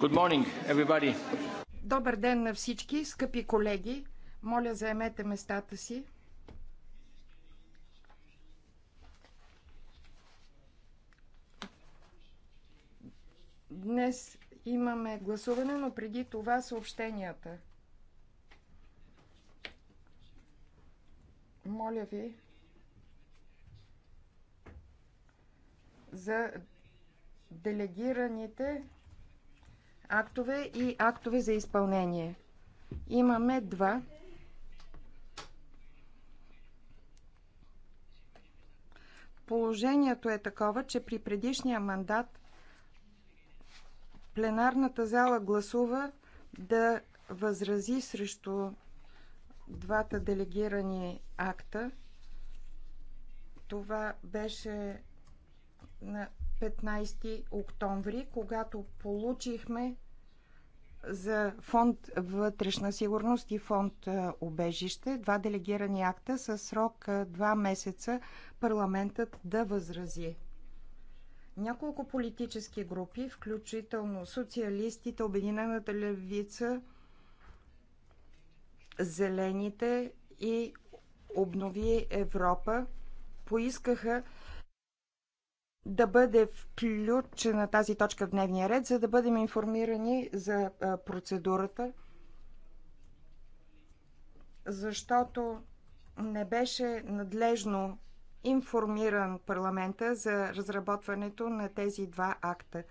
Good morning, everybody. Добър ден на всички, скъпи колеги. Моля, заемете местата си. Днес имаме гласуване, но преди това съобщенията. Моля ви за делегираните актове и актове за изпълнение. Имаме два. Положението е такова, че при предишния мандат пленарната зала гласува да възрази срещу двата делегирани акта. Това беше на 15 октомври, когато получихме за фонд вътрешна сигурност и фонд обежище, два делегирани акта с срок два месеца парламентът да възрази. Няколко политически групи, включително социалистите, Обединената левица, Зелените и Обнови Европа, поискаха да бъде включена тази точка в дневния ред, за да бъдем информирани за процедурата, защото не беше надлежно информиран парламента за разработването на тези два акта.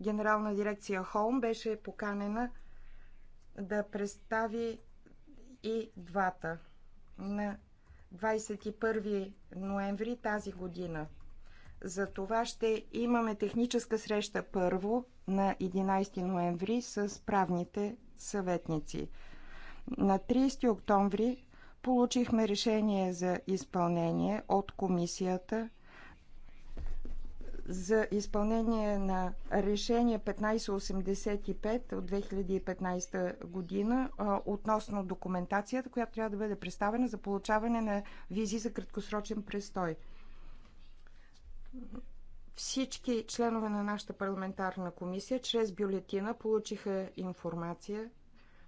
Генерална дирекция Холм беше поканена да представи и двата на 21 ноември тази година. За това ще имаме техническа среща първо на 11 ноември с правните съветници. На 30 октомври получихме решение за изпълнение от комисията за изпълнение на решение 1585 от 2015 година относно документацията, която трябва да бъде представена за получаване на визи за краткосрочен престой. Всички членове на нашата парламентарна комисия чрез бюлетина получиха информация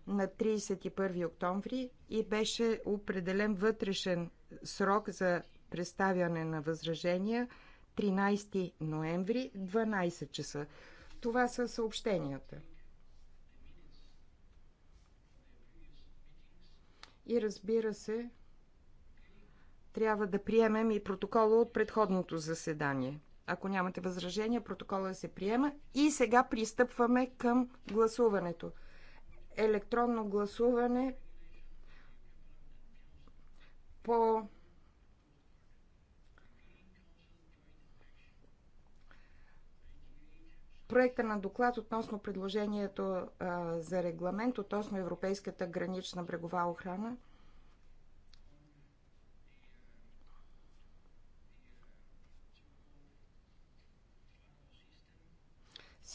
на 31 октомври и беше определен вътрешен срок за представяне на възражения 13 ноември 12 часа. Това са съобщенията. И разбира се, трябва да приемем и протокола от предходното заседание. Ако нямате възражения, протокола се приема. И сега пристъпваме към гласуването. Електронно гласуване по проекта на доклад относно предложението за регламент относно Европейската гранична брегова охрана.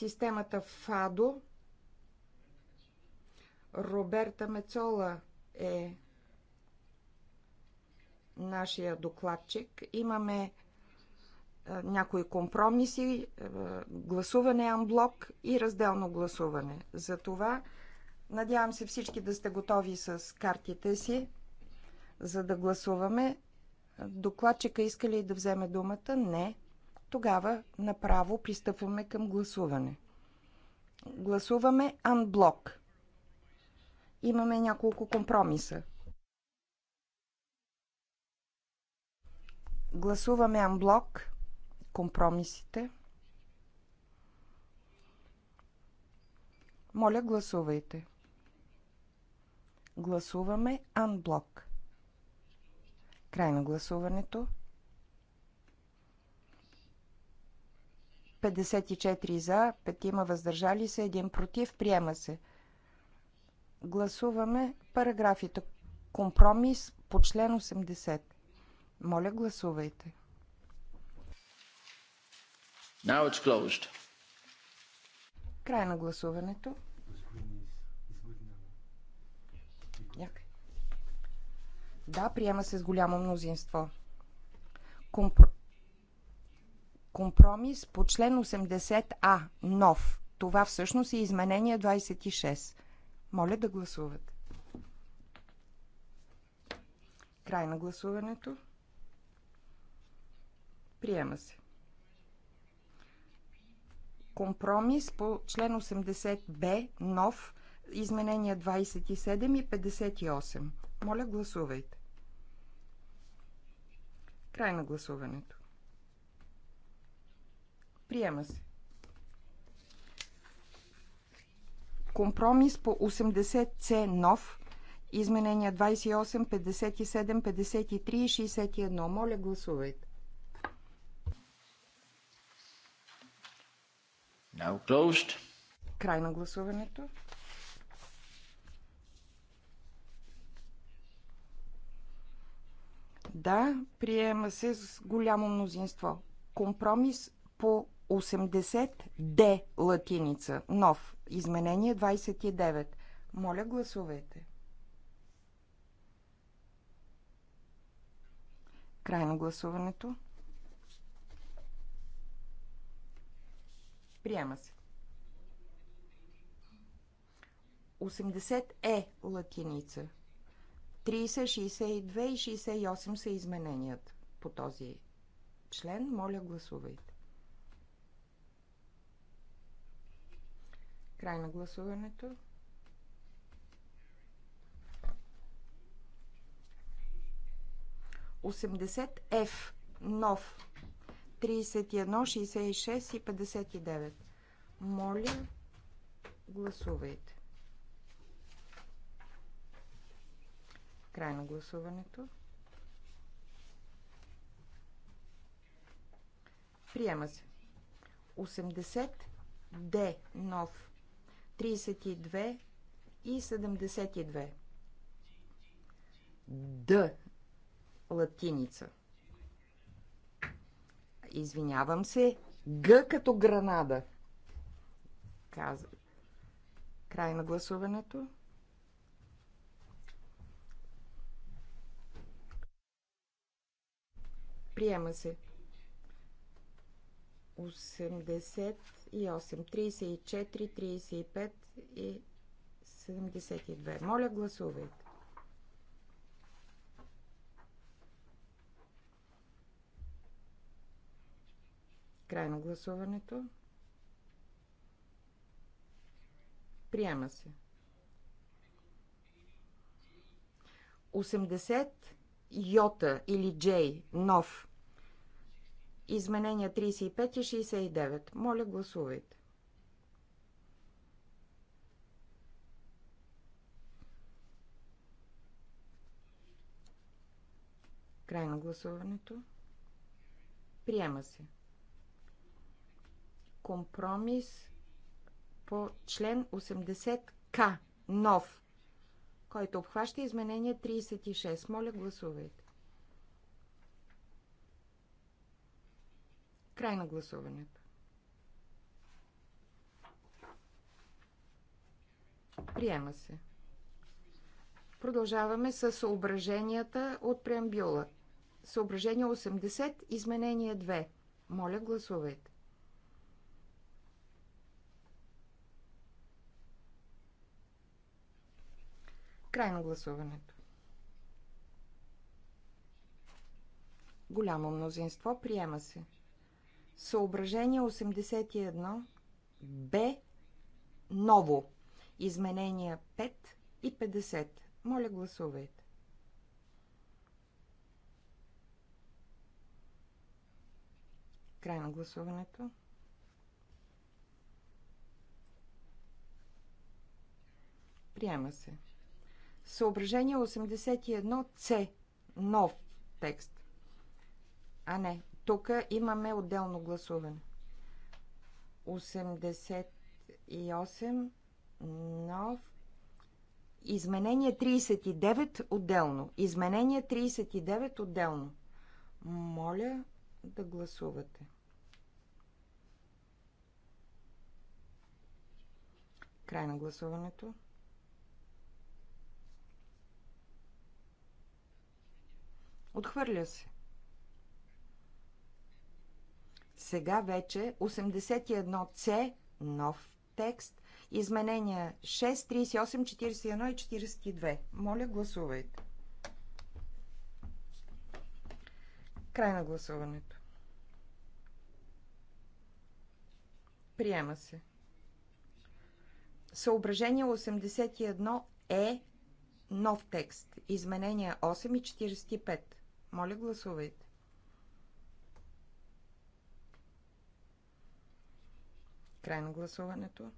системата ФАДО. Роберта Мецола е нашия докладчик. Имаме е, някои компромиси, е, гласуване анблок и разделно гласуване. За това надявам се всички да сте готови с картите си, за да гласуваме. Докладчика иска ли да вземе думата? Не тогава направо пристъпваме към гласуване. Гласуваме анблок. Имаме няколко компромиса. Гласуваме анблок, компромисите. Моля, гласувайте. Гласуваме анблок. Край на гласуването. 54 за, 5 въздържали се, 1 против. Приема се. Гласуваме параграфите. Компромис по член 80. Моля, гласувайте. Now it's closed. Край на гласуването. Да, приема се с голямо мнозинство. Компромис компромис по член 80А, нов. Това всъщност е изменение 26. Моля да гласувате. Край на гласуването. Приема се. Компромис по член 80Б, нов, изменения 27 и 58. Моля, гласувайте. Край на гласуването. Приема се. Компромис по 80C нов. Изменения 28, 57, 53 и 61. Моля, гласувайте. Now closed. Край на гласуването. Да, приема се с голямо мнозинство. Компромис по 80D латиница, нов, изменение 29. Моля, гласувайте. Край на гласуването. Приема се. 80 е латиница. 30, 62 и 68 са измененията по този член. Моля, гласувайте. Край на гласуването. Осемдесет Ф. нов 31, 66 и 59. Моля, гласувайте. Край на гласуването. Приема се. 80 Д нов 32 и 72. Д. Латиница. Извинявам се. Г като гранада. Каза. Край на гласуването. Приема се. 80. 8, 34, 35 и 72. Моля, гласувайте. Край на гласуването. Приема се. 80 йота или джей, нов Изменения 35 и 69. Моля, гласувайте. Край на гласуването. Приема се. Компромис по член 80К, нов, който обхваща изменение 36. Моля, гласувайте. Край на гласуването. Приема се. Продължаваме с съображенията от преамбюла. Съображение 80, изменение 2. Моля, гласувайте. Край на гласуването. Голямо мнозинство приема се. Съображение 81 Б ново. Изменения 5 и 50. Моля гласувайте. Край на гласуването. Приема се. Съображение 81 С. Нов текст. А не, тук имаме отделно гласуване. 88 нов. Изменение 39 отделно. Изменение 39 отделно. Моля да гласувате. Край на гласуването. Отхвърля се. сега вече 81C, нов текст, изменения 6, 38, 41 и 42. Моля, гласувайте. Край на гласуването. Приема се. Съображение 81 е нов текст. Изменения 8 и 45. Моля, гласувайте. Край на гласуването.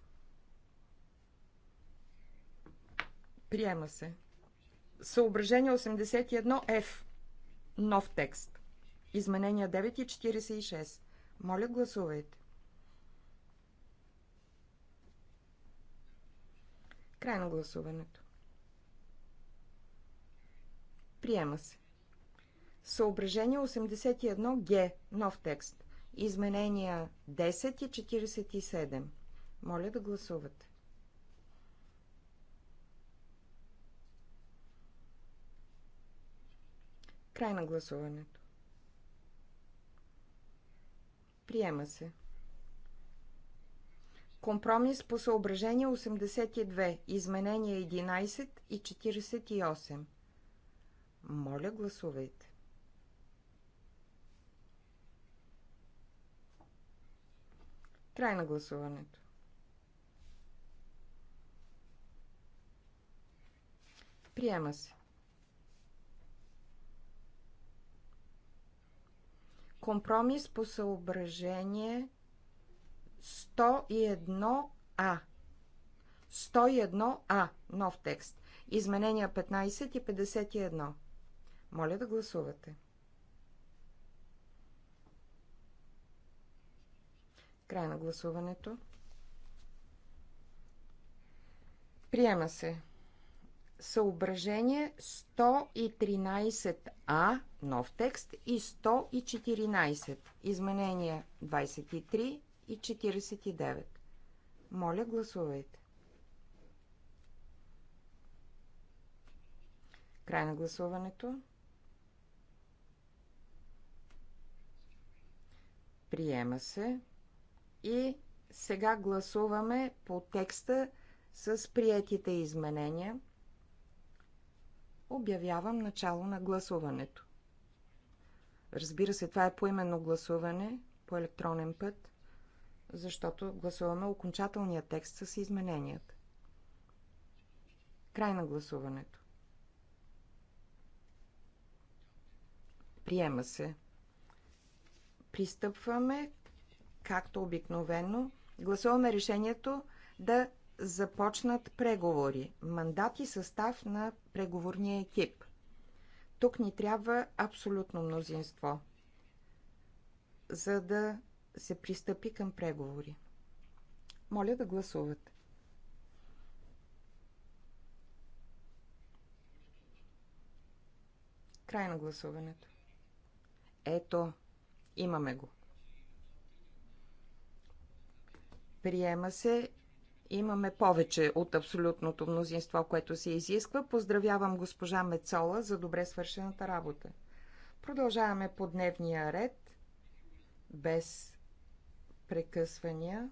Приема се. Съображение 81F. Нов текст. Изменения 9.46. Моля, гласувайте. Край на гласуването. Приема се. Съображение 81Г. Нов текст. Изменения 10 и 47. Моля да гласувате. Край на гласуването. Приема се. Компромис по съображение 82, изменения 11 и 48. Моля, гласувайте. Край на гласуването. Приема се. Компромис по съображение 101А. 101А. Нов текст. Изменения 15 и 51. Моля да гласувате. Край на гласуването. Приема се. Съображение 113а, нов текст, и 114, изменения 23 и 49. Моля, гласувайте. Край на гласуването. Приема се. И сега гласуваме по текста с приетите изменения. Обявявам начало на гласуването. Разбира се, това е поименно гласуване по електронен път, защото гласуваме окончателния текст с измененията. Край на гласуването. Приема се. Пристъпваме както обикновено, гласуваме решението да започнат преговори, мандат и състав на преговорния екип. Тук ни трябва абсолютно мнозинство, за да се пристъпи към преговори. Моля да гласуват: Край на гласуването. Ето, имаме го. Приема се. Имаме повече от абсолютното мнозинство, което се изисква. Поздравявам госпожа Мецола за добре свършената работа. Продължаваме по дневния ред без прекъсвания.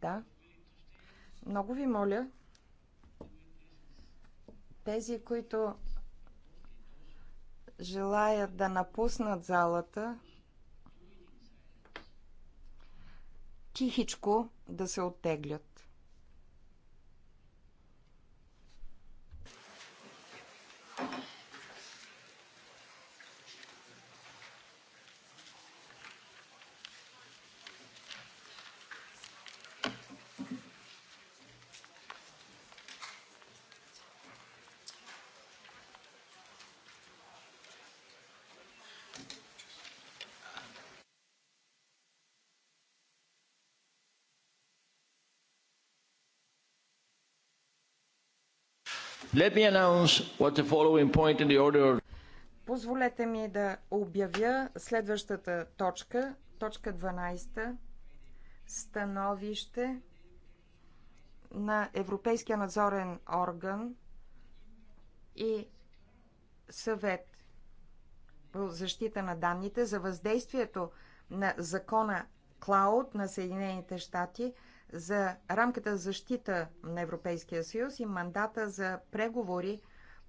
Да. Много ви моля, тези, които желаят да напуснат залата, тихичко да се оттеглят. Позволете ми да обявя следващата точка, точка 12, становище на Европейския надзорен орган и съвет по защита на данните за въздействието на закона Клауд на Съединените щати – за рамката за защита на Европейския съюз и мандата за преговори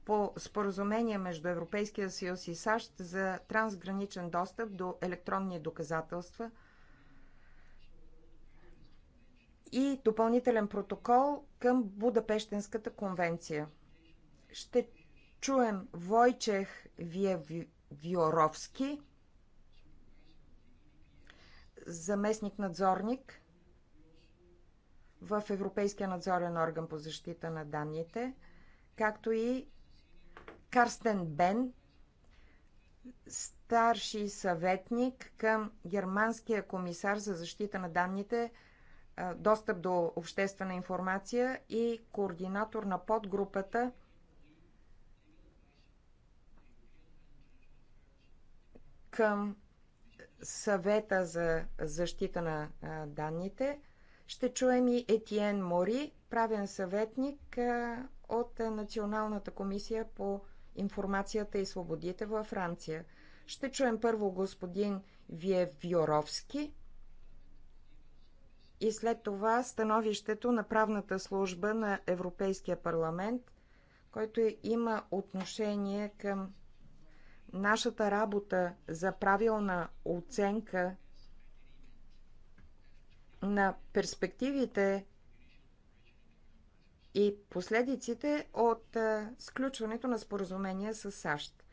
по споразумение между Европейския съюз и САЩ за трансграничен достъп до електронни доказателства и допълнителен протокол към Будапештенската конвенция. Ще чуем Войчех Виоровски, заместник надзорник – в Европейския надзорен орган по защита на данните, както и Карстен Бен, старши съветник към германския комисар за защита на данните, достъп до обществена информация и координатор на подгрупата към съвета за защита на данните – ще чуем и Етиен Мори, правен съветник от Националната комисия по информацията и свободите във Франция. Ще чуем първо господин Виев Вьоровски и след това становището на правната служба на Европейския парламент, който има отношение към нашата работа за правилна оценка на перспективите и последиците от сключването на споразумение с САЩ.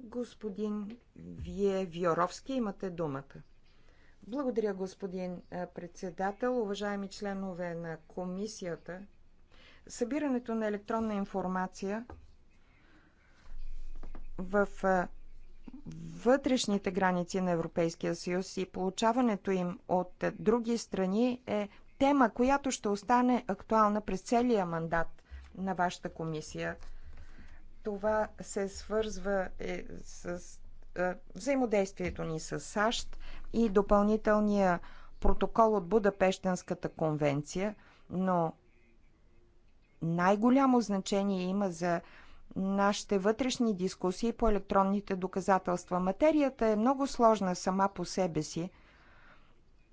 Господин Вие Виоровски, имате думата. Благодаря, господин председател, уважаеми членове на комисията. Събирането на електронна информация в вътрешните граници на Европейския съюз и получаването им от други страни е тема, която ще остане актуална през целия мандат на вашата комисия. Това се свързва е, с е, взаимодействието ни с САЩ и допълнителния протокол от Будапештенската конвенция, но най-голямо значение има за нашите вътрешни дискусии по електронните доказателства. Материята е много сложна сама по себе си,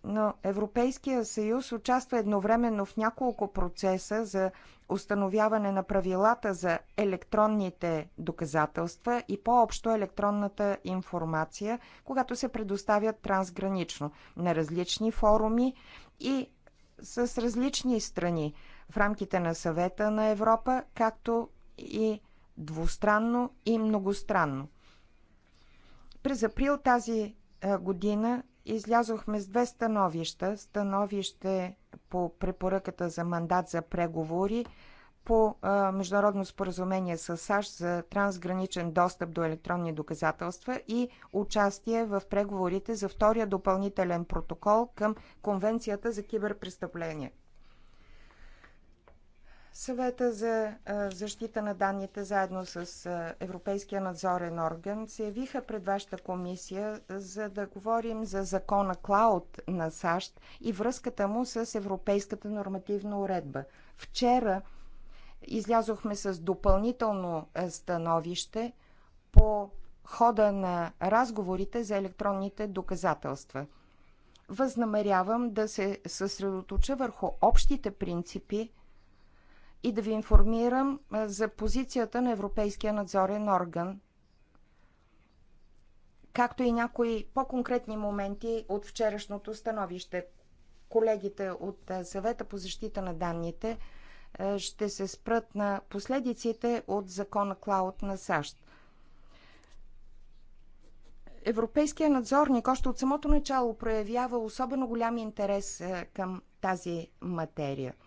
но Европейския съюз участва едновременно в няколко процеса за установяване на правилата за електронните доказателства и по-общо електронната информация, когато се предоставят трансгранично на различни форуми и с различни страни в рамките на съвета на Европа, както и двустранно и многостранно. През април тази година излязохме с две становища. Становище по препоръката за мандат за преговори по а, международно споразумение с САЩ за трансграничен достъп до електронни доказателства и участие в преговорите за втория допълнителен протокол към Конвенцията за киберпрестъпления. Съвета за защита на данните заедно с Европейския надзорен орган се явиха пред вашата комисия, за да говорим за закона Клауд на САЩ и връзката му с европейската нормативна уредба. Вчера излязохме с допълнително становище по хода на разговорите за електронните доказателства. Възнамерявам да се съсредоточа върху общите принципи – и да ви информирам за позицията на Европейския надзорен орган, както и някои по-конкретни моменти от вчерашното становище. Колегите от съвета по защита на данните ще се спрат на последиците от закона Клауд на САЩ. Европейския надзорник още от самото начало проявява особено голям интерес към тази материя –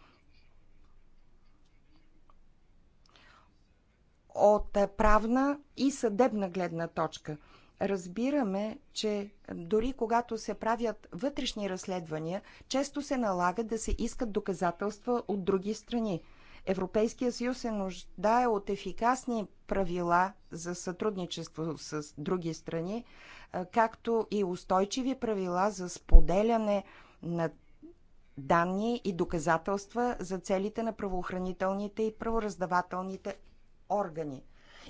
от правна и съдебна гледна точка. Разбираме, че дори когато се правят вътрешни разследвания, често се налага да се искат доказателства от други страни. Европейския съюз се нуждае от ефикасни правила за сътрудничество с други страни, както и устойчиви правила за споделяне на данни и доказателства за целите на правоохранителните и правораздавателните органи.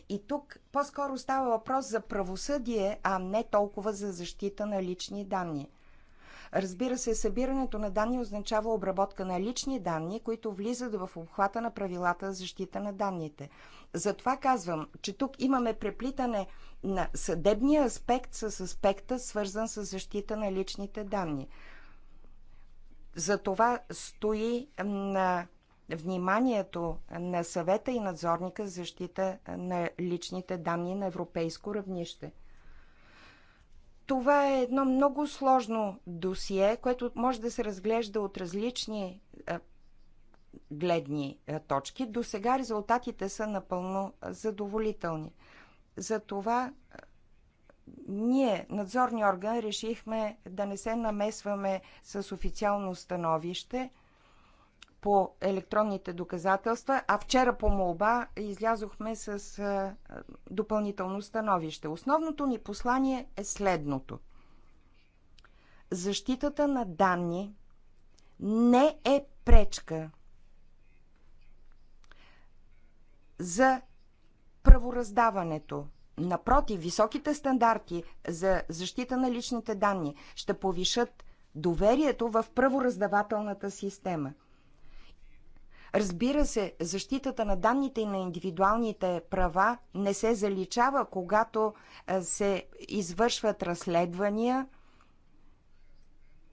И тук по-скоро става въпрос за правосъдие, а не толкова за защита на лични данни. Разбира се, събирането на данни означава обработка на лични данни, които влизат в обхвата на правилата за защита на данните. Затова казвам, че тук имаме преплитане на съдебния аспект с аспекта, свързан с защита на личните данни. Затова стои на вниманието на съвета и надзорника за защита на личните данни на европейско равнище. Това е едно много сложно досие, което може да се разглежда от различни гледни точки. До сега резултатите са напълно задоволителни. Затова ние, надзорни орган, решихме да не се намесваме с официално становище, по електронните доказателства, а вчера по молба излязохме с допълнително становище. Основното ни послание е следното. Защитата на данни не е пречка за правораздаването. Напротив, високите стандарти за защита на личните данни ще повишат доверието в правораздавателната система – Разбира се, защитата на данните и на индивидуалните права не се заличава, когато е, се извършват разследвания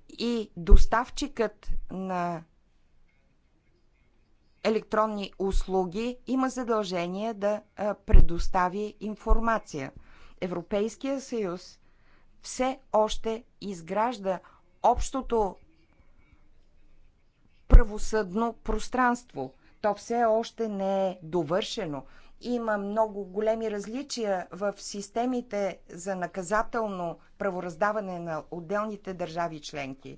и доставчикът на електронни услуги има задължение да е, предостави информация. Европейския съюз все още изгражда общото правосъдно пространство. То все още не е довършено. Има много големи различия в системите за наказателно правораздаване на отделните държави членки.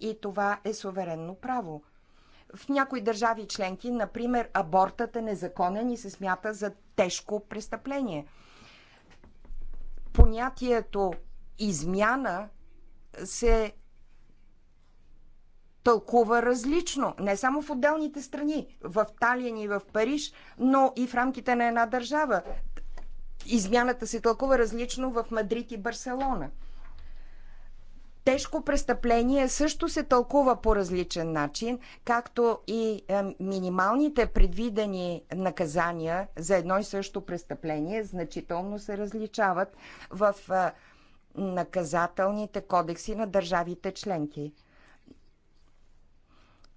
И това е суверенно право. В някои държави членки, например, абортът е незаконен и се смята за тежко престъпление. Понятието измяна се тълкува различно, не само в отделните страни, в Талин и в Париж, но и в рамките на една държава. Измяната се тълкува различно в Мадрид и Барселона. Тежко престъпление също се тълкува по различен начин, както и е, минималните предвидени наказания за едно и също престъпление значително се различават в е, наказателните кодекси на държавите членки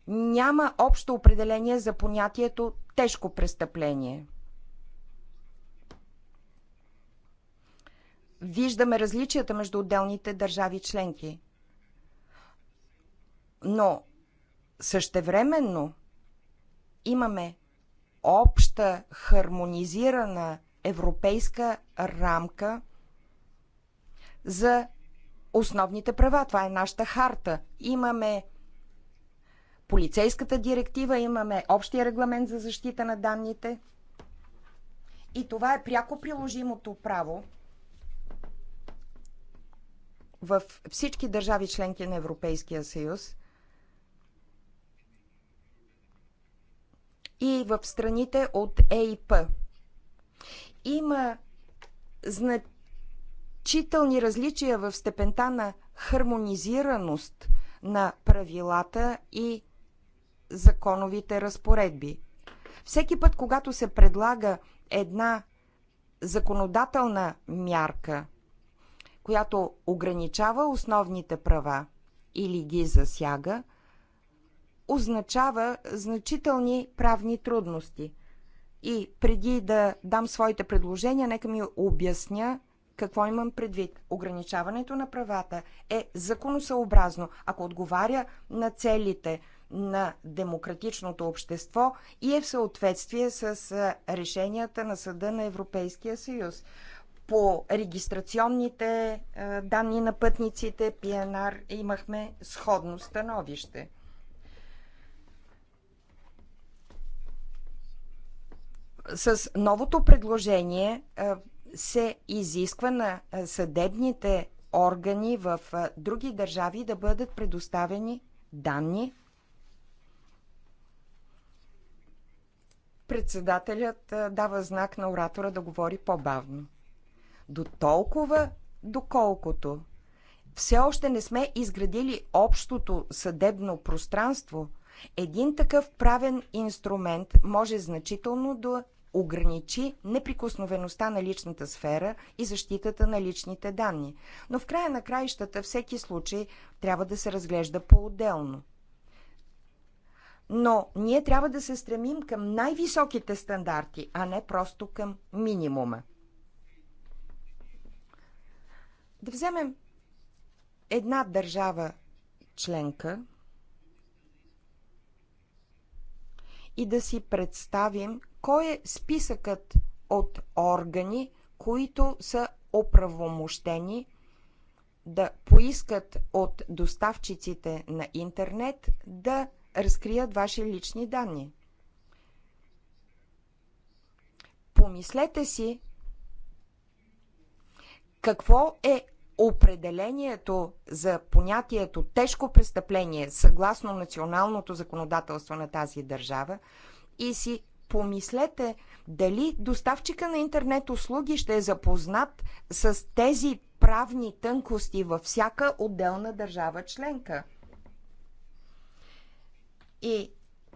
няма общо определение за понятието тежко престъпление. Виждаме различията между отделните държави членки. Но същевременно имаме обща хармонизирана европейска рамка за основните права. Това е нашата харта. Имаме полицейската директива, имаме общия регламент за защита на данните. И това е пряко приложимото право в всички държави членки на Европейския съюз и в страните от ЕИП. Има значителни различия в степента на хармонизираност на правилата и законовите разпоредби. Всеки път, когато се предлага една законодателна мярка, която ограничава основните права или ги засяга, означава значителни правни трудности. И преди да дам своите предложения, нека ми обясня какво имам предвид. Ограничаването на правата е законосъобразно, ако отговаря на целите – на демократичното общество и е в съответствие с решенията на Съда на Европейския съюз по регистрационните данни на пътниците, ПНР, имахме сходно становище. С новото предложение се изисква на съдебните органи в други държави да бъдат предоставени данни Председателят дава знак на оратора да говори по-бавно. До толкова, доколкото все още не сме изградили общото съдебно пространство, един такъв правен инструмент може значително да ограничи неприкосновеността на личната сфера и защитата на личните данни. Но в края на краищата всеки случай трябва да се разглежда по-отделно но ние трябва да се стремим към най-високите стандарти, а не просто към минимума. Да вземем една държава членка и да си представим кой е списъкът от органи, които са оправомощени да поискат от доставчиците на интернет да разкрият ваши лични данни. Помислете си какво е определението за понятието тежко престъпление съгласно националното законодателство на тази държава и си помислете дали доставчика на интернет услуги ще е запознат с тези правни тънкости във всяка отделна държава членка. И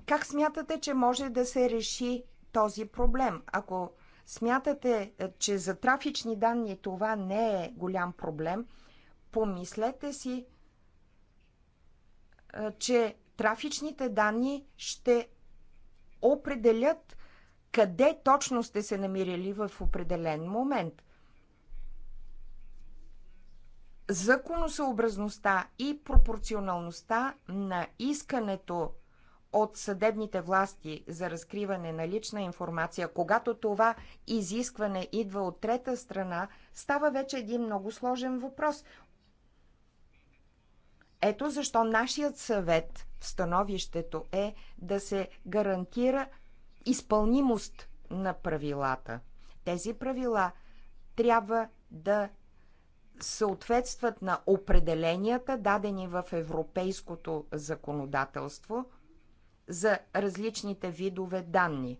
как смятате, че може да се реши този проблем? Ако смятате, е, че за трафични данни това не е голям проблем, помислете си, е, че трафичните данни ще определят къде точно сте се намирали в определен момент. Законосъобразността и пропорционалността на искането от съдебните власти за разкриване на лична информация, когато това изискване идва от трета страна, става вече един много сложен въпрос. Ето защо нашият съвет в становището е да се гарантира изпълнимост на правилата. Тези правила трябва да съответстват на определенията, дадени в европейското законодателство – за различните видове данни.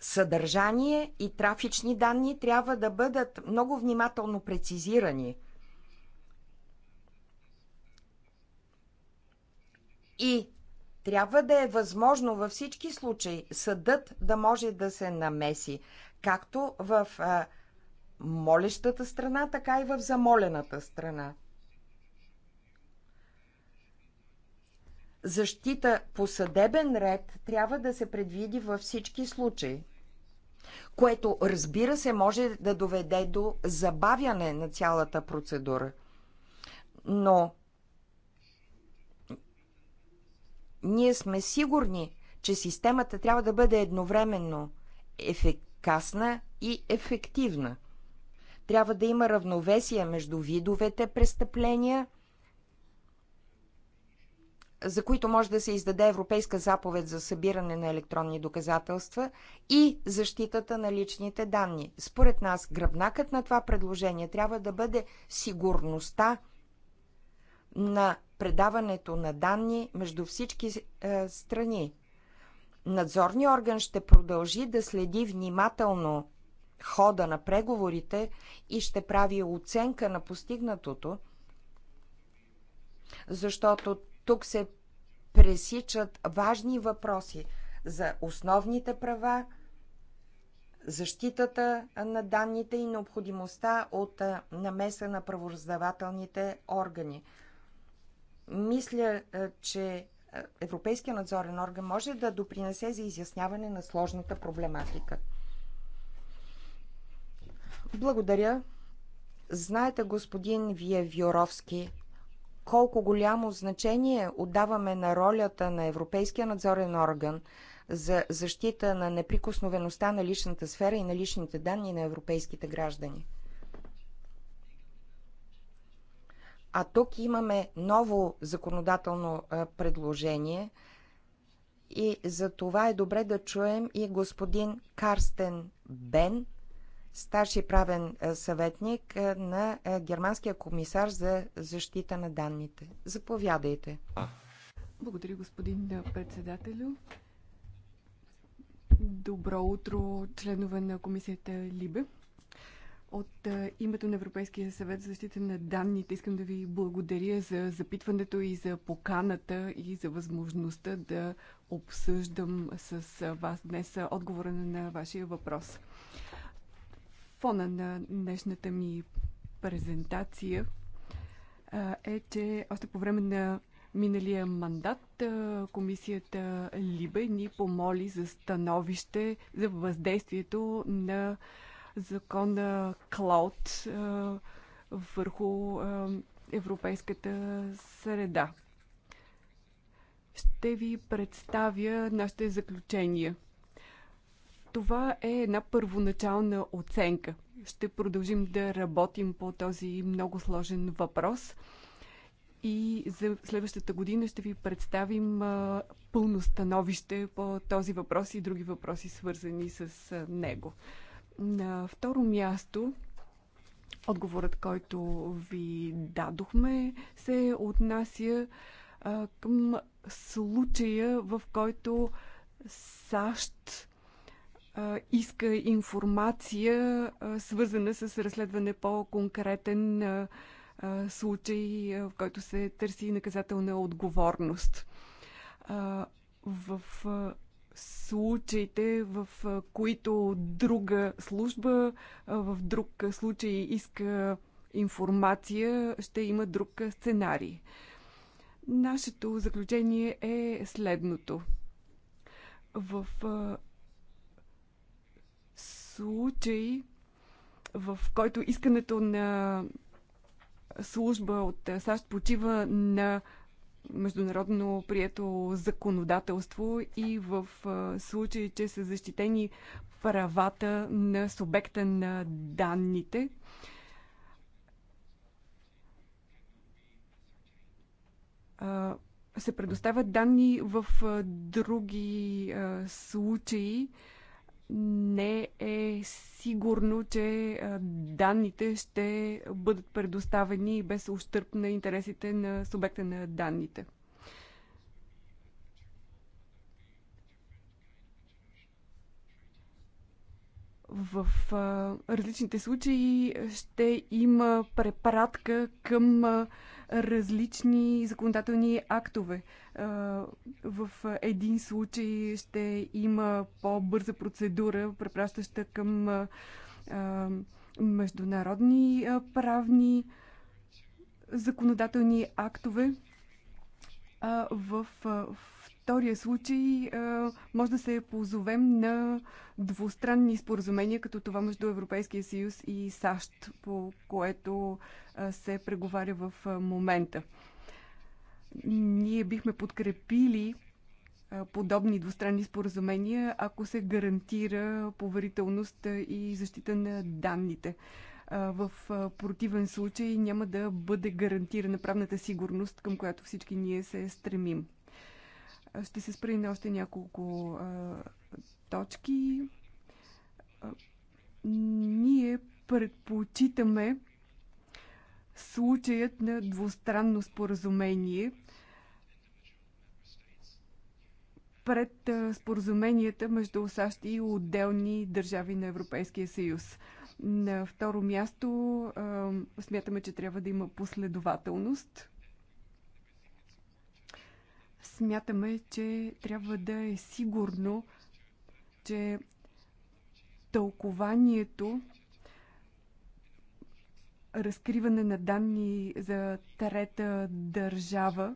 Съдържание и трафични данни трябва да бъдат много внимателно прецизирани и трябва да е възможно във всички случаи съдът да може да се намеси, както в молещата страна, така и в замолената страна. защита по съдебен ред трябва да се предвиди във всички случаи, което разбира се може да доведе до забавяне на цялата процедура. Но ние сме сигурни, че системата трябва да бъде едновременно ефикасна и ефективна. Трябва да има равновесие между видовете престъпления – за които може да се издаде Европейска заповед за събиране на електронни доказателства и защитата на личните данни. Според нас, гръбнакът на това предложение трябва да бъде сигурността на предаването на данни между всички е, страни. Надзорният орган ще продължи да следи внимателно хода на преговорите и ще прави оценка на постигнатото, защото тук се пресичат важни въпроси за основните права, защитата на данните и необходимостта от намеса на правораздавателните органи. Мисля, че Европейския надзорен орган може да допринесе за изясняване на сложната проблематика. Благодаря. Знаете, господин Вие Виоровски, колко голямо значение отдаваме на ролята на Европейския надзорен орган за защита на неприкосновеността на личната сфера и на личните данни на европейските граждани. А тук имаме ново законодателно предложение и за това е добре да чуем и господин Карстен Бен – старши правен съветник на германския комисар за защита на данните. Заповядайте. Благодаря, господин председателю. Добро утро, членове на комисията Либе. От името на Европейския съвет за защита на данните искам да ви благодаря за запитването и за поканата и за възможността да обсъждам с вас днес отговора на вашия въпрос фона на днешната ми презентация е, че още по време на миналия мандат комисията Либе ни помоли за становище за въздействието на закона Клауд върху европейската среда. Ще ви представя нашите заключения. Това е една първоначална оценка. Ще продължим да работим по този много сложен въпрос и за следващата година ще ви представим а, пълно становище по този въпрос и други въпроси, свързани с а, него. На второ място, отговорът, който ви дадохме, се отнася а, към случая, в който САЩ иска информация, свързана с разследване по конкретен случай, в който се търси наказателна отговорност. В случаите, в които друга служба, в друг случай иска информация, ще има друг сценарий. Нашето заключение е следното. В случай, в който искането на служба от САЩ почива на международно прието законодателство и в случай, че са защитени правата на субекта на данните. Се предоставят данни в други случаи, не е сигурно, че данните ще бъдат предоставени без ущърп на интересите на субекта на данните. в а, различните случаи ще има препаратка към а, различни законодателни актове. В един случай ще има по-бърза процедура, препращаща към международни правни законодателни актове. В втория случай може да се позовем на двустранни споразумения, като това между Европейския съюз и САЩ, по което се преговаря в момента. Ние бихме подкрепили подобни двустранни споразумения, ако се гарантира поверителност и защита на данните. В противен случай няма да бъде гарантирана правната сигурност, към която всички ние се стремим. Ще се спра на още няколко а, точки. А, ние предпочитаме случаят на двустранно споразумение пред споразуменията между САЩ и отделни държави на Европейския съюз. На второ място смятаме, че трябва да има последователност Смятаме, че трябва да е сигурно, че тълкованието разкриване на данни за трета държава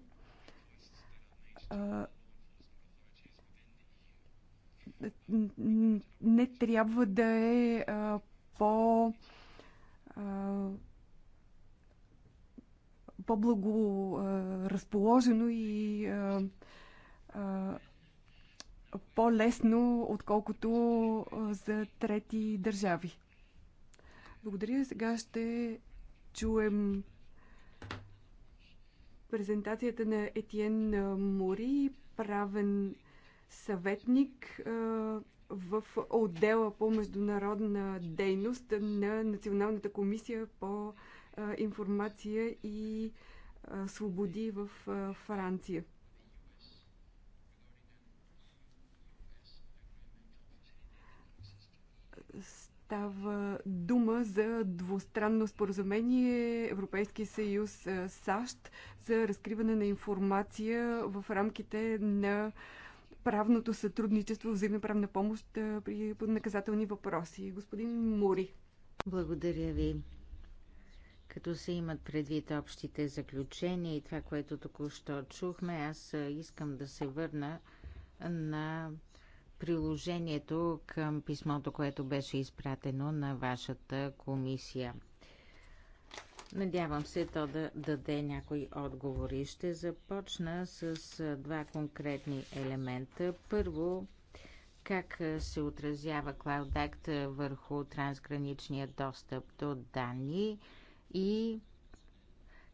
не трябва да е по по-благоразположено и по-лесно, отколкото за трети държави. Благодаря. Сега ще чуем презентацията на Етиен Мори, правен съветник в отдела по международна дейност на Националната комисия по информация и свободи в Франция. Става дума за двустранно споразумение Европейски съюз САЩ за разкриване на информация в рамките на правното сътрудничество, взаимна правна помощ при наказателни въпроси. Господин Мури. Благодаря ви. Като се имат предвид общите заключения и това, което току-що чухме, аз искам да се върна на приложението към писмото, което беше изпратено на вашата комисия. Надявам се то да даде някои отговори. Ще започна с два конкретни елемента. Първо, как се отразява Cloud Act върху трансграничния достъп до данни – и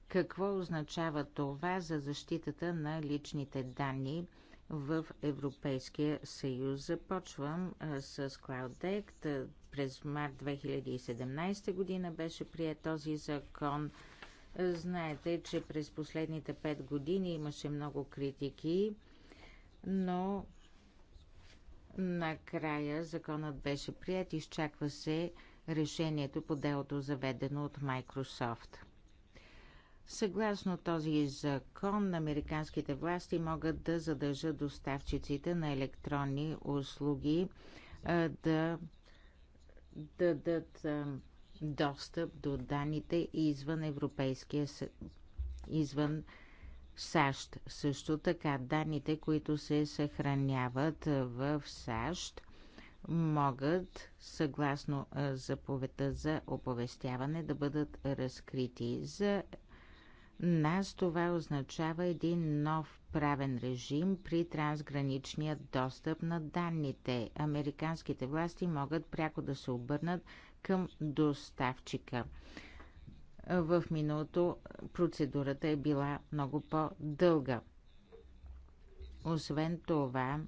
какво означава това за защитата на личните данни в Европейския съюз. Започвам с CloudAct. През март 2017 година беше прият този закон. Знаете, че през последните 5 години имаше много критики, но накрая законът беше прият. Изчаква се решението по делото заведено от Microsoft. Съгласно този закон, американските власти могат да задържат доставчиците на електронни услуги да дадат достъп до данните извън Европейския извън САЩ. Също така данните, които се съхраняват в САЩ, могат, съгласно заповедта за оповестяване, да бъдат разкрити. За нас това означава един нов правен режим при трансграничния достъп на данните. Американските власти могат пряко да се обърнат към доставчика. В миналото процедурата е била много по-дълга. Освен това,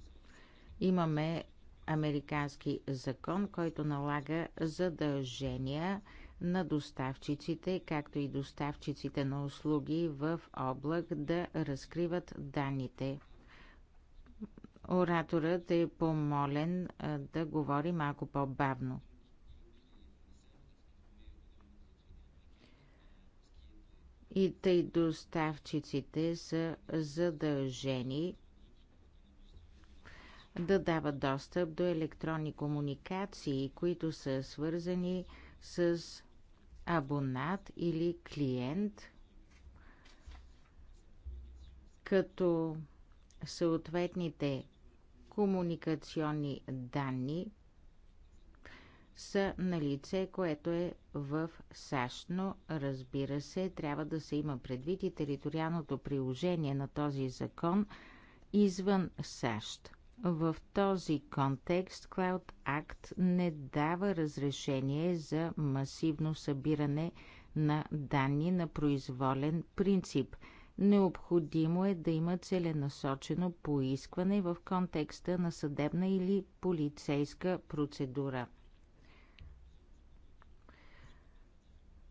имаме американски закон, който налага задължения на доставчиците, както и доставчиците на услуги в облак да разкриват данните. Ораторът е помолен да говори малко по-бавно. И тъй доставчиците са задължени да дава достъп до електронни комуникации, които са свързани с абонат или клиент, като съответните комуникационни данни са на лице, което е в САЩ, но разбира се, трябва да се има предвид и териториалното приложение на този закон извън САЩ. В този контекст Cloud Act не дава разрешение за масивно събиране на данни на произволен принцип. Необходимо е да има целенасочено поискване в контекста на съдебна или полицейска процедура.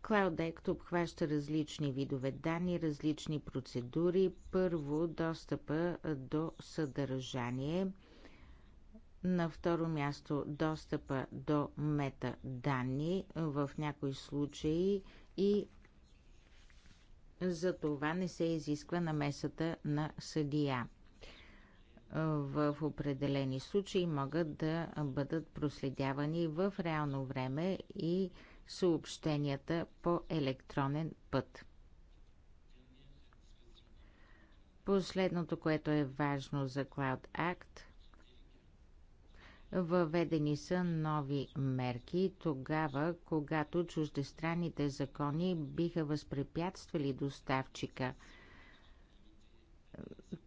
Cloud обхваща различни видове данни, различни процедури. Първо, достъпа до съдържание. На второ място, достъпа до метаданни, в някои случаи и за това не се изисква намесата на съдия. В определени случаи могат да бъдат проследявани в реално време и съобщенията по електронен път. Последното, което е важно за Cloud Act, въведени са нови мерки тогава, когато чуждестранните закони биха възпрепятствали доставчика.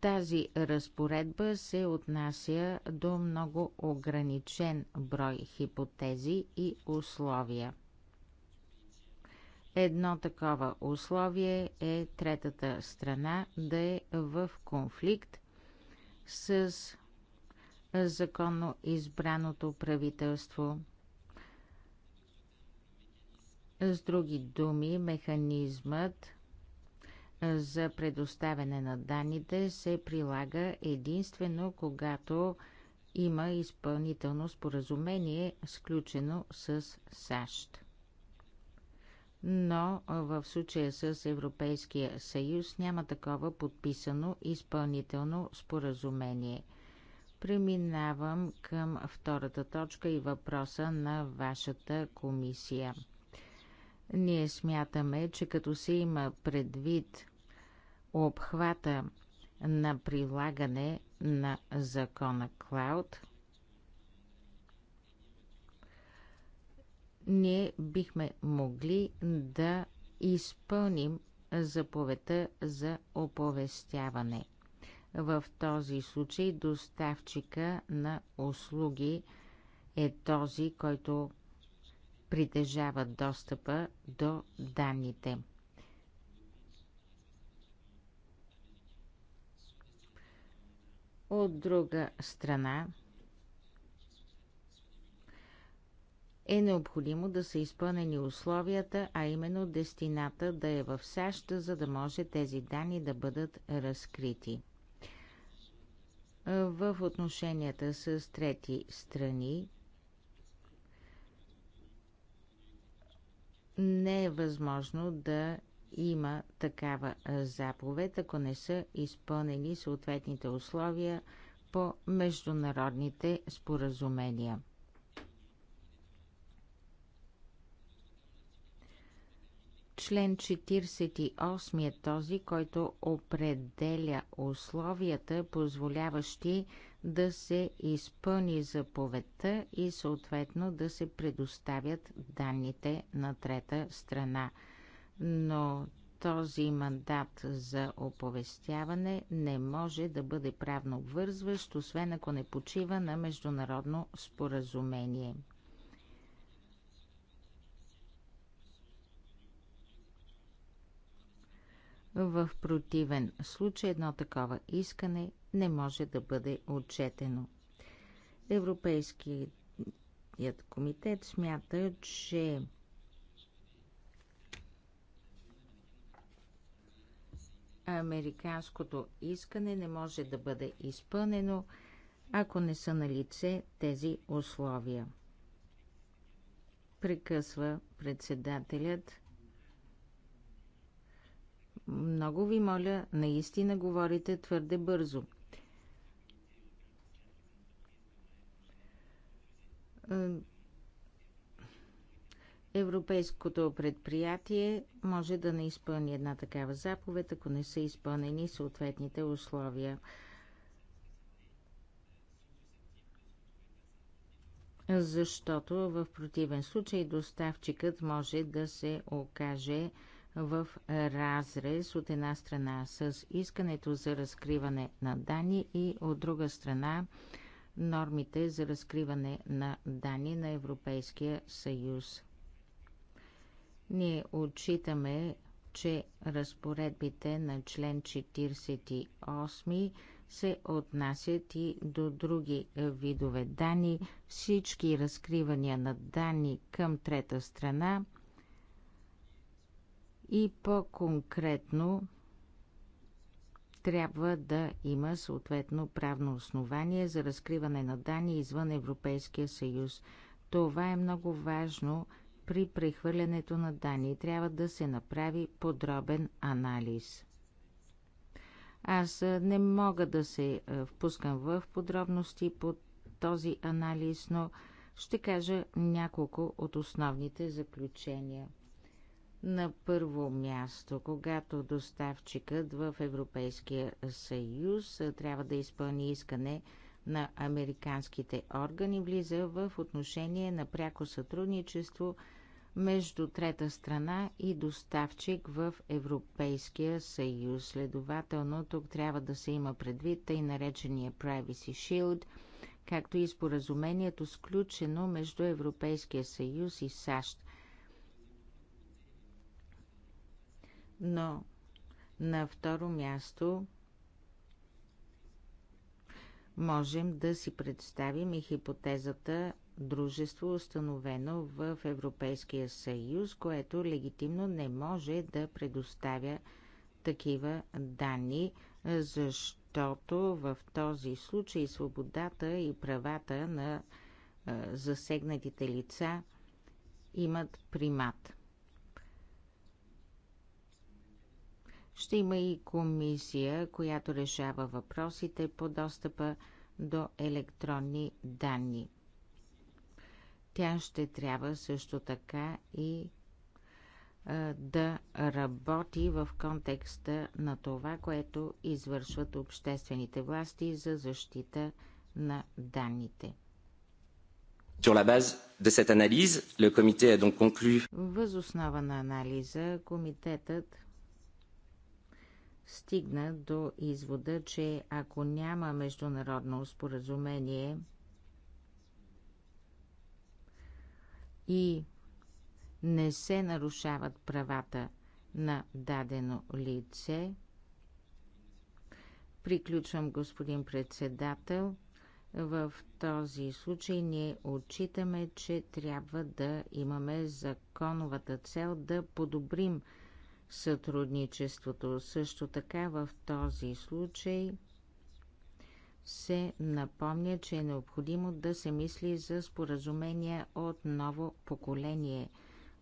Тази разпоредба се отнася до много ограничен брой хипотези и условия – Едно такова условие е третата страна да е в конфликт с законно избраното правителство. С други думи, механизмът за предоставяне на данните се прилага единствено когато има изпълнително споразумение, сключено с САЩ но в случая с Европейския съюз няма такова подписано изпълнително споразумение. Преминавам към втората точка и въпроса на вашата комисия. Ние смятаме, че като се има предвид обхвата на прилагане на закона Клауд, ние бихме могли да изпълним заповедта за оповестяване. В този случай доставчика на услуги е този, който притежава достъпа до данните. От друга страна, е необходимо да са изпълнени условията, а именно дестината да е в САЩ, за да може тези данни да бъдат разкрити. В отношенията с трети страни не е възможно да има такава заповед, ако не са изпълнени съответните условия по международните споразумения. Член 48 е този, който определя условията, позволяващи да се изпълни заповедта и съответно да се предоставят данните на трета страна. Но този мандат за оповестяване не може да бъде правно обвързващ, освен ако не почива на международно споразумение. В противен случай едно такова искане не може да бъде отчетено. Европейският комитет смята, че американското искане не може да бъде изпълнено, ако не са на лице тези условия. Прекъсва председателят. Много ви моля, наистина говорите твърде бързо. Е, европейското предприятие може да не изпълни една такава заповед, ако не са изпълнени съответните условия. Защото в противен случай доставчикът може да се окаже в разрез от една страна с искането за разкриване на данни и от друга страна нормите за разкриване на данни на Европейския съюз. Ние отчитаме, че разпоредбите на член 48 се отнасят и до други видове данни. Всички разкривания на данни към трета страна – и по-конкретно трябва да има съответно правно основание за разкриване на данни извън Европейския съюз. Това е много важно при прехвърлянето на данни. Трябва да се направи подробен анализ. Аз не мога да се впускам в подробности по този анализ, но ще кажа няколко от основните заключения – на първо място, когато доставчикът в Европейския съюз трябва да изпълни искане на американските органи, влиза в отношение на пряко сътрудничество между трета страна и доставчик в Европейския съюз. Следователно, тук трябва да се има предвид тъй наречения Privacy Shield, както и споразумението сключено между Европейския съюз и САЩ Но на второ място можем да си представим и хипотезата дружество, установено в Европейския съюз, което легитимно не може да предоставя такива данни, защото в този случай свободата и правата на засегнатите лица имат примат. Ще има и комисия, която решава въпросите по достъпа до електронни данни. Тя ще трябва също така и да работи в контекста на това, което извършват обществените власти за защита на данните. Sur la base de cette analyse, le comité a donc conclu... на анализа, комитетът стигна до извода, че ако няма международно споразумение и не се нарушават правата на дадено лице, приключвам, господин председател, в този случай ние отчитаме, че трябва да имаме законовата цел да подобрим сътрудничеството. Също така в този случай се напомня, че е необходимо да се мисли за споразумения от ново поколение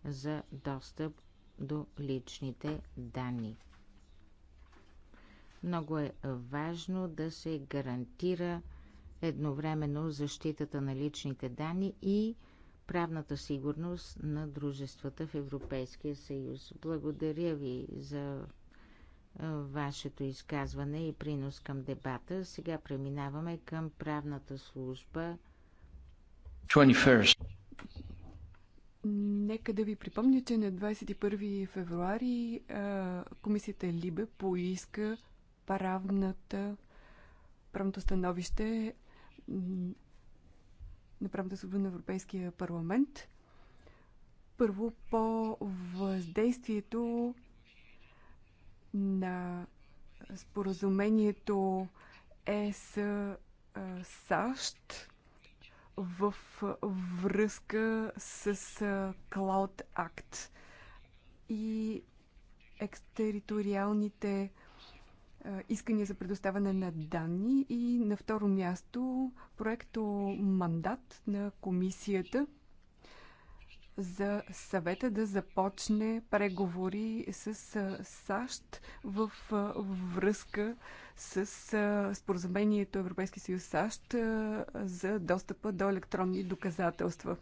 за достъп до личните данни. Много е важно да се гарантира едновременно защитата на личните данни и правната сигурност на дружествата в Европейския съюз. Благодаря ви за вашето изказване и принос към дебата. Сега преминаваме към правната служба. 21st. Нека да ви припомня, че на 21 февруари комисията Либе поиска правната, правното становище Направо да се на Европейския парламент. Първо по въздействието на споразумението ЕС САЩ в връзка с Cloud Act и екстериториалните е, искания за предоставяне на данни и на второ място проекто мандат на комисията за съвета да започне преговори с е, САЩ в е, връзка с споразумението Европейски съюз САЩ за достъпа до електронни доказателства.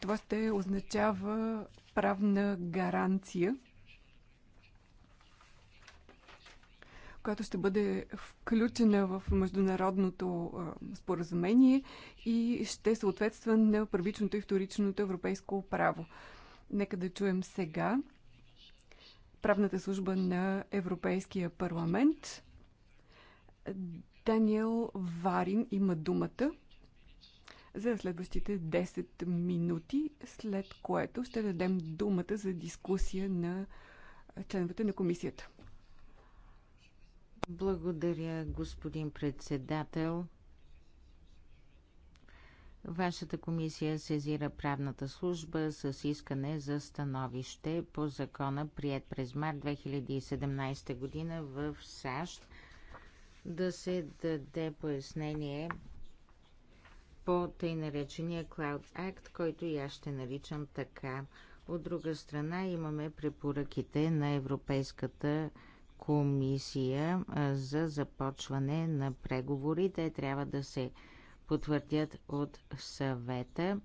Това ще означава правна гаранция която ще бъде включена в международното споразумение и ще съответства на първичното и вторичното европейско право. Нека да чуем сега правната служба на Европейския парламент. Даниел Варин има думата за следващите 10 минути, след което ще дадем думата за дискусия на членовете на комисията. Благодаря, господин председател. Вашата комисия сезира правната служба с искане за становище по закона, прият през март 2017 година в САЩ, да се даде пояснение по тъй наречения Cloud Act, който и аз ще наричам така. От друга страна имаме препоръките на Европейската комисия комисия за започване на преговори. Те трябва да се потвърдят от съвета.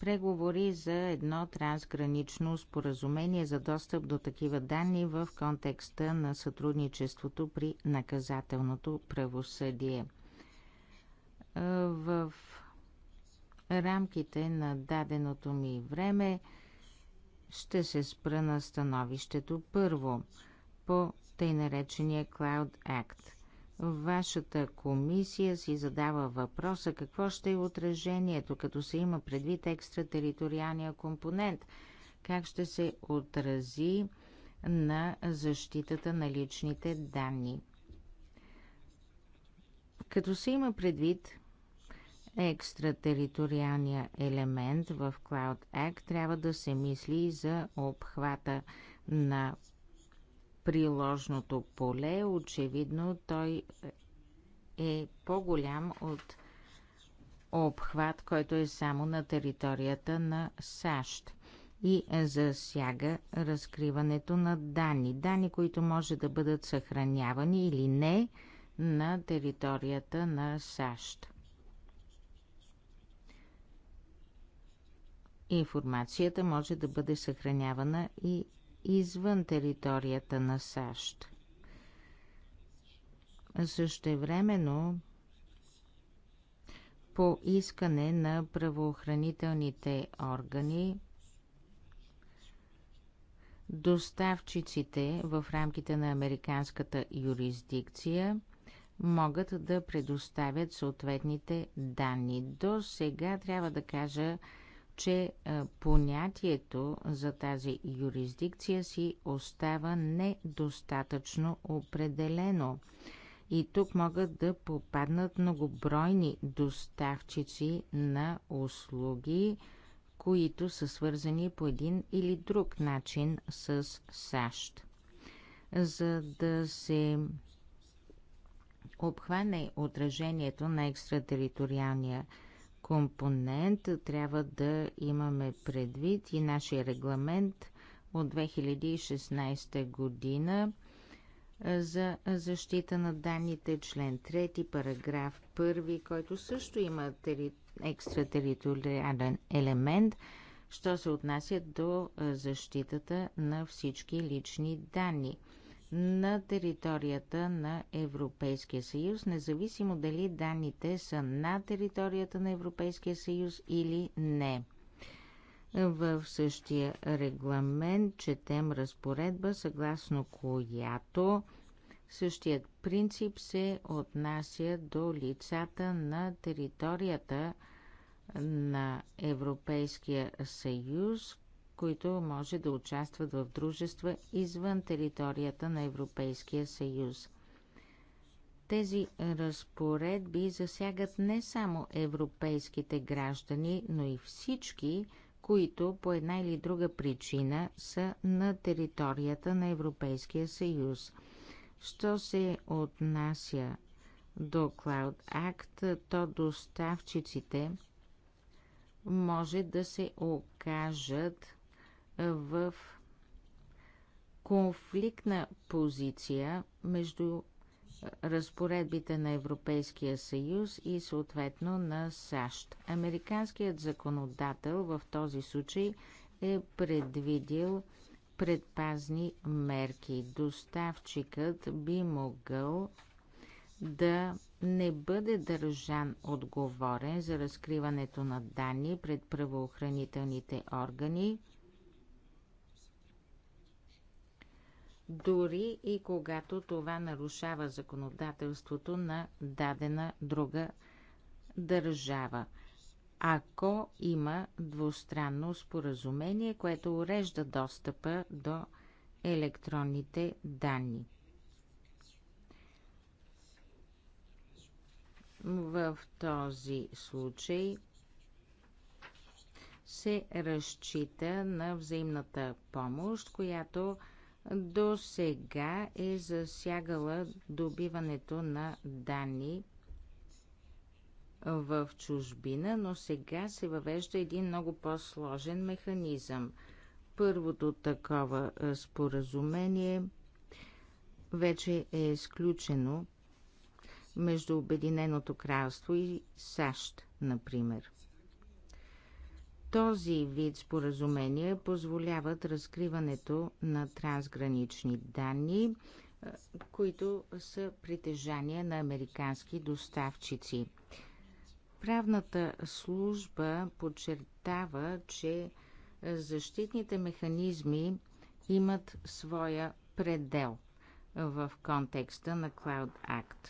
Преговори за едно трансгранично споразумение за достъп до такива данни в контекста на сътрудничеството при наказателното правосъдие. В рамките на даденото ми време ще се спра на становището първо по тъй наречения Cloud Act. Вашата комисия си задава въпроса какво ще е отражението, като се има предвид екстратериториалния компонент, как ще се отрази на защитата на личните данни. Като се има предвид екстратериториалния елемент в Cloud Act, трябва да се мисли и за обхвата на приложното поле. Очевидно той е по-голям от обхват, който е само на територията на САЩ и засяга разкриването на данни. Данни, които може да бъдат съхранявани или не на територията на САЩ. Информацията може да бъде съхранявана и извън територията на САЩ. Същевременно, по искане на правоохранителните органи, доставчиците в рамките на американската юрисдикция могат да предоставят съответните данни. До сега трябва да кажа, че понятието за тази юрисдикция си остава недостатъчно определено. И тук могат да попаднат многобройни доставчици на услуги, които са свързани по един или друг начин с САЩ. За да се обхване отражението на екстратериториалния компонент трябва да имаме предвид и нашия регламент от 2016 година за защита на данните, член 3, параграф 1, който също има тери... екстратериториален елемент, що се отнася до защитата на всички лични данни на територията на Европейския съюз, независимо дали данните са на територията на Европейския съюз или не. В същия регламент четем разпоредба, съгласно която същият принцип се отнася до лицата на територията на Европейския съюз, които може да участват в дружества извън територията на Европейския съюз. Тези разпоредби засягат не само европейските граждани, но и всички, които по една или друга причина са на територията на Европейския съюз. Що се отнася до Cloud Act, то доставчиците може да се окажат в конфликтна позиция между разпоредбите на Европейския съюз и съответно на САЩ. Американският законодател в този случай е предвидил предпазни мерки. Доставчикът би могъл да не бъде държан отговорен за разкриването на данни пред правоохранителните органи дори и когато това нарушава законодателството на дадена друга държава. Ако има двустранно споразумение, което урежда достъпа до електронните данни. В този случай се разчита на взаимната помощ, която до сега е засягала добиването на данни в чужбина, но сега се въвежда един много по-сложен механизъм. Първото такова споразумение вече е изключено между Обединеното кралство и САЩ, например. Този вид споразумения позволяват разкриването на трансгранични данни, които са притежания на американски доставчици. Правната служба подчертава, че защитните механизми имат своя предел в контекста на Cloud Act.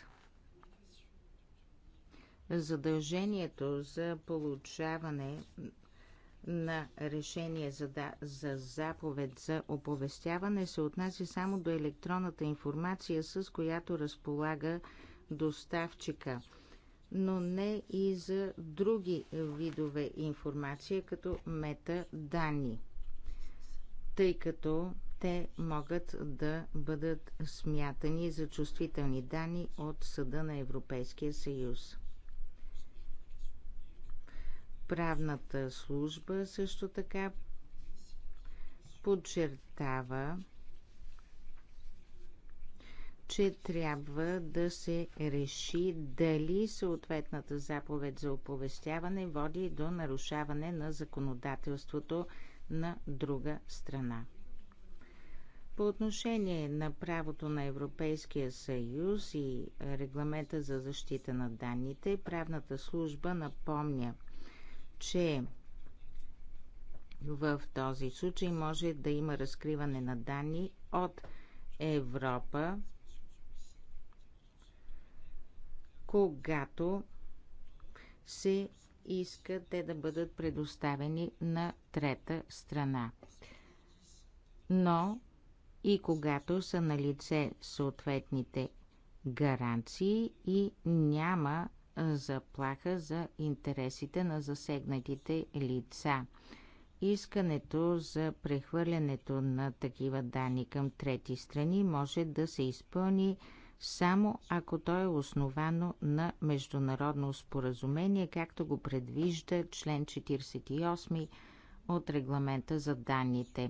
Задължението за получаване на решение за, да, за заповед за оповестяване се отнася само до електронната информация, с която разполага доставчика, но не и за други видове информация, като метаданни, тъй като те могат да бъдат смятани за чувствителни данни от Съда на Европейския съюз. Правната служба също така подчертава, че трябва да се реши дали съответната заповед за оповестяване води до нарушаване на законодателството на друга страна. По отношение на правото на Европейския съюз и регламента за защита на данните, правната служба напомня – че в този случай може да има разкриване на данни от Европа, когато се иска те да бъдат предоставени на трета страна. Но и когато са на лице съответните гаранции и няма заплаха за интересите на засегнатите лица. Искането за прехвърлянето на такива данни към трети страни може да се изпълни само ако то е основано на международно споразумение, както го предвижда член 48 от регламента за данните.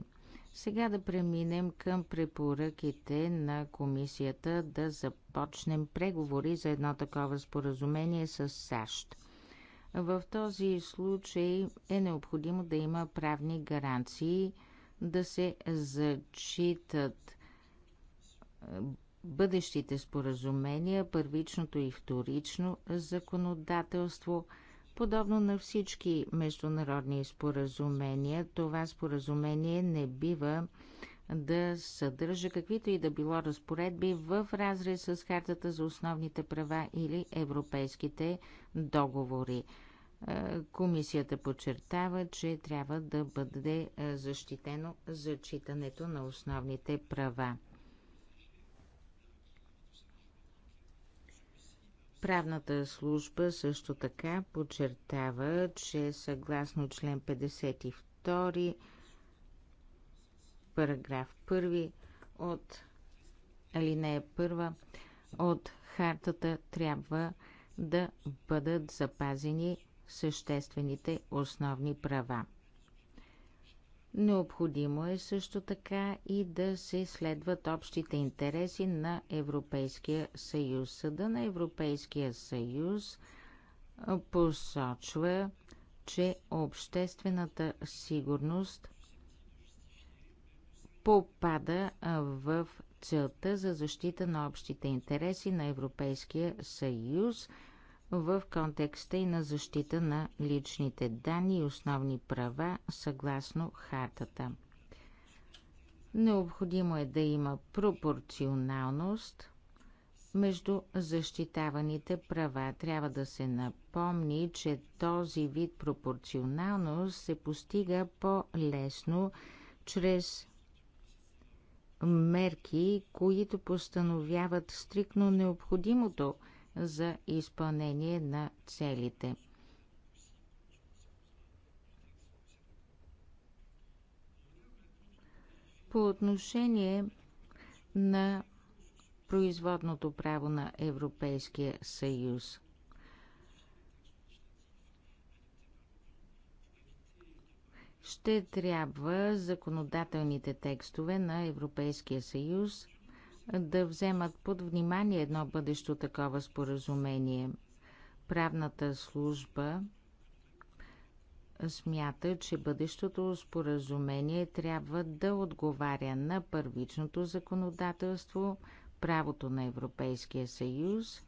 Сега да преминем към препоръките на комисията да започнем преговори за едно такова споразумение с САЩ. В този случай е необходимо да има правни гаранции да се зачитат е, бъдещите споразумения, първичното и вторично законодателство – Подобно на всички международни споразумения, това споразумение не бива да съдържа каквито и да било разпоредби в разрез с Хартата за основните права или европейските договори. Е, комисията подчертава, че трябва да бъде е, защитено зачитането на основните права. Правната служба също така подчертава, че съгласно член 52, параграф 1 от алинея 1 от хартата трябва да бъдат запазени съществените основни права. Необходимо е също така и да се следват общите интереси на Европейския съюз. Съда на Европейския съюз посочва, че обществената сигурност попада в целта за защита на общите интереси на Европейския съюз – в контекста и на защита на личните данни и основни права съгласно хартата. Необходимо е да има пропорционалност между защитаваните права. Трябва да се напомни, че този вид пропорционалност се постига по-лесно чрез мерки, които постановяват стрикно необходимото – за изпълнение на целите. По отношение на производното право на Европейския съюз. Ще трябва законодателните текстове на Европейския съюз да вземат под внимание едно бъдещо такова споразумение. Правната служба смята, че бъдещото споразумение трябва да отговаря на първичното законодателство, правото на Европейския съюз.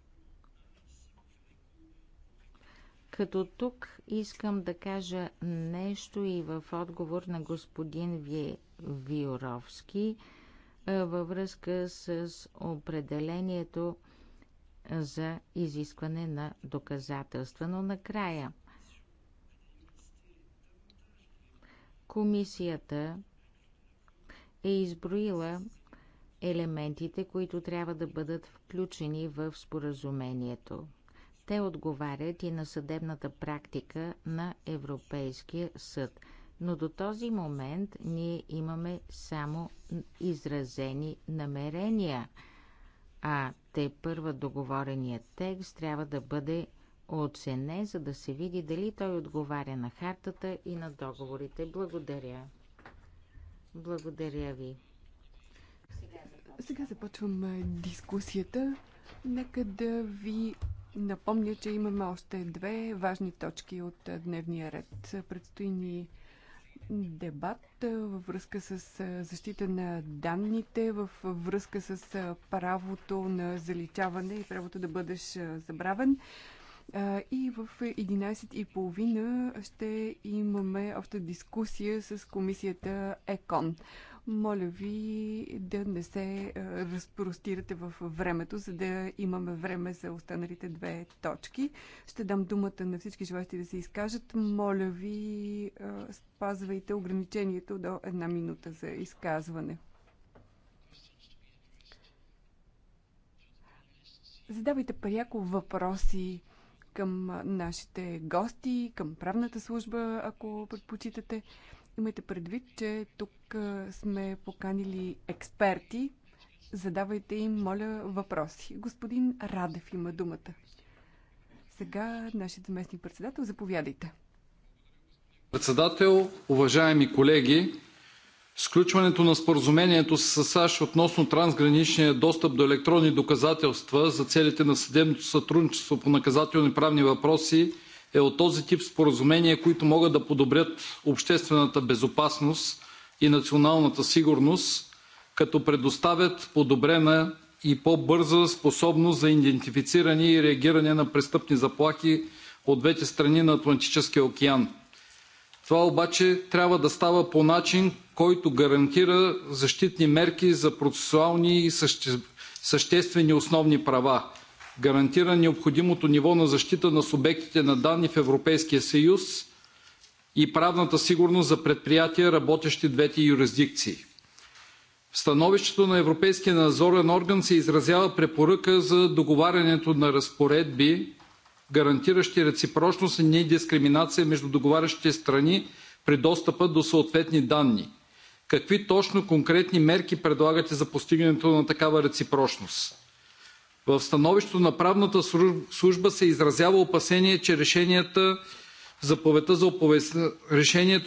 Като тук искам да кажа нещо и в отговор на господин Ви... Виоровски – във връзка с определението за изискване на доказателства. Но накрая комисията е изброила елементите, които трябва да бъдат включени в споразумението. Те отговарят и на съдебната практика на Европейския съд – но до този момент ние имаме само изразени намерения, а те първа договореният текст трябва да бъде оценен, за да се види дали той отговаря на хартата и на договорите. Благодаря. Благодаря ви. Сега започваме дискусията. Нека да ви напомня, че имаме още две важни точки от дневния ред. Предстои ни дебат във връзка с защита на данните, във връзка с правото на заличаване и правото да бъдеш забравен. И в 11.30 ще имаме обща дискусия с комисията ЕКОН. Моля ви да не се е, разпростирате в времето, за да имаме време за останалите две точки. Ще дам думата на всички желащи да се изкажат. Моля ви, е, спазвайте ограничението до една минута за изказване. Задавайте пряко въпроси към нашите гости, към правната служба, ако предпочитате. Имайте предвид, че тук сме поканили експерти. Задавайте им, моля, въпроси. Господин Радев има думата. Сега нашият заместник председател, заповядайте. Председател, уважаеми колеги, Сключването на споразумението с САЩ относно трансграничния достъп до електронни доказателства за целите на съдебното сътрудничество по наказателни правни въпроси е от този тип споразумения, които могат да подобрят обществената безопасност и националната сигурност, като предоставят подобрена и по-бърза способност за идентифициране и реагиране на престъпни заплахи от двете страни на Атлантическия океан. Това обаче трябва да става по начин, който гарантира защитни мерки за процесуални и съществени основни права, гарантира необходимото ниво на защита на субектите на данни в Европейския съюз и правната сигурност за предприятия, работещи в двете юрисдикции. В становището на Европейския надзорен орган се изразява препоръка за договарянето на разпоредби, гарантиращи реципрочност и недискриминация между договарящите страни при достъпа до съответни данни. Какви точно конкретни мерки предлагате за постигането на такава реципрочност? В становището на правната служба се изразява опасение, че решението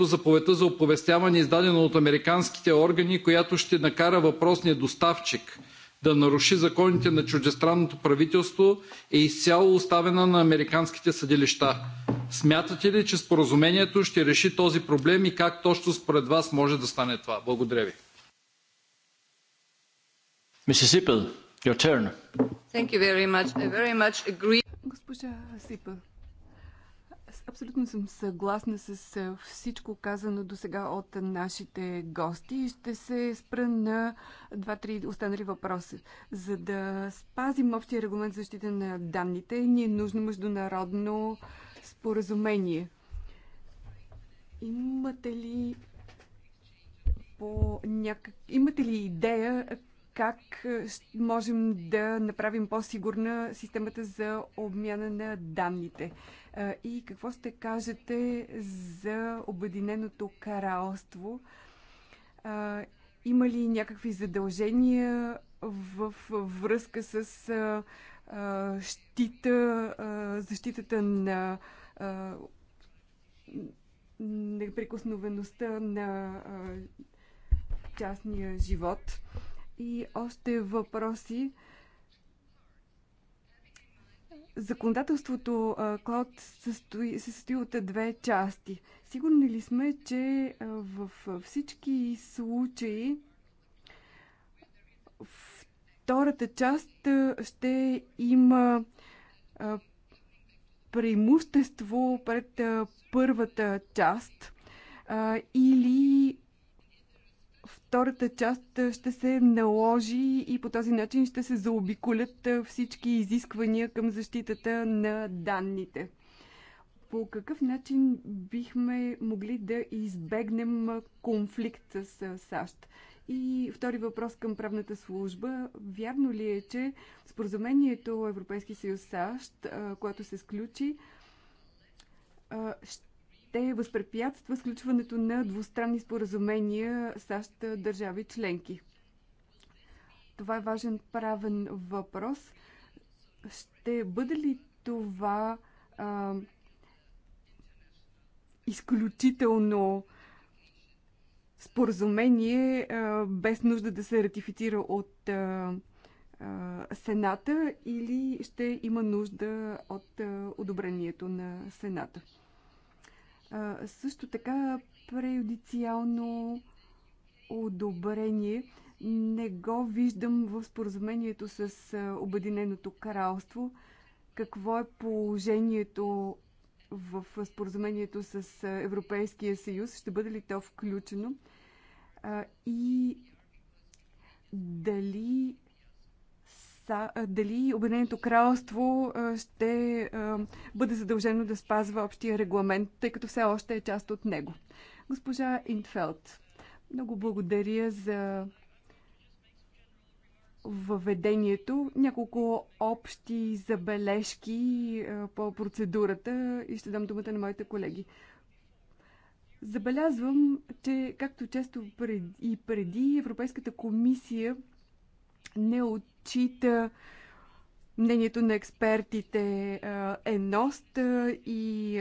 заповедта за оповестяване, издадена от американските органи, която ще накара въпросния доставчик да наруши законите на чуждестранното правителство, е изцяло оставена на американските съдилища. Смятате ли, че споразумението ще реши този проблем и как точно според вас може да стане това? Благодаря ви. Mrs. Госпожа Сипа, абсолютно съм съгласна с е, всичко казано до сега от нашите гости. Ще се спра на два-три останали въпроса. За да спазим общия регламент за защита на данните, ни е нужно международно споразумение. Имате ли по някак... Имате ли идея как е, можем да направим по-сигурна системата за обмяна на данните. Е, и какво ще кажете за Обединеното каралство? Е, има ли някакви задължения в връзка с щита, защитата на неприкосновеността на частния живот? и още въпроси. Законодателството Клауд се състои от две части. Сигурни ли сме, че в всички случаи втората част ще има преимущество пред първата част или втората част ще се наложи и по този начин ще се заобиколят всички изисквания към защитата на данните. По какъв начин бихме могли да избегнем конфликт с САЩ? И втори въпрос към правната служба. Вярно ли е, че споразумението Европейски съюз САЩ, което се сключи, ще те възпрепятства сключването на двустранни споразумения САЩ държави членки. Това е важен правен въпрос. Ще бъде ли това а, изключително споразумение а, без нужда да се ратифицира от а, а, Сената или ще има нужда от а, одобрението на Сената? също така преюдициално одобрение не го виждам в споразумението с Обединеното кралство. Какво е положението в споразумението с Европейския съюз? Ще бъде ли то включено? И дали дали Обединеното кралство ще бъде задължено да спазва общия регламент, тъй като все още е част от него. Госпожа Интфелд, много благодаря за въведението. Няколко общи забележки по процедурата и ще дам думата на моите колеги. Забелязвам, че както често и преди Европейската комисия не отчита мнението на експертите ЕНОСТ и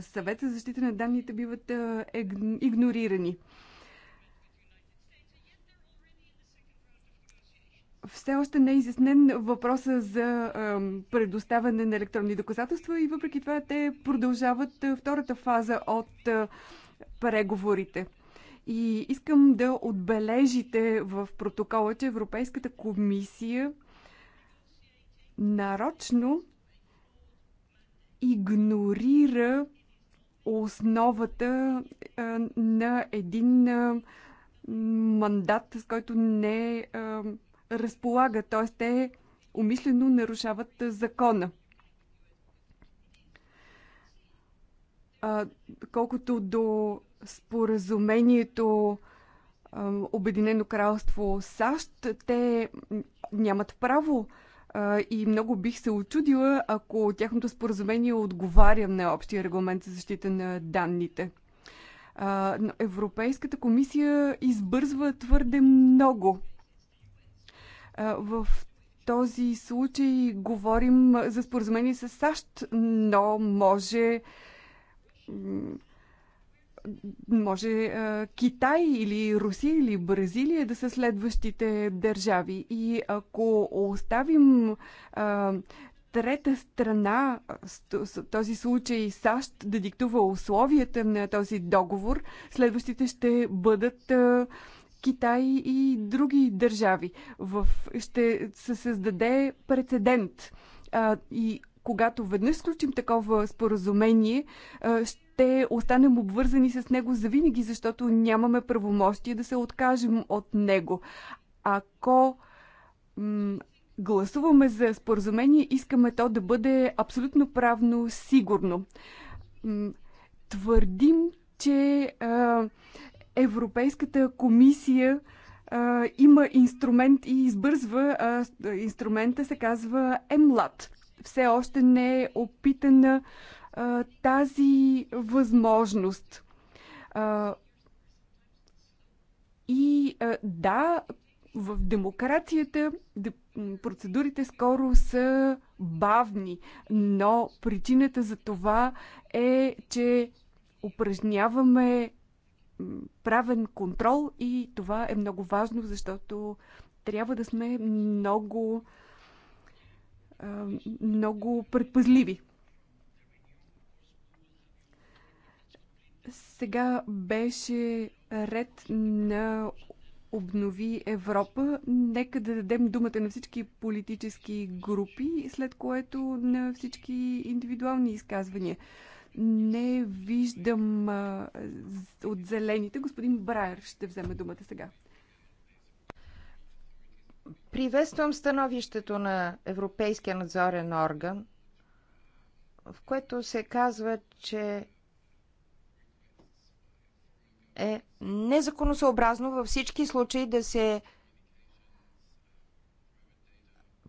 Съвета за защита на данните биват игнорирани. все още не е изяснен въпроса за предоставяне на електронни доказателства и въпреки това те продължават втората фаза от преговорите. И искам да отбележите в протокола, че Европейската комисия нарочно игнорира основата на един мандат, с който не разполага. Т.е. те умишлено нарушават закона. колкото до споразумението Обединено кралство САЩ, те нямат право и много бих се очудила, ако тяхното споразумение отговаря на общия регламент за защита на данните. Но Европейската комисия избързва твърде много. В този случай говорим за споразумение с САЩ, но може може е, Китай или Русия или Бразилия да са следващите държави. И ако оставим е, трета страна, този случай САЩ, да диктува условията на този договор, следващите ще бъдат е, Китай и други държави. В, ще се създаде прецедент. А, и когато веднъж сключим такова споразумение, ще останем обвързани с него завинаги, защото нямаме правомощие да се откажем от него. Ако гласуваме за споразумение, искаме то да бъде абсолютно правно сигурно. твърдим, че Европейската комисия а, има инструмент и избързва. А, инструмента се казва МЛАД все още не е опитана а, тази възможност. А, и а, да, в демокрацията процедурите скоро са бавни, но причината за това е, че упражняваме правен контрол и това е много важно, защото трябва да сме много много предпазливи. Сега беше ред на обнови Европа. Нека да дадем думата на всички политически групи, след което на всички индивидуални изказвания. Не виждам а, от зелените. Господин Брайер ще вземе думата сега. Приветствам становището на Европейския надзорен орган, в което се казва, че е незаконосъобразно във всички случаи да се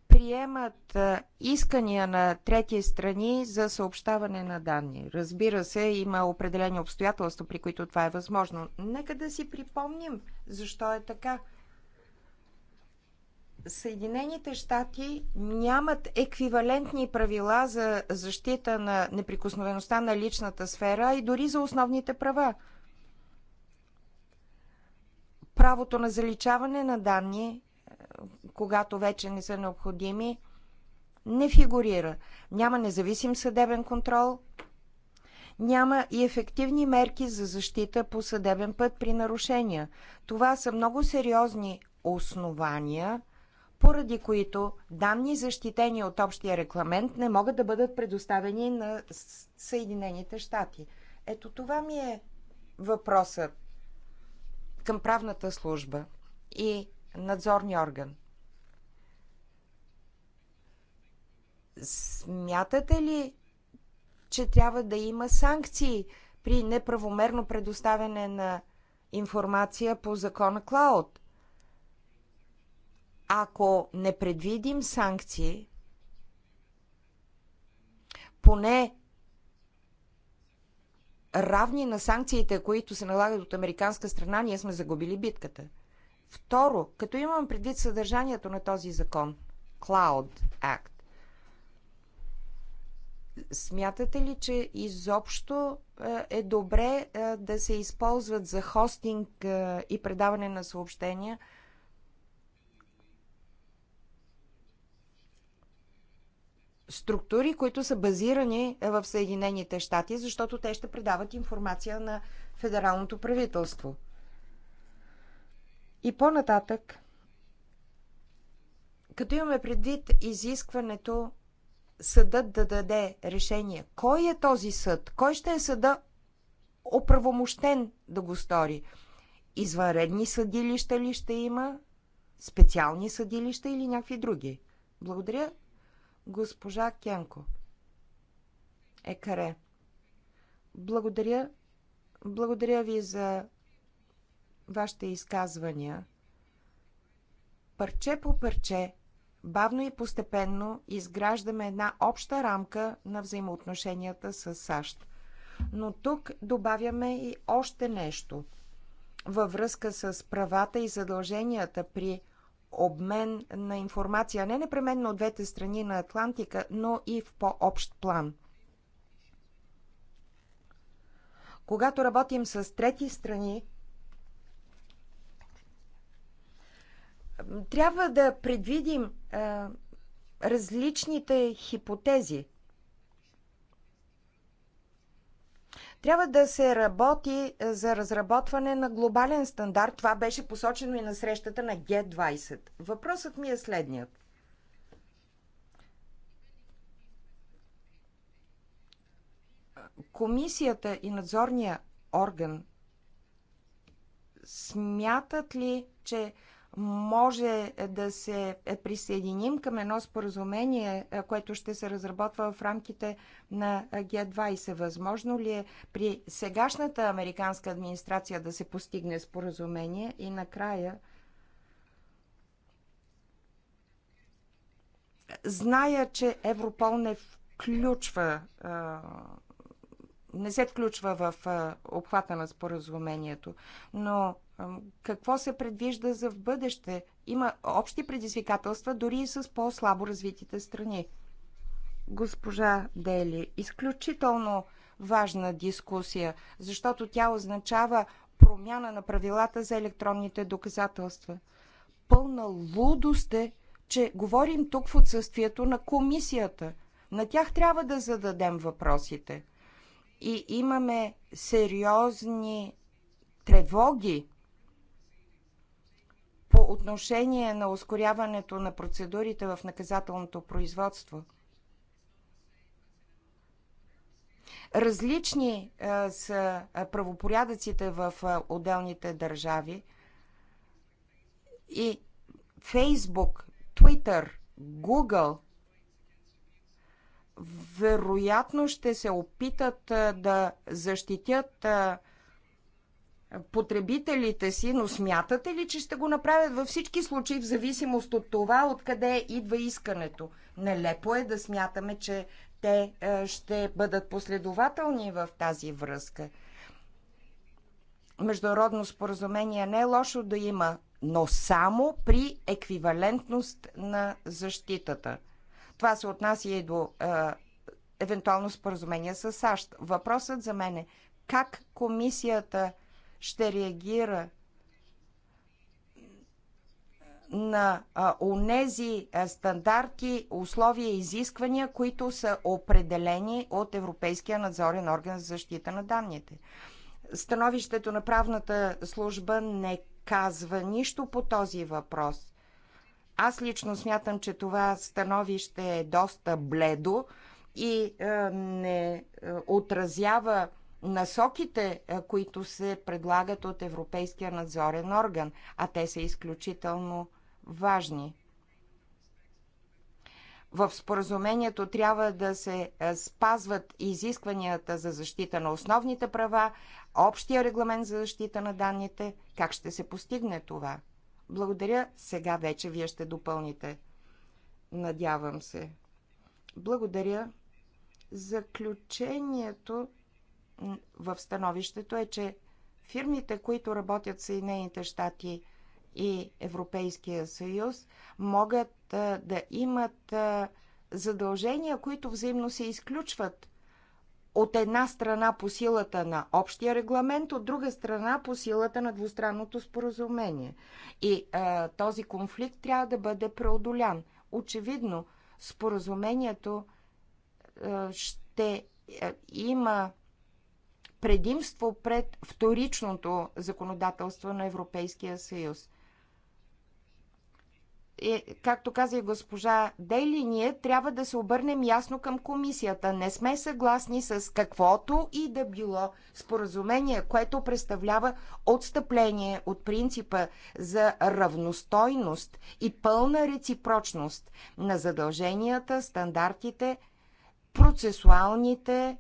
приемат искания на трети страни за съобщаване на данни. Разбира се, има определени обстоятелства, при които това е възможно. Нека да си припомним защо е така. Съединените щати нямат еквивалентни правила за защита на неприкосновеността на личната сфера и дори за основните права. Правото на заличаване на данни, е, когато вече не са необходими, не фигурира. Няма независим съдебен контрол, няма и ефективни мерки за защита по съдебен път при нарушения. Това са много сериозни основания – поради които данни, защитени от общия регламент, не могат да бъдат предоставени на Съединените щати. Ето това ми е въпросът към правната служба и надзорния орган. Смятате ли, че трябва да има санкции при неправомерно предоставяне на информация по закона Клауд? Ако не предвидим санкции, поне равни на санкциите, които се налагат от американска страна, ние сме загубили битката. Второ, като имам предвид съдържанието на този закон, Cloud Act, смятате ли, че изобщо е, е добре е, да се използват за хостинг е, и предаване на съобщения – структури, които са базирани е, в Съединените щати, защото те ще предават информация на федералното правителство. И по-нататък, като имаме предвид изискването съдът да даде решение, кой е този съд? Кой ще е съда оправомощен да го стори? Извънредни съдилища ли ще има? Специални съдилища или някакви други? Благодаря. Госпожа Кенко. Екаре. Благодаря. Благодаря ви за вашите изказвания. Парче по парче, бавно и постепенно изграждаме една обща рамка на взаимоотношенията с САЩ. Но тук добавяме и още нещо във връзка с правата и задълженията при обмен на информация не непременно от двете страни на Атлантика, но и в по-общ план. Когато работим с трети страни, трябва да предвидим различните хипотези – Трябва да се работи е, за разработване на глобален стандарт. Това беше посочено и на срещата на Г20. Въпросът ми е следният. Комисията и надзорния орган смятат ли, че може да се присъединим към едно споразумение, което ще се разработва в рамките на Г20. Възможно ли е при сегашната американска администрация да се постигне споразумение и накрая зная, че Европол не включва не се включва в обхвата на споразумението, но какво се предвижда за в бъдеще? Има общи предизвикателства дори и с по-слабо развитите страни. Госпожа Дели, изключително важна дискусия, защото тя означава промяна на правилата за електронните доказателства. Пълна лудост е, че говорим тук в отсъствието на комисията. На тях трябва да зададем въпросите. И имаме сериозни тревоги отношение на ускоряването на процедурите в наказателното производство. Различни а, е, са правопорядъците в а, е, отделните държави и Фейсбук, Твитър, Google вероятно ще се опитат а, е, да защитят а, потребителите си, но смятате ли, че ще го направят във всички случаи, в зависимост от това, откъде идва искането? Нелепо е да смятаме, че те е, ще бъдат последователни в тази връзка. Международно споразумение не е лошо да има, но само при еквивалентност на защитата. Това се отнася и до е, евентуално споразумение с САЩ. Въпросът за мен е как комисията ще реагира на онези стандарти, условия и изисквания, които са определени от Европейския надзорен орган за защита на данните. Становището на правната служба не казва нищо по този въпрос. Аз лично смятам, че това становище е доста бледо и не отразява насоките, които се предлагат от Европейския надзорен орган, а те са изключително важни. В споразумението трябва да се спазват изискванията за защита на основните права, общия регламент за защита на данните. Как ще се постигне това? Благодаря. Сега вече вие ще допълните. Надявам се. Благодаря. Заключението в становището е, че фирмите, които работят в Съединените щати и Европейския съюз, могат да имат задължения, които взаимно се изключват от една страна по силата на общия регламент, от друга страна по силата на двустранното споразумение. И а, този конфликт трябва да бъде преодолян. Очевидно, споразумението а, ще а, има предимство пред вторичното законодателство на Европейския съюз. И, както каза и госпожа Дейли, ние трябва да се обърнем ясно към комисията. Не сме съгласни с каквото и да било споразумение, което представлява отстъпление от принципа за равностойност и пълна реципрочност на задълженията, стандартите, процесуалните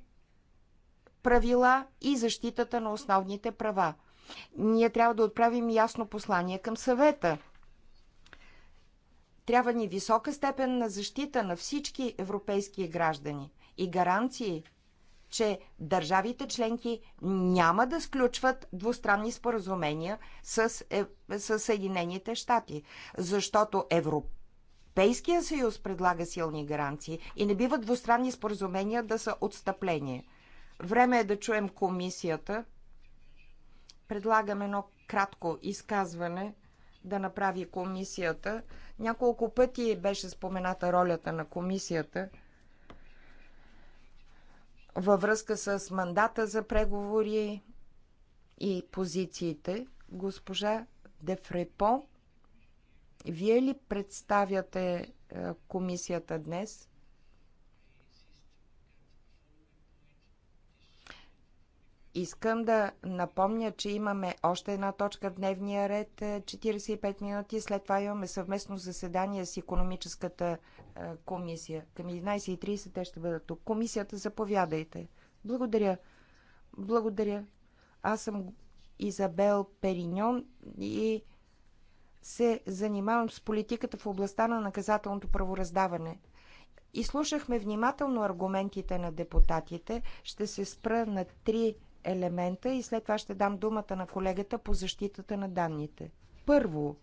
правила и защитата на основните права. Ние трябва да отправим ясно послание към съвета. Трябва ни висока степен на защита на всички европейски граждани и гаранции, че държавите членки няма да сключват двустранни споразумения с, е, с Съединените щати, защото Европейския съюз предлага силни гаранции и не бива двустранни споразумения да са отстъпление – Време е да чуем комисията. Предлагам едно кратко изказване да направи комисията. Няколко пъти беше спомената ролята на комисията във връзка с мандата за преговори и позициите. Госпожа Дефрепо, вие ли представяте е, комисията днес? Искам да напомня, че имаме още една точка в дневния ред 45 е, минути. След това имаме съвместно заседание с економическата е, комисия. Към 11.30 те ще бъдат тук. Комисията, заповядайте. Благодаря. Благодаря. Аз съм Изабел Периньон и се занимавам с политиката в областта на наказателното правораздаване. И слушахме внимателно аргументите на депутатите. Ще се спра на три елемента и след това ще дам думата на колегата по защитата на данните. Първо,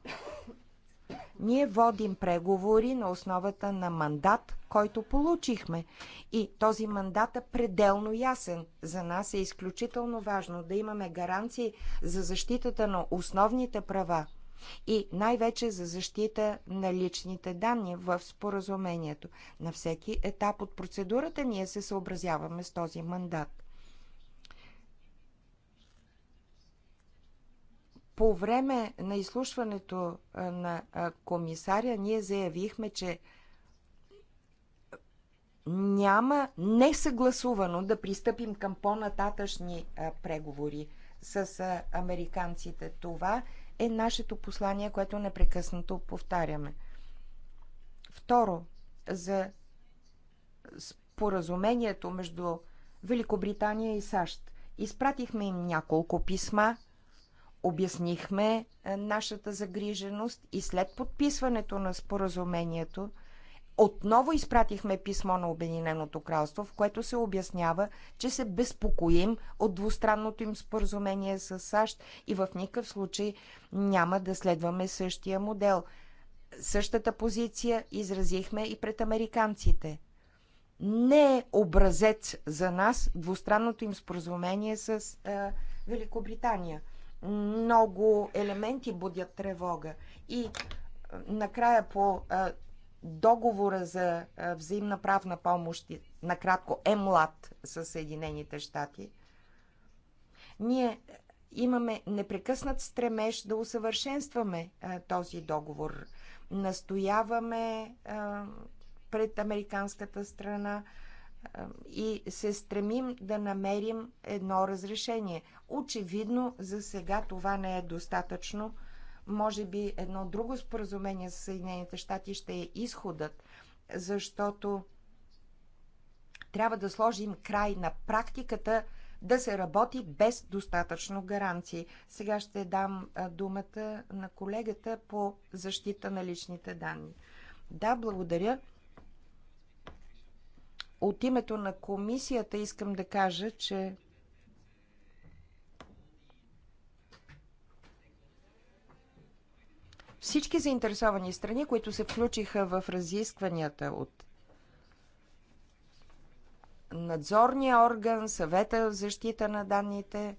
ние водим преговори на основата на мандат, който получихме. И този мандат е пределно ясен. За нас е изключително важно да имаме гаранции за защитата на основните права и най-вече за защита на личните данни в споразумението. На всеки етап от процедурата ние се съобразяваме с този мандат. По време на изслушването на комисаря ние заявихме, че няма несъгласувано да пристъпим към по-нататъчни преговори с американците. Това е нашето послание, което непрекъснато повтаряме. Второ, за споразумението между Великобритания и САЩ. Изпратихме им няколко писма – обяснихме е, нашата загриженост и след подписването на споразумението отново изпратихме писмо на Обединеното кралство, в което се обяснява, че се безпокоим от двустранното им споразумение с САЩ и в никакъв случай няма да следваме същия модел. Същата позиция изразихме и пред американците. Не е образец за нас двустранното им споразумение с е, Великобритания – много елементи будят тревога. И е, накрая по е, договора за е, взаимна правна помощ, накратко ЕМЛАД с Съединените щати, ние имаме непрекъснат стремеж да усъвършенстваме този договор. Настояваме пред американската страна и се стремим да намерим едно разрешение. Очевидно, за сега това не е достатъчно. Може би едно друго споразумение с Съединените щати ще е изходът, защото трябва да сложим край на практиката да се работи без достатъчно гаранции. Сега ще дам думата на колегата по защита на личните данни. Да, благодаря. От името на комисията искам да кажа, че всички заинтересовани страни, които се включиха в разискванията от надзорния орган, съвета за защита на данните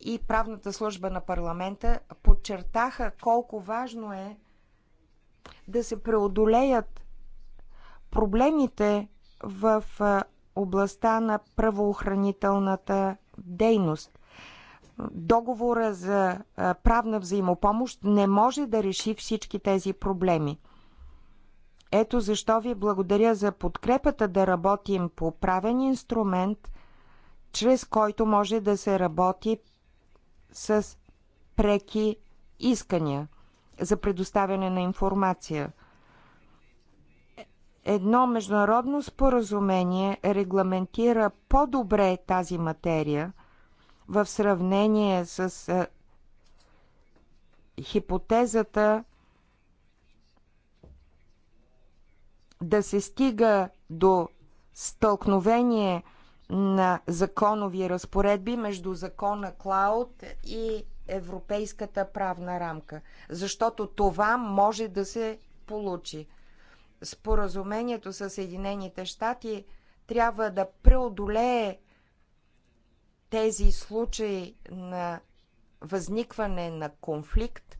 и правната служба на парламента, подчертаха колко важно е да се преодолеят проблемите в областта на правоохранителната дейност. Договора за правна взаимопомощ не може да реши всички тези проблеми. Ето защо ви благодаря за подкрепата да работим по правен инструмент, чрез който може да се работи с преки искания за предоставяне на информация – едно международно споразумение регламентира по-добре тази материя в сравнение с е, хипотезата да се стига до стълкновение на законови разпоредби между закона Клауд и европейската правна рамка, защото това може да се получи споразумението с Съединените щати трябва да преодолее тези случаи на възникване на конфликт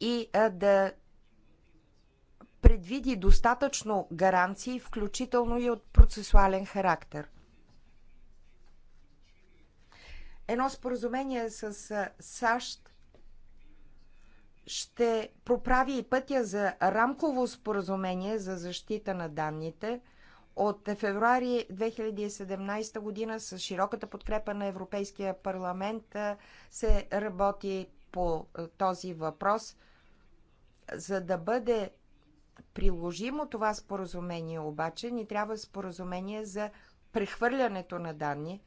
и да предвиди достатъчно гаранции, включително и от процесуален характер. Едно споразумение с САЩ ще проправи и пътя за рамково споразумение за защита на данните от февруари 2017 година с широката подкрепа на Европейския парламент се работи по този въпрос. За да бъде приложимо това споразумение обаче, ни трябва споразумение за прехвърлянето на данни.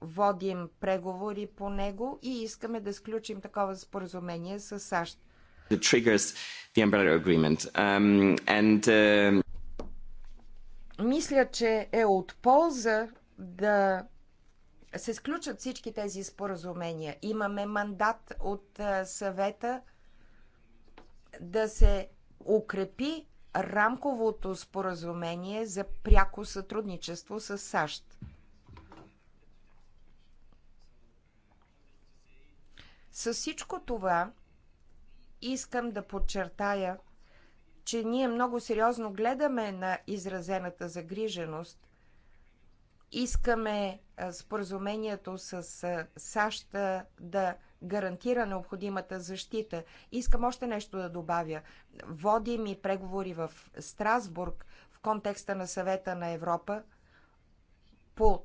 Водим преговори по него и искаме да сключим такова споразумение с САЩ that triggers the umbrella agreement. Um, and, um, Мисля, че е от полза да се сключат всички тези споразумения. Имаме мандат от съвета да се укрепи рамковото споразумение за пряко сътрудничество с САЩ. С всичко това искам да подчертая, че ние много сериозно гледаме на изразената загриженост. Искаме споразумението с САЩ да гарантира необходимата защита. Искам още нещо да добавя. Водим и преговори в Страсбург в контекста на съвета на Европа по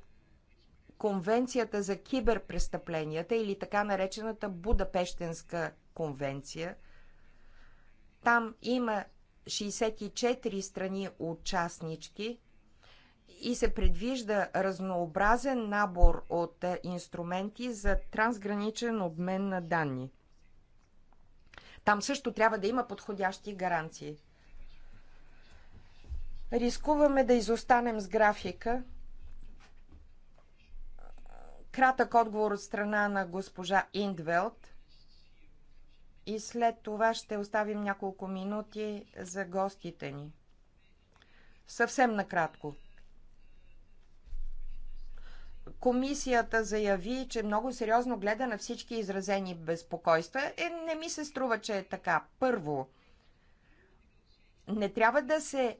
Конвенцията за киберпрестъпленията или така наречената Будапештенска конвенция. Там има 64 страни участнички и се предвижда разнообразен набор от е, инструменти за трансграничен обмен на данни. Там също трябва да има подходящи гаранции. Рискуваме да изостанем с графика. Кратък отговор от страна на госпожа Индвелт и след това ще оставим няколко минути за гостите ни. Съвсем накратко. Комисията заяви, че много сериозно гледа на всички изразени безпокойства. Е, не ми се струва, че е така. Първо, не трябва да се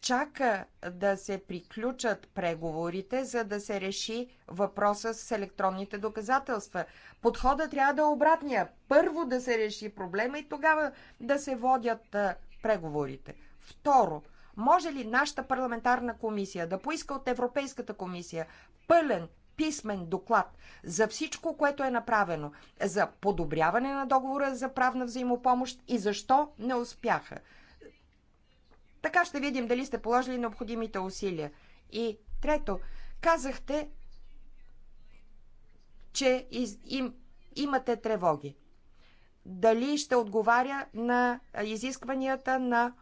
чака да се приключат преговорите, за да се реши въпроса с електронните доказателства. Подходът трябва да е обратния. Първо да се реши проблема и тогава да се водят преговорите. Второ, може ли нашата парламентарна комисия да поиска от Европейската комисия пълен писмен доклад за всичко, което е направено, за подобряване на договора за правна взаимопомощ и защо не успяха? Така ще видим дали сте положили необходимите усилия. И трето, казахте, че из, им, имате тревоги. Дали ще отговаря на изискванията на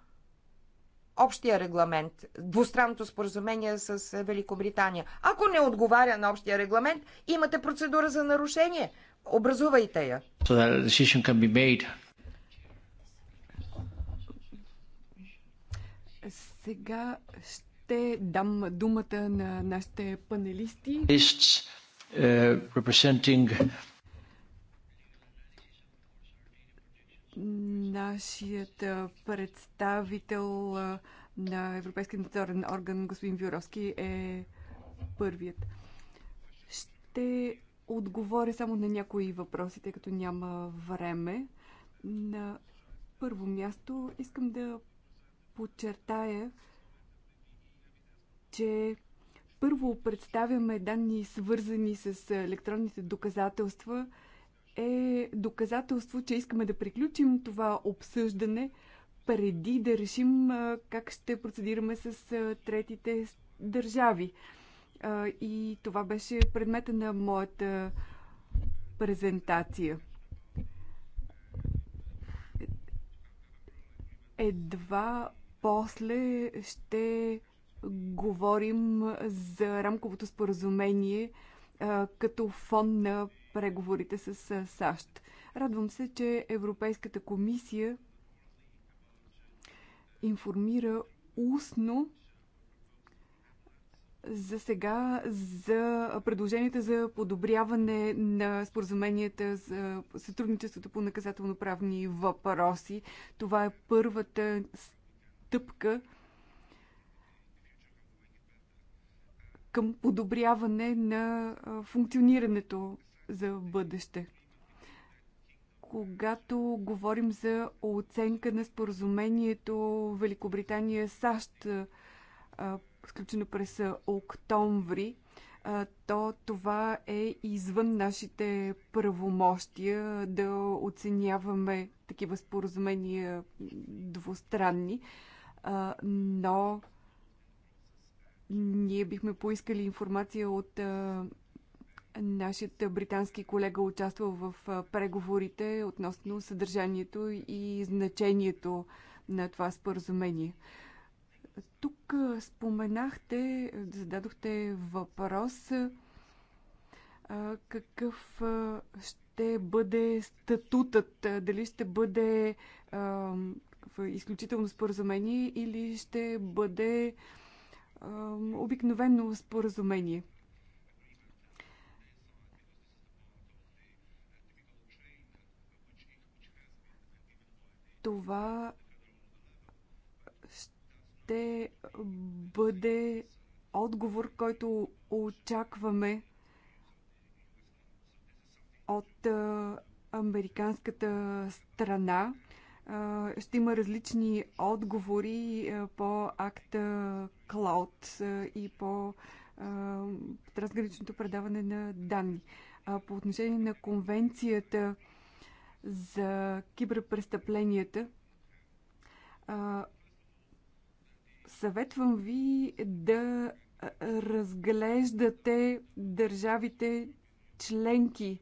общия регламент, двустранното споразумение с Великобритания. Ако не отговаря на общия регламент, имате процедура за нарушение. Образувайте я. So Сега ще дам думата на нашите панелисти. Е, Нашият представител на Европейския надзорен орган, господин Вюровски, е първият. Ще отговоря само на някои въпроси, тъй като няма време. На първо място искам да подчертая, че първо представяме данни свързани с електронните доказателства, е доказателство, че искаме да приключим това обсъждане преди да решим как ще процедираме с третите държави. И това беше предмета на моята презентация. Едва после ще говорим за рамковото споразумение като фон на преговорите с САЩ. Радвам се, че Европейската комисия информира устно за сега за предложенията за подобряване на споразуменията за сътрудничеството по наказателно-правни въпроси. Това е първата стъпка към подобряване на функционирането за бъдеще. Когато говорим за оценка на споразумението Великобритания-САЩ, сключено през октомври, то това е извън нашите правомощия да оценяваме такива споразумения двустранни но ние бихме поискали информация от нашият британски колега участвал в преговорите относно съдържанието и значението на това споразумение. Тук споменахте, зададохте въпрос какъв ще бъде статутът, дали ще бъде изключително споразумение или ще бъде обикновено споразумение. Това ще бъде отговор, който очакваме от американската страна ще има различни отговори по акта Cloud и по трансграничното предаване на данни. По отношение на конвенцията за киберпрестъпленията, съветвам ви да разглеждате държавите членки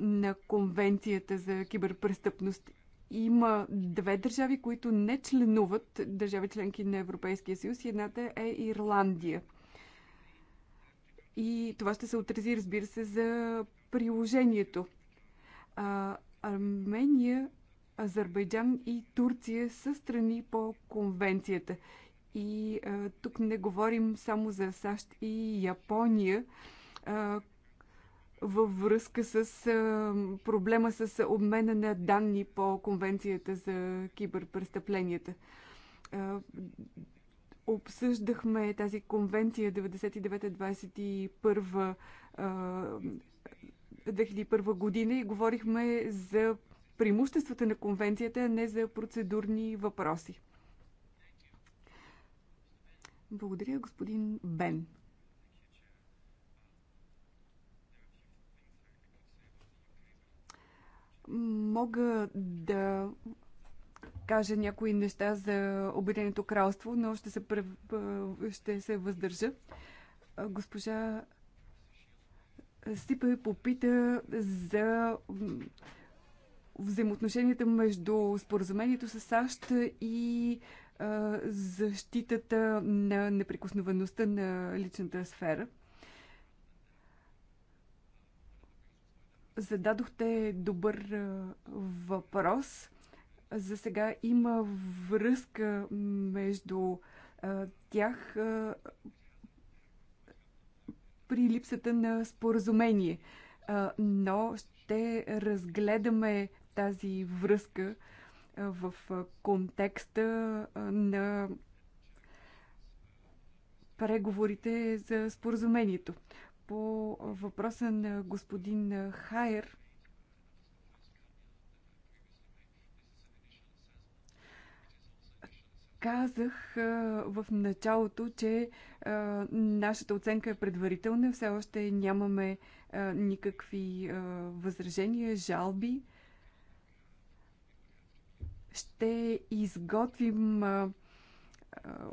на Конвенцията за киберпрестъпност има две държави, които не членуват държави членки на Европейския съюз. Едната е Ирландия. И това ще се отрази, разбира се, за приложението. А, Армения, Азербайджан и Турция са страни по конвенцията. И а, тук не говорим само за САЩ и Япония, а, във връзка с проблема с обмена на данни по Конвенцията за киберпрестъпленията. Обсъждахме тази конвенция 99-21 2001 година и говорихме за преимуществата на конвенцията, а не за процедурни въпроси. Благодаря, господин Бен. Мога да кажа някои неща за Обединеното кралство, но ще се, прев... ще се въздържа. Госпожа Сипе попита за взаимоотношенията между споразумението с САЩ и защитата на неприкосновеността на личната сфера – Зададохте добър въпрос. За сега има връзка между тях при липсата на споразумение. Но ще разгледаме тази връзка в контекста на преговорите за споразумението по въпроса на господин Хайер. Казах в началото, че нашата оценка е предварителна. Все още нямаме никакви възражения, жалби. Ще изготвим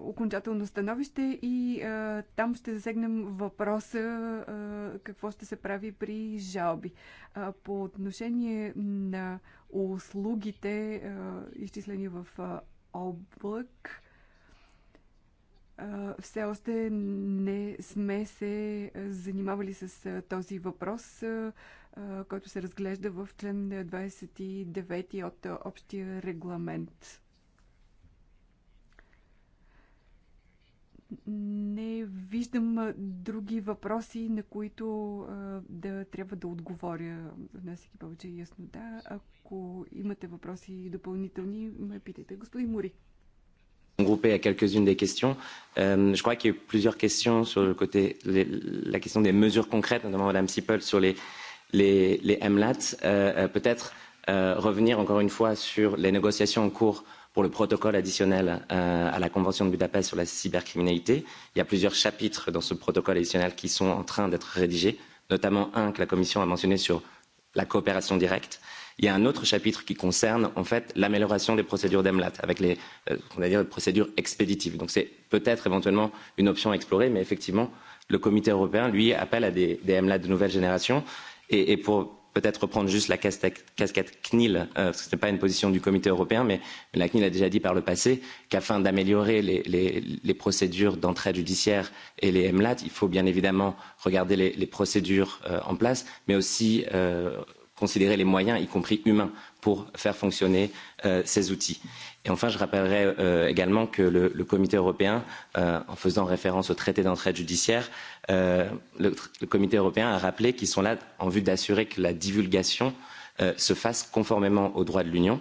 окончателно становище и а, там ще засегнем въпроса а, какво ще се прави при жалби. А, по отношение на услугите, а, изчислени в а, облак, все още не сме се занимавали с този въпрос, който се разглежда в член 29 от общия регламент. не виждам други въпроси, на които да трябва да отговоря, внасяйки повече яснота. Да, ако имате въпроси допълнителни, ме питайте. Господин Мури. Groupé à quelques-unes des questions. Euh, je crois qu'il y a eu plusieurs questions sur le côté, les, la question des mesures concrètes, notamment Madame Sipel sur les, les, les MLAT. Euh, Peut-être euh, revenir encore une fois sur les négociations en cours euh, pour le protocole additionnel à la Convention de Budapest sur la cybercriminalité. Il y a plusieurs chapitres dans ce protocole additionnel qui sont en train d'être rédigés, notamment un que la Commission a mentionné sur la coopération directe. Il y a un autre chapitre qui concerne en fait l'amélioration des procédures d'EMLAT avec les, on va dire, les procédures expéditives. Donc c'est peut-être éventuellement une option à explorer, mais effectivement, le Comité européen, lui, appelle à des, des EMLAT de nouvelle génération. Et, et pour peut-être reprendre juste la casquette CNIL, parce que ce n'est pas une position du Comité européen, mais la CNIL a déjà dit par le passé qu'afin d'améliorer les, procédures d'entraide judiciaire et les MLAT, il faut bien évidemment regarder les, procédures en place, mais aussi considérer les moyens, y compris humains, pour faire fonctionner ces outils. Et enfin, je rappellerai euh, également que le, le Comité européen, euh, en faisant référence au traité d'entraide judiciaire, euh, le, le Comité européen a rappelé qu'ils sont là en vue d'assurer que la divulgation euh, se fasse conformément aux droits de l'Union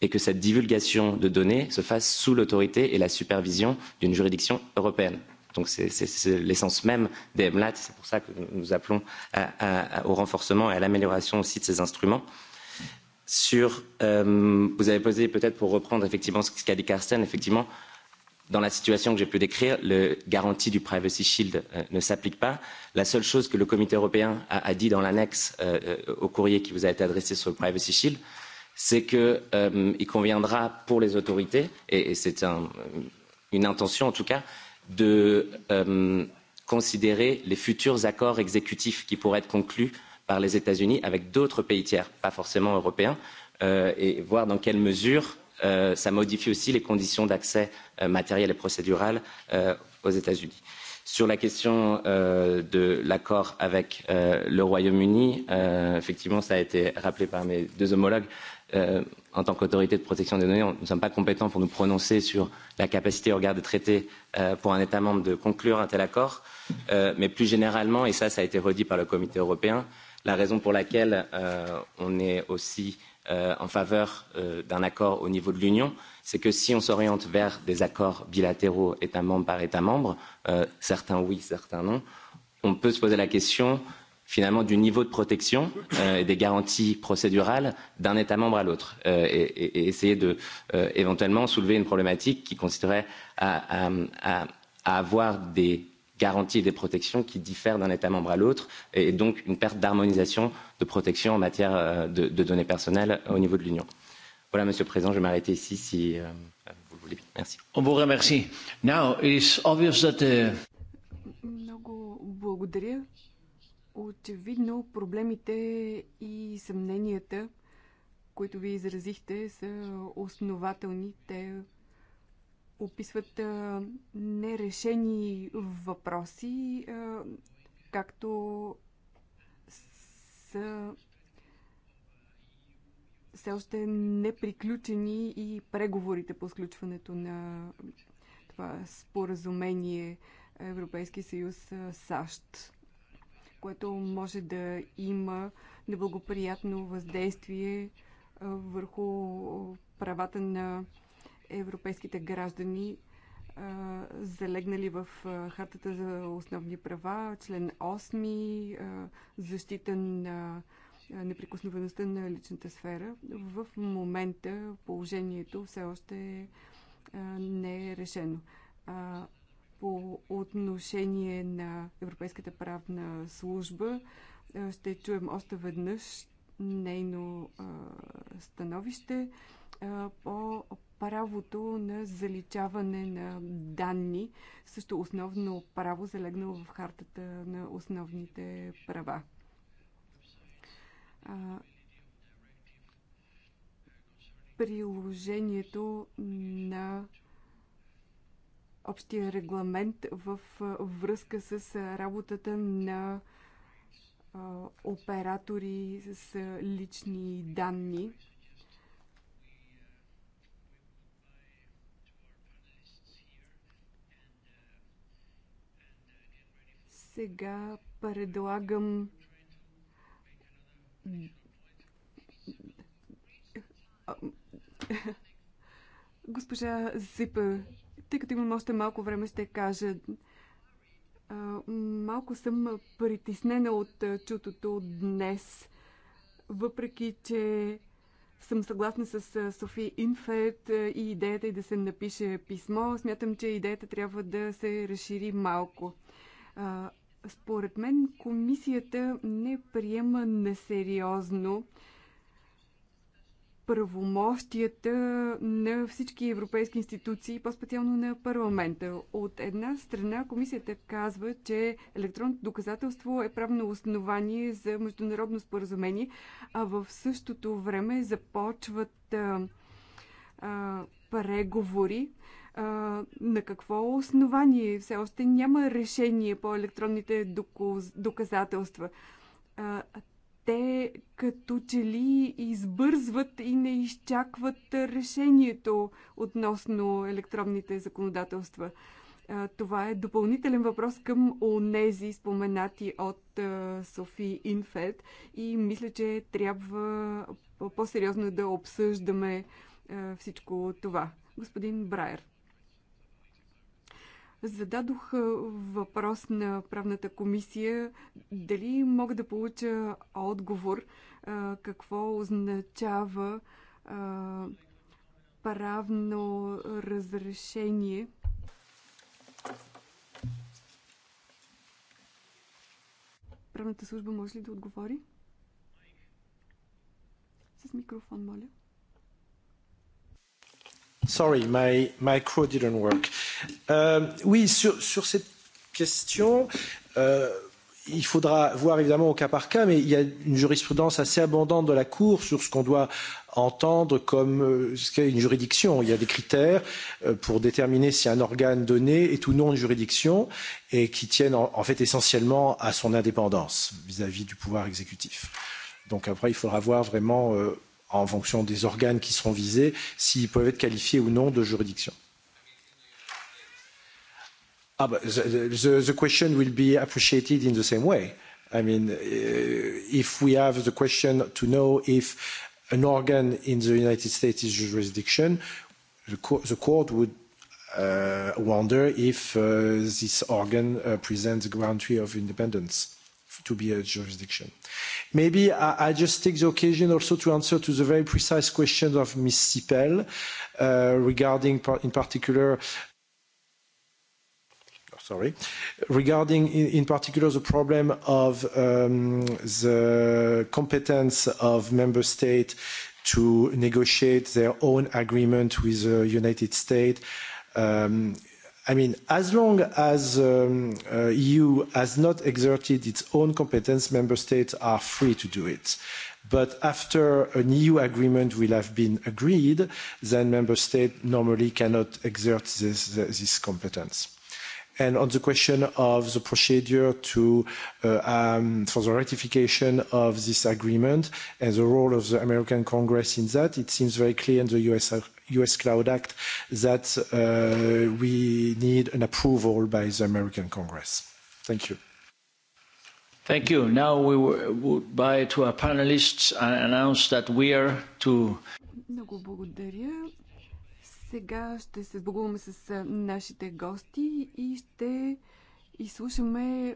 et que cette divulgation de données se fasse sous l'autorité et la supervision d'une juridiction européenne. Donc c'est l'essence même des MLAT, c'est pour ça que nous appelons à, à, au renforcement et à l'amélioration aussi de ces instruments. Euh, sur euh, vous avez posé peut-être pour reprendre effectivement ce qu'a dit Carsten, effectivement, dans la situation que j'ai pu décrire, le garantie du Privacy Shield euh, ne s'applique pas. La seule chose que le Comité européen a, a dit dans l'annexe euh, au courrier qui vous a été adressé sur le Privacy Shield, c'est qu'il euh, conviendra pour les autorités, et, et c'est un, une intention en tout cas, de euh, considérer les futurs accords exécutifs qui pourraient être conclus euh, par les États-Unis avec d'autres pays tiers, pas forcément européens, euh, et voir dans quelle mesure euh, ça modifie aussi les conditions d'accès euh, matériel et procédural euh, aux États-Unis. Sur la question euh, de l'accord avec euh, le Royaume-Uni, euh, effectivement, ça a été rappelé par mes deux homologues. Euh, en tant qu'autorité de protection des données, nous ne sommes pas compétents pour nous prononcer sur la capacité au regard des traités euh, pour un État membre de conclure un tel accord. Euh, mais plus généralement, et ça, ça a été redit par le Comité européen, euh, la raison pour laquelle euh, on est aussi euh, en faveur euh, d'un accord au niveau de l'Union, c'est que si on s'oriente vers des accords bilatéraux État membre par État membre, euh, certains oui, certains non, on peut se poser la question finalement du niveau de protection euh, et des garanties procédurales d'un État membre à l'autre euh, et, et, et essayer de euh, éventuellement soulever une problématique qui consisterait à, à, à, à avoir des garanties et des protections qui diffèrent d'un État membre à l'autre, et donc une perte d'harmonisation de protection en matière de, de données personnelles au niveau de l'Union. Voilà, Monsieur le Président, je vais m'arrêter ici si euh, vous le voulez bien. Merci. On vous remercie. Now, it's obvious that, uh... Много благодаря. Очевидно проблемите и съмненията, които ви изразихте, са основателни. Те описват нерешени въпроси, както са все още неприключени и преговорите по сключването на това споразумение Европейски съюз САЩ, което може да има неблагоприятно въздействие върху правата на европейските граждани, залегнали в Хартата за основни права, член 8, защита на неприкосновеността на личната сфера. В момента положението все още не е решено. По отношение на Европейската правна служба ще чуем още веднъж нейно становище по правото на заличаване на данни, също основно право, залегнало в хартата на основните права. приложението на общия регламент в връзка с работата на оператори с лични данни Сега предлагам госпожа Зипа, тъй като имам още малко време, ще кажа. Малко съм притеснена от чутото днес, въпреки че съм съгласна с Софи Инфет и идеята е да се напише писмо. Смятам, че идеята трябва да се разшири малко. Според мен комисията не приема несериозно правомощията на всички европейски институции, по-специално на парламента. От една страна комисията казва, че електронното доказателство е правно основание за международно споразумение, а в същото време започват а, а, преговори на какво основание? Все още няма решение по електронните доказателства. Те като че ли избързват и не изчакват решението относно електронните законодателства. Това е допълнителен въпрос към онези споменати от Софи Инфет и мисля, че трябва по-сериозно да обсъждаме всичко това. Господин Брайер. Зададох въпрос на правната комисия дали мога да получа отговор какво означава правно разрешение. Правната служба може ли да отговори? С микрофон, моля. Sorry, my, my crew didn't work. Euh, oui, sur, sur cette question, euh, il faudra voir évidemment au cas par cas, mais il y a une jurisprudence assez abondante de la Cour sur ce qu'on doit entendre comme ce qu'est une juridiction. Il y a des critères pour déterminer si un organe donné est ou non une juridiction et qui tiennent en fait essentiellement à son indépendance vis-à-vis du pouvoir exécutif. Donc après, il faudra voir vraiment en fonction des organes qui seront visés s'ils peuvent être qualifiés ou non de juridiction but the, the, the question will be appreciated in the same way. I mean, uh, if we have the question to know if an organ in the United States is jurisdiction, the, co the court would uh, wonder if uh, this organ uh, presents the guarantee of independence to be a jurisdiction. Maybe I, I just take the occasion also to answer to the very precise question of Ms. Sipel uh, regarding, par in particular, sorry, regarding in particular the problem of the competence of member states to negotiate their own agreement with the United States. I mean, as long as the EU has not exerted its own competence, member states are free to do it. But after an EU agreement will have been agreed, then member states normally cannot exert this, this competence. And on the question of the procedure to, um, for the ratification of this agreement and the role of the American Congress in that, it seems very clear in the US US Cloud Act that uh, we need an approval by the American Congress. Thank you. Thank you. Now we would buy to our panelists and announce that we are to сега ще се сбогуваме с нашите гости и ще изслушаме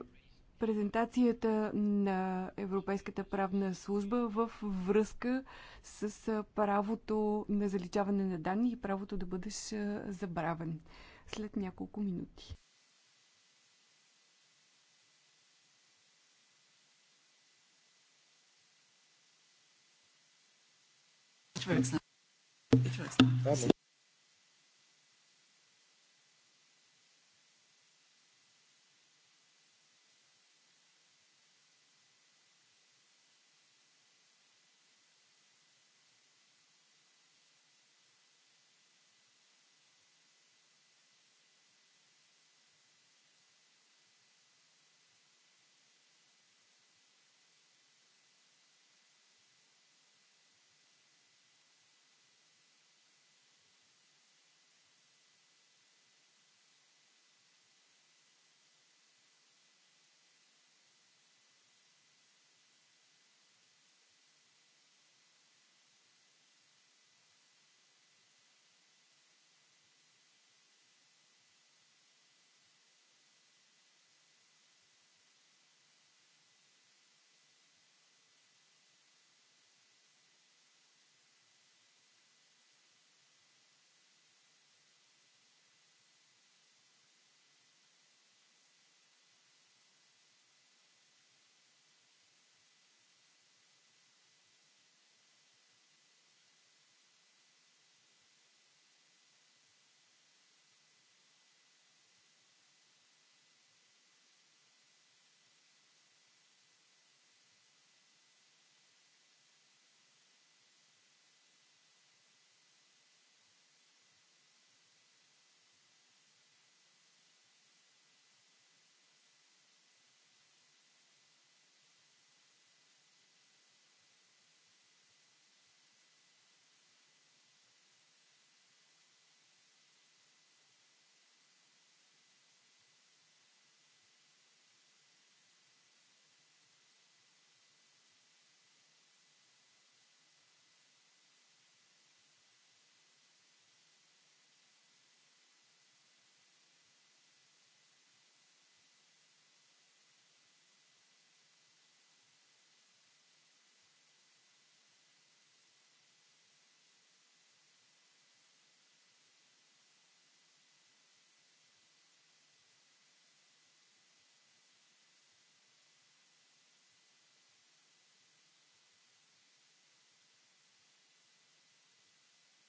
презентацията на Европейската правна служба в връзка с правото на заличаване на данни и правото да бъдеш забравен след няколко минути. It works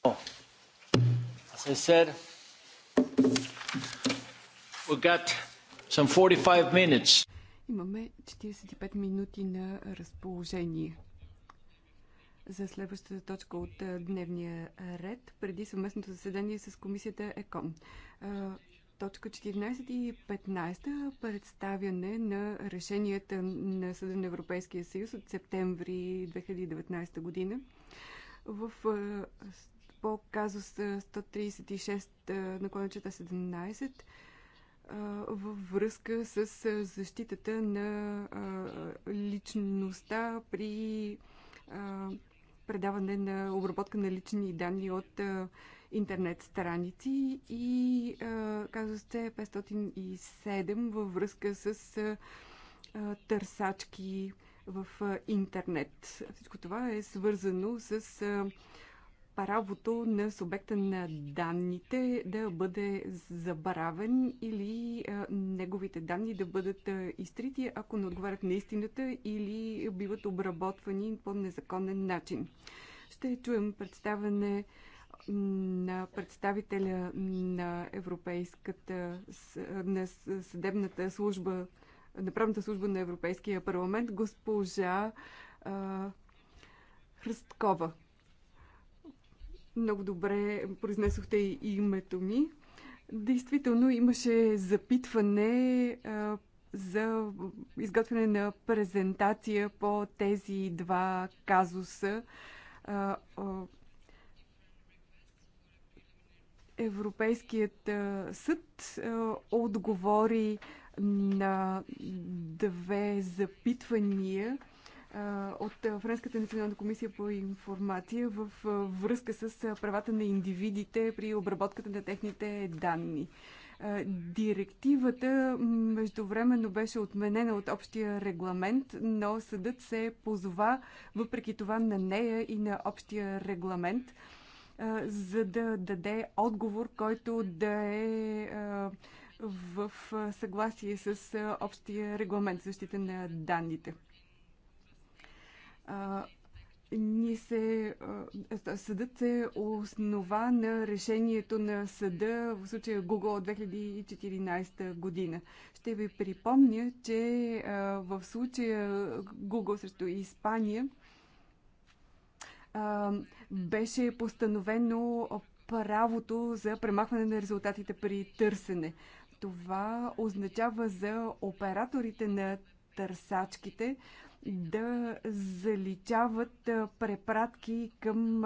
Oh. As I said, we've got some 45 minutes. Имаме 45 минути на разположение за следващата точка от дневния ред преди съвместното заседание с комисията ЕКОН. Точка 14 и 15 представяне на решенията на Съда на Европейския съюз от септември 2019 година в по казус 136 на кончета 17 във връзка с защитата на личността при предаване на обработка на лични данни от интернет страници и казус C507 във връзка с търсачки в интернет. Всичко това е свързано с правото на субекта на данните да бъде забравен или неговите данни да бъдат изтрити, ако не отговарят на истината или биват обработвани по незаконен начин. Ще чуем представене на представителя на Европейската на съдебната служба, на правната служба на Европейския парламент, госпожа Хръсткова. Много добре произнесохте и името ми. Действително имаше запитване а, за изготвяне на презентация по тези два казуса. А, а, Европейският съд отговори на две запитвания от Френската национална комисия по информация в връзка с правата на индивидите при обработката на техните данни. Директивата междувременно беше отменена от общия регламент, но съдът се позова въпреки това на нея и на общия регламент, за да даде отговор, който да е в съгласие с общия регламент защита на данните ни се, съдът се основа на решението на съда в случая Google от 2014 година. Ще ви припомня, че в случая Google срещу Испания беше постановено правото за премахване на резултатите при търсене. Това означава за операторите на търсачките да заличават препратки към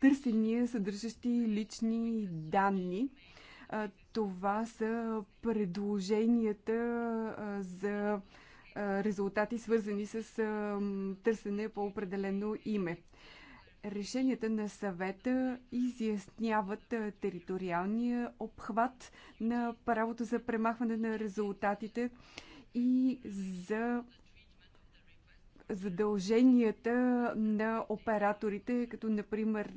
търсения, съдържащи лични данни. Това са предложенията за резултати, свързани с търсене по определено име. Решенията на съвета изясняват териториалния обхват на правото за премахване на резултатите и за задълженията на операторите, като например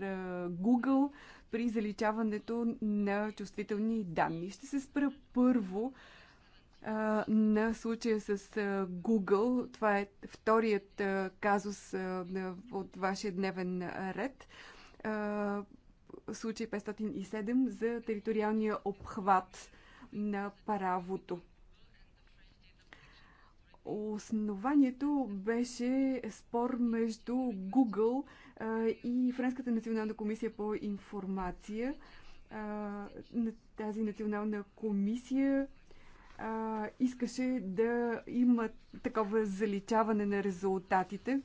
Google, при заличаването на чувствителни данни. Ще се спра първо на случая с Google. Това е вторият казус от вашия дневен ред. Случай 507 за териториалния обхват на правото. Основанието беше спор между Google и Френската национална комисия по информация. Тази национална комисия искаше да има такова заличаване на резултатите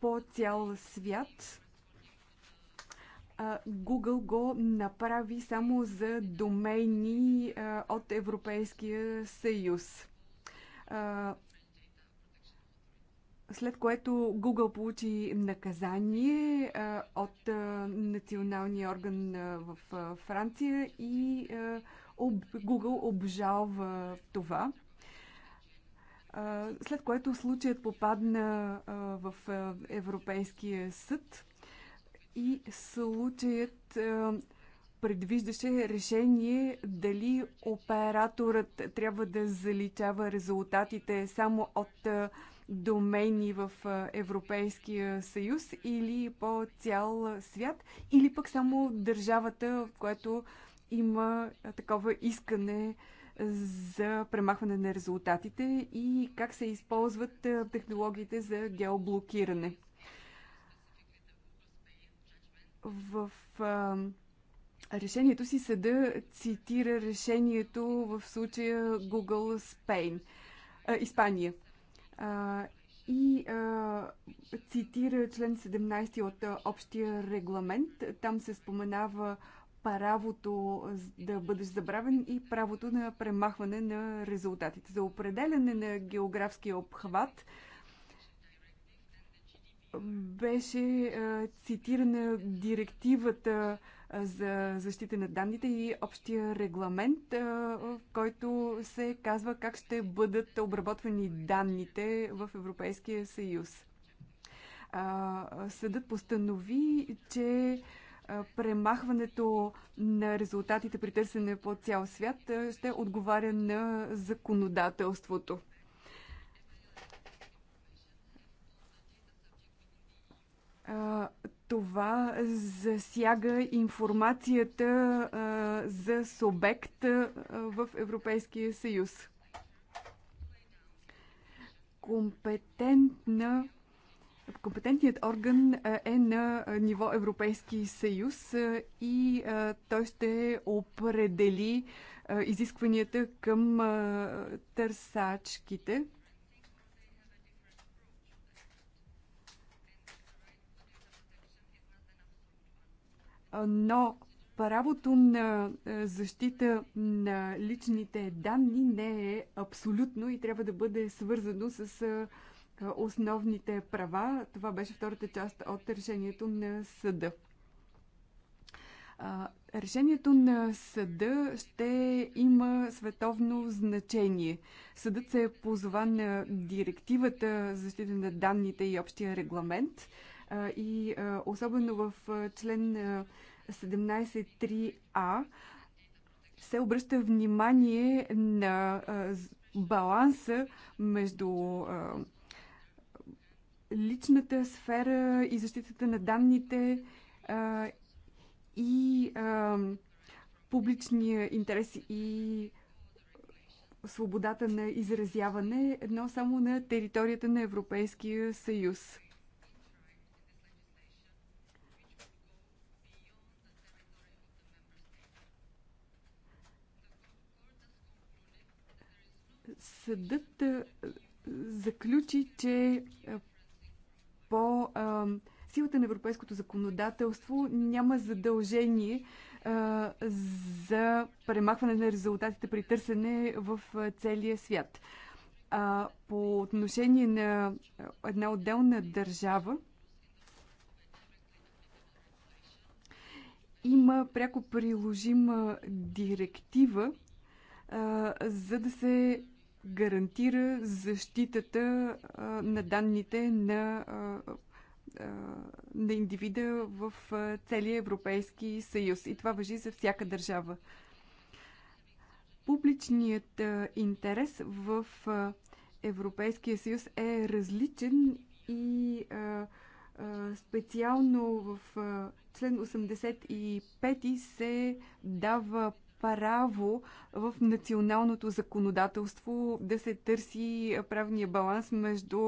по цял свят. Google го направи само за домейни от Европейския съюз след което Google получи наказание от националния орган в Франция и Google обжалва това. След което случаят попадна в Европейския съд и случаят Предвиждаше решение дали операторът трябва да заличава резултатите само от домени в Европейския съюз или по цял свят, или пък само държавата, в която има такова искане за премахване на резултатите и как се използват технологиите за геоблокиране. В решението си съда цитира решението в случая Google Spain, а, Испания. А, и а, цитира член 17 от общия регламент. Там се споменава правото да бъдеш забравен и правото на премахване на резултатите. За определене на географския обхват беше а, цитирана директивата за защита на данните и общия регламент, в който се казва как ще бъдат обработвани данните в Европейския съюз. Съдът постанови, че премахването на резултатите при търсене по цял свят ще отговаря на законодателството това засяга информацията а, за субект в Европейския съюз. Компетентна Компетентният орган е на ниво Европейски съюз и той ще определи изискванията към търсачките. но правото на е, защита на личните данни не е абсолютно и трябва да бъде свързано с е, е, основните права. Това беше втората част от решението на съда. Решението на съда ще има световно значение. Съдът се е позован на директивата защита на данните и общия регламент – и особено в член 17.3а се обръща внимание на баланса между личната сфера и защитата на данните и публичния интерес и свободата на изразяване, но само на територията на Европейския съюз. Съдът заключи, че по силата на европейското законодателство няма задължение за премахване на резултатите при търсене в целия свят. А, по отношение на една отделна държава, има пряко приложима директива, а, за да се гарантира защитата на данните на, на индивида в целия Европейски съюз. И това въжи за всяка държава. Публичният интерес в Европейския съюз е различен и специално в член 85 се дава право в националното законодателство да се търси правния баланс между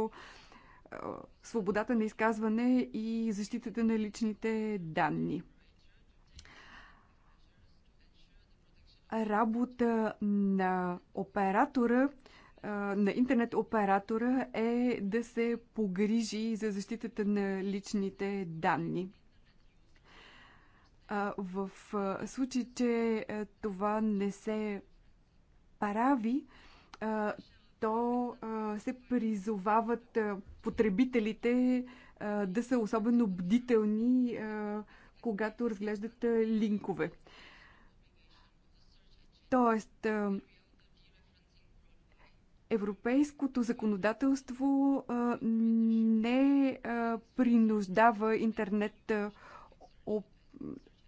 е, свободата на изказване и защитата на личните данни. Работа на оператора, е, на интернет оператора е да се погрижи за защитата на личните данни в случай, че това не се прави, то се призовават потребителите да са особено бдителни, когато разглеждат линкове. Тоест, европейското законодателство не принуждава интернет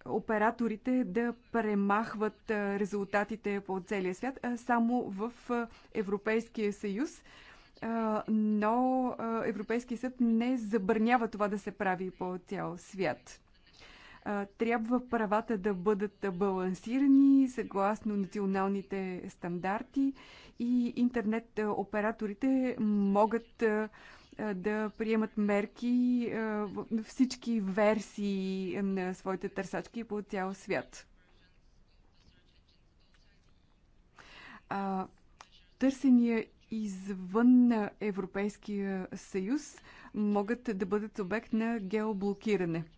операторите да премахват резултатите по целия свят, а само в Европейския съюз. Но Европейския съд не забранява това да се прави по цял свят. Трябва правата да бъдат балансирани съгласно националните стандарти и интернет операторите могат да приемат мерки на всички версии на своите търсачки по цял свят. Търсения извън Европейския съюз могат да бъдат обект на геоблокиране –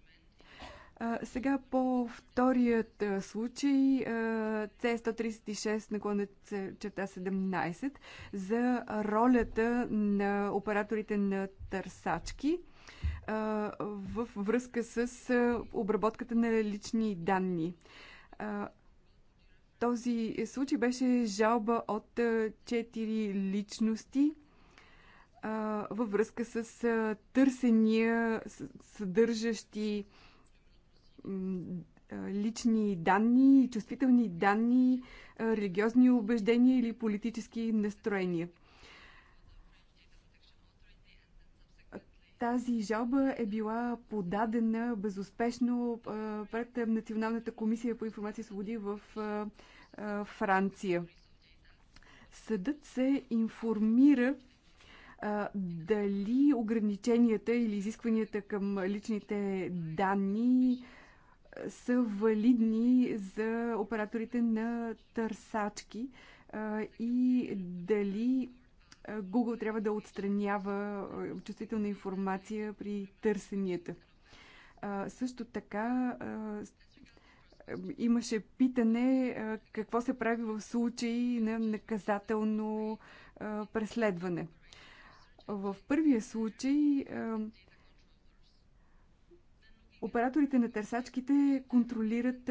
сега по вторият случай C136 наклона черта 17 за ролята на операторите на търсачки в връзка с обработката на лични данни. Този случай беше жалба от 4 личности във връзка с търсения, съдържащи лични данни, чувствителни данни, религиозни убеждения или политически настроения. Тази жалба е била подадена безуспешно пред Националната комисия по информация и свободи в Франция. Съдът се информира дали ограниченията или изискванията към личните данни са валидни за операторите на търсачки и дали Google трябва да отстранява чувствителна информация при търсенията. Също така имаше питане какво се прави в случай на наказателно преследване. В първия случай Операторите на търсачките контролират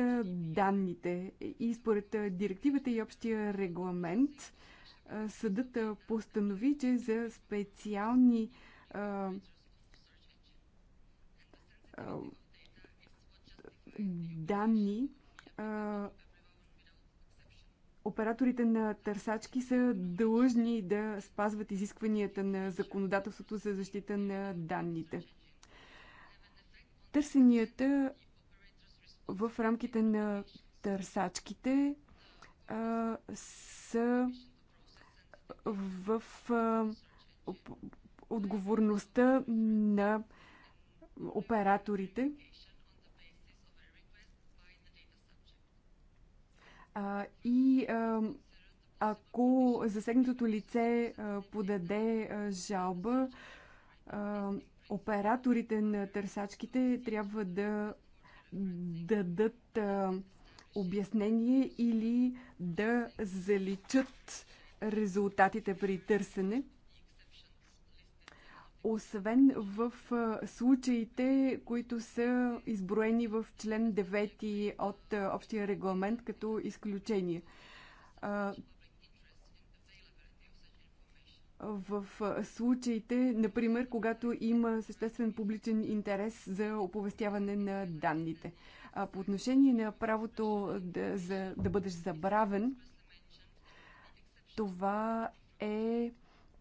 данните и според директивата и общия регламент съдът постанови, че за специални а, а, данни а, операторите на търсачки са дължни да спазват изискванията на законодателството за защита на данните. Търсенията в рамките на търсачките а, са в а, отговорността на операторите. А, и а, ако засегнатото лице а, подаде а, жалба, а, операторите на търсачките трябва да дадат а, обяснение или да заличат резултатите при търсене. Освен в случаите, които са изброени в член 9 от общия регламент като изключение в случаите, например, когато има съществен публичен интерес за оповестяване на данните. А по отношение на правото да, за, да бъдеш забравен, това е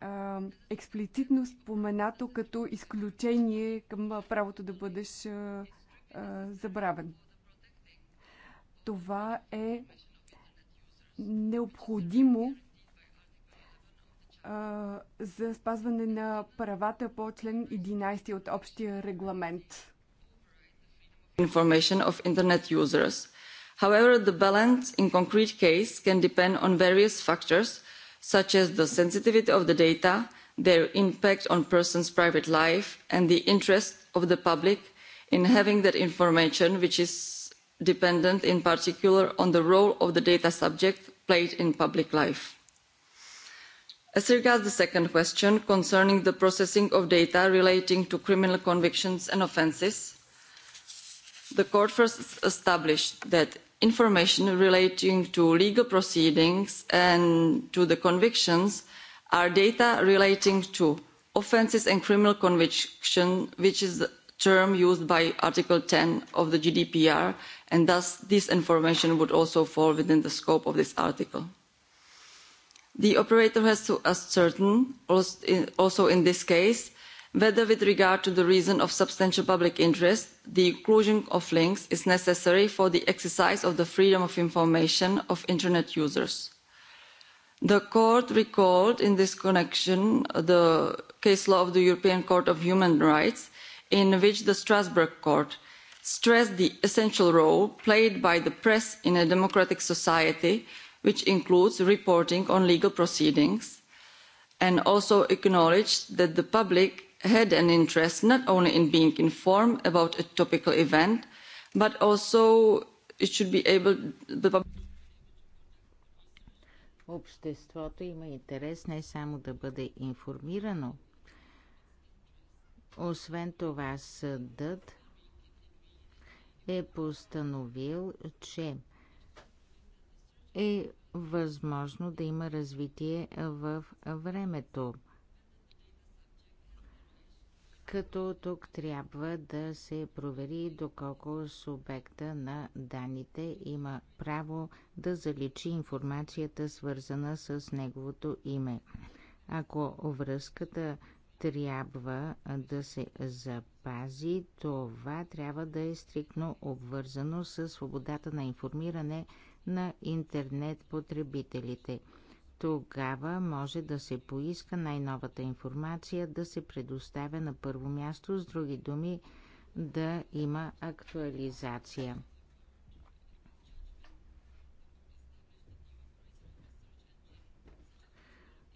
а, експлицитно споменато като изключение към правото да бъдеш а, а, забравен. Това е необходимо за спазване на правата по член 11 от общия регламент. Information of internet users. However, the balance in concrete case can depend on various factors, such as the sensitivity of the data, their impact on person's private life, and the interest of the public in having that information, which is dependent in particular on the role of the data subject played in public life. As regards the second question concerning the processing of data relating to criminal convictions and offences, the court first established that information relating to legal proceedings and to the convictions are data relating to offences and criminal conviction, which is the term used by Article ten of the GDPR, and thus this information would also fall within the scope of this article the operator has to ascertain also in this case whether with regard to the reason of substantial public interest the inclusion of links is necessary for the exercise of the freedom of information of internet users. the court recalled in this connection the case law of the european court of human rights in which the strasbourg court stressed the essential role played by the press in a democratic society which includes reporting on legal proceedings and also acknowledged that the public had an interest not only in being informed about a topical event but also it should be able the Обществото има интерес не само да бъде информирано. Освен това, съдът е постановил, че е възможно да има развитие в времето. Като тук трябва да се провери доколко субекта на данните има право да заличи информацията, свързана с неговото име. Ако връзката трябва да се запази, това трябва да е стриктно обвързано с свободата на информиране – на интернет потребителите. Тогава може да се поиска най-новата информация да се предоставя на първо място, с други думи да има актуализация.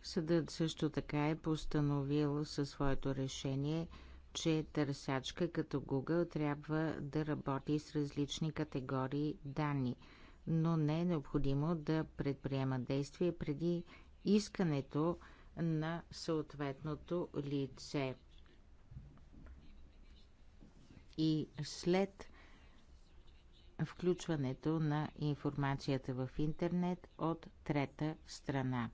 Съдът също така е постановил със своето решение, че търсачка като Google трябва да работи с различни категории данни – но не е необходимо да предприема действие преди искането на съответното лице. И след включването на информацията в интернет от трета страна.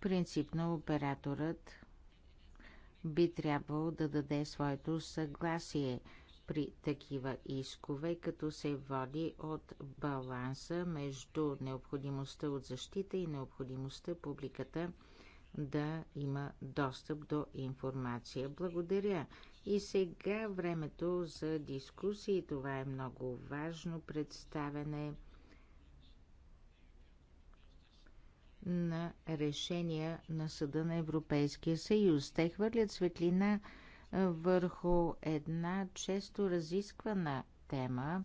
Принципно операторът би трябвало да даде своето съгласие – при такива искове, като се води от баланса между необходимостта от защита и необходимостта публиката да има достъп до информация. Благодаря. И сега времето за дискусии. Това е много важно представене на решения на Съда на Европейския съюз. Те хвърлят светлина върху една често разисквана тема.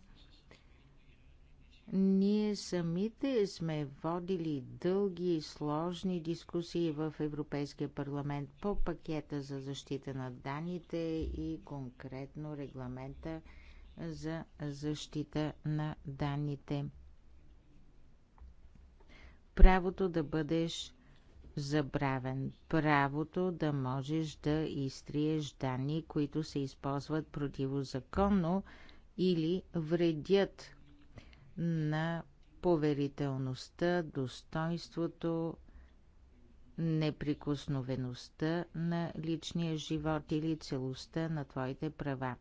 Ние самите сме водили дълги и сложни дискусии в Европейския парламент по пакета за защита на данните и конкретно регламента за защита на данните. Правото да бъдеш забравен. Правото да можеш да изтриеш данни, които се използват противозаконно или вредят на поверителността, достоинството, неприкосновеността на личния живот или целостта на твоите права.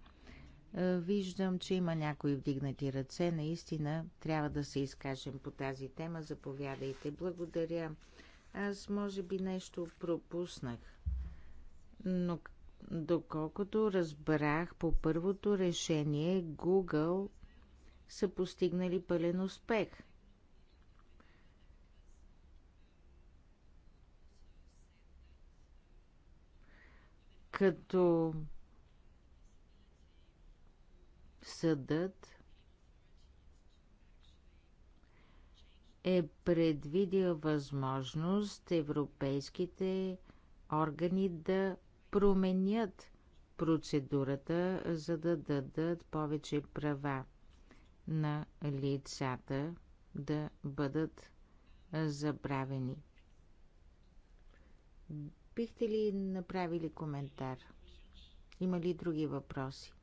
Виждам, че има някои вдигнати ръце. Наистина трябва да се изкажем по тази тема. Заповядайте. Благодаря. Аз може би нещо пропуснах, но доколкото разбрах по първото решение, Google са постигнали пълен успех. Като съдът е предвидил възможност европейските органи да променят процедурата, за да дадат повече права на лицата да бъдат забравени. Бихте ли направили коментар? Има ли други въпроси?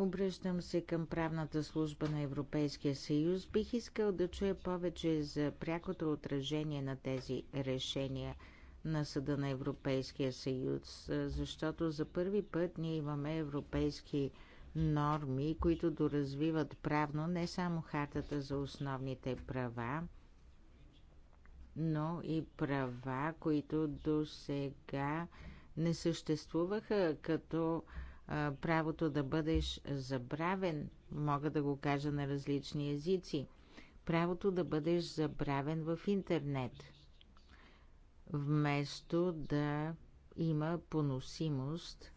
Обръщам се към правната служба на Европейския съюз. Бих искал да чуя повече за прякото отражение на тези решения на Съда на Европейския съюз, защото за първи път ние имаме европейски норми, които доразвиват правно не само хартата за основните права, но и права, които до сега не съществуваха като правото да бъдеш забравен, мога да го кажа на различни езици, правото да бъдеш забравен в интернет, вместо да има поносимост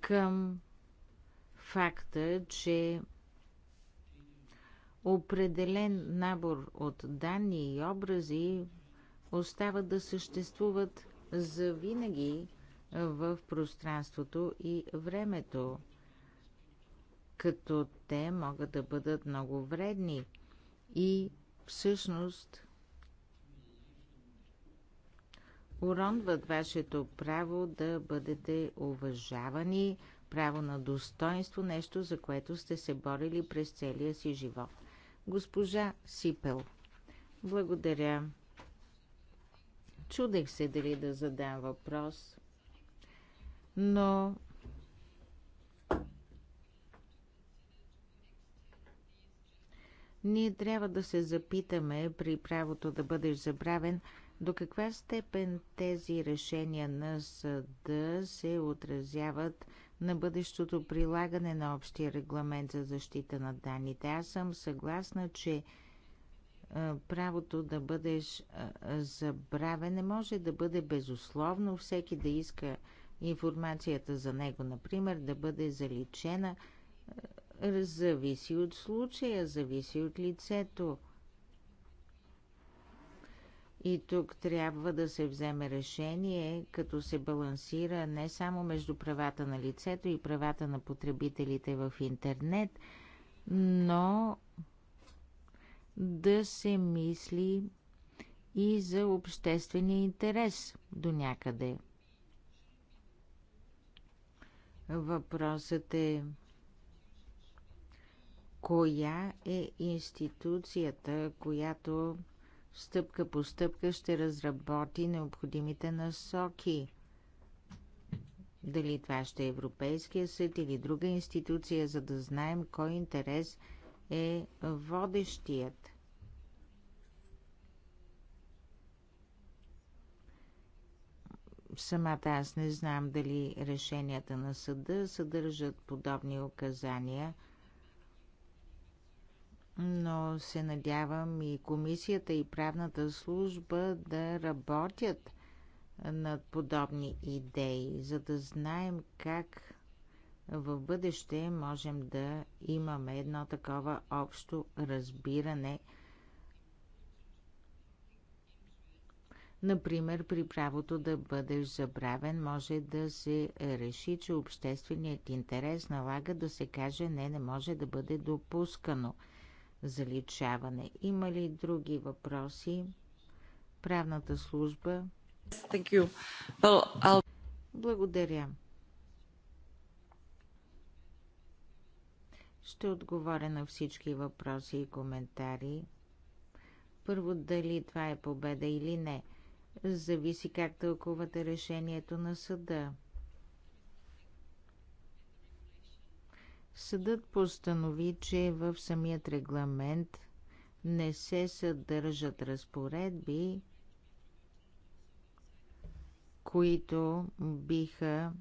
към факта, че определен набор от данни и образи остават да съществуват завинаги в пространството и времето, като те могат да бъдат много вредни и всъщност уронват вашето право да бъдете уважавани, право на достоинство, нещо за което сте се борили през целия си живот. Госпожа Сипел, благодаря. Чудех се дали да задам въпрос но ние трябва да се запитаме при правото да бъдеш забравен до каква степен тези решения на съда се отразяват на бъдещото прилагане на общия регламент за защита на данните. Аз съм съгласна, че правото да бъдеш забравен не може да бъде безусловно, всеки да иска информацията за него, например, да бъде заличена, е, зависи от случая, зависи от лицето. И тук трябва да се вземе решение, като се балансира не само между правата на лицето и правата на потребителите в интернет, но да се мисли и за обществения интерес до някъде – Въпросът е коя е институцията, която стъпка по стъпка ще разработи необходимите насоки. Дали това ще е Европейския съд или друга институция, за да знаем кой интерес е водещият. Самата аз не знам дали решенията на съда съдържат подобни указания, но се надявам и комисията и правната служба да работят над подобни идеи, за да знаем как в бъдеще можем да имаме едно такова общо разбиране – Например, при правото да бъдеш забравен може да се реши, че общественият интерес налага да се каже не, не може да бъде допускано заличаване. Има ли други въпроси? Правната служба. Well, Благодаря. Ще отговоря на всички въпроси и коментари. Първо, дали това е победа или не – зависи как тълкувате решението на съда. Съдът постанови, че в самият регламент не се съдържат разпоредби, които биха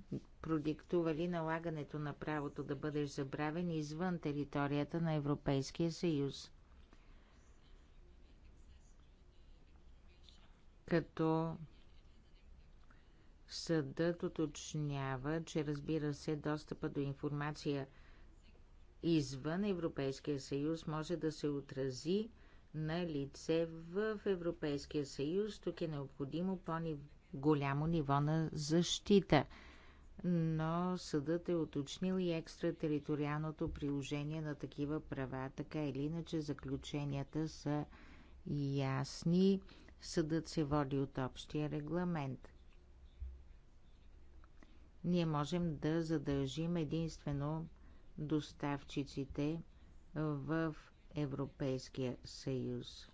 продиктували налагането на правото да бъдеш забравен извън територията на Европейския съюз. като съдът уточнява, че разбира се, достъпа до информация извън Европейския съюз може да се отрази на лице в Европейския съюз. Тук е необходимо по-голямо ниво на защита. Но съдът е уточнил и екстратериториалното приложение на такива права. Така или иначе, заключенията са ясни. Съдът се води от общия регламент. Ние можем да задължим единствено доставчиците в Европейския съюз.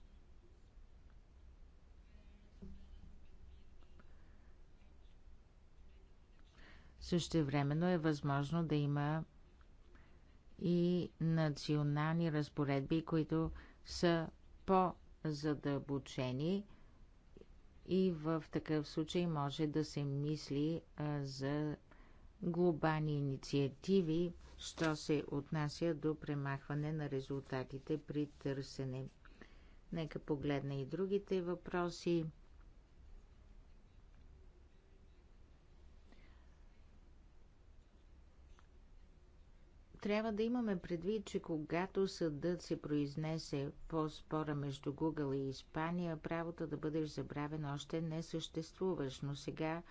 Същевременно е възможно да има и национални разпоредби, които са по-задълбочени и в такъв случай може да се мисли за глобални инициативи, що се отнася до премахване на резултатите при търсене. Нека погледна и другите въпроси. трябва да имаме предвид, че когато съдът се произнесе по спора между Google и Испания, правото да бъдеш забравен още не съществуваш, но сега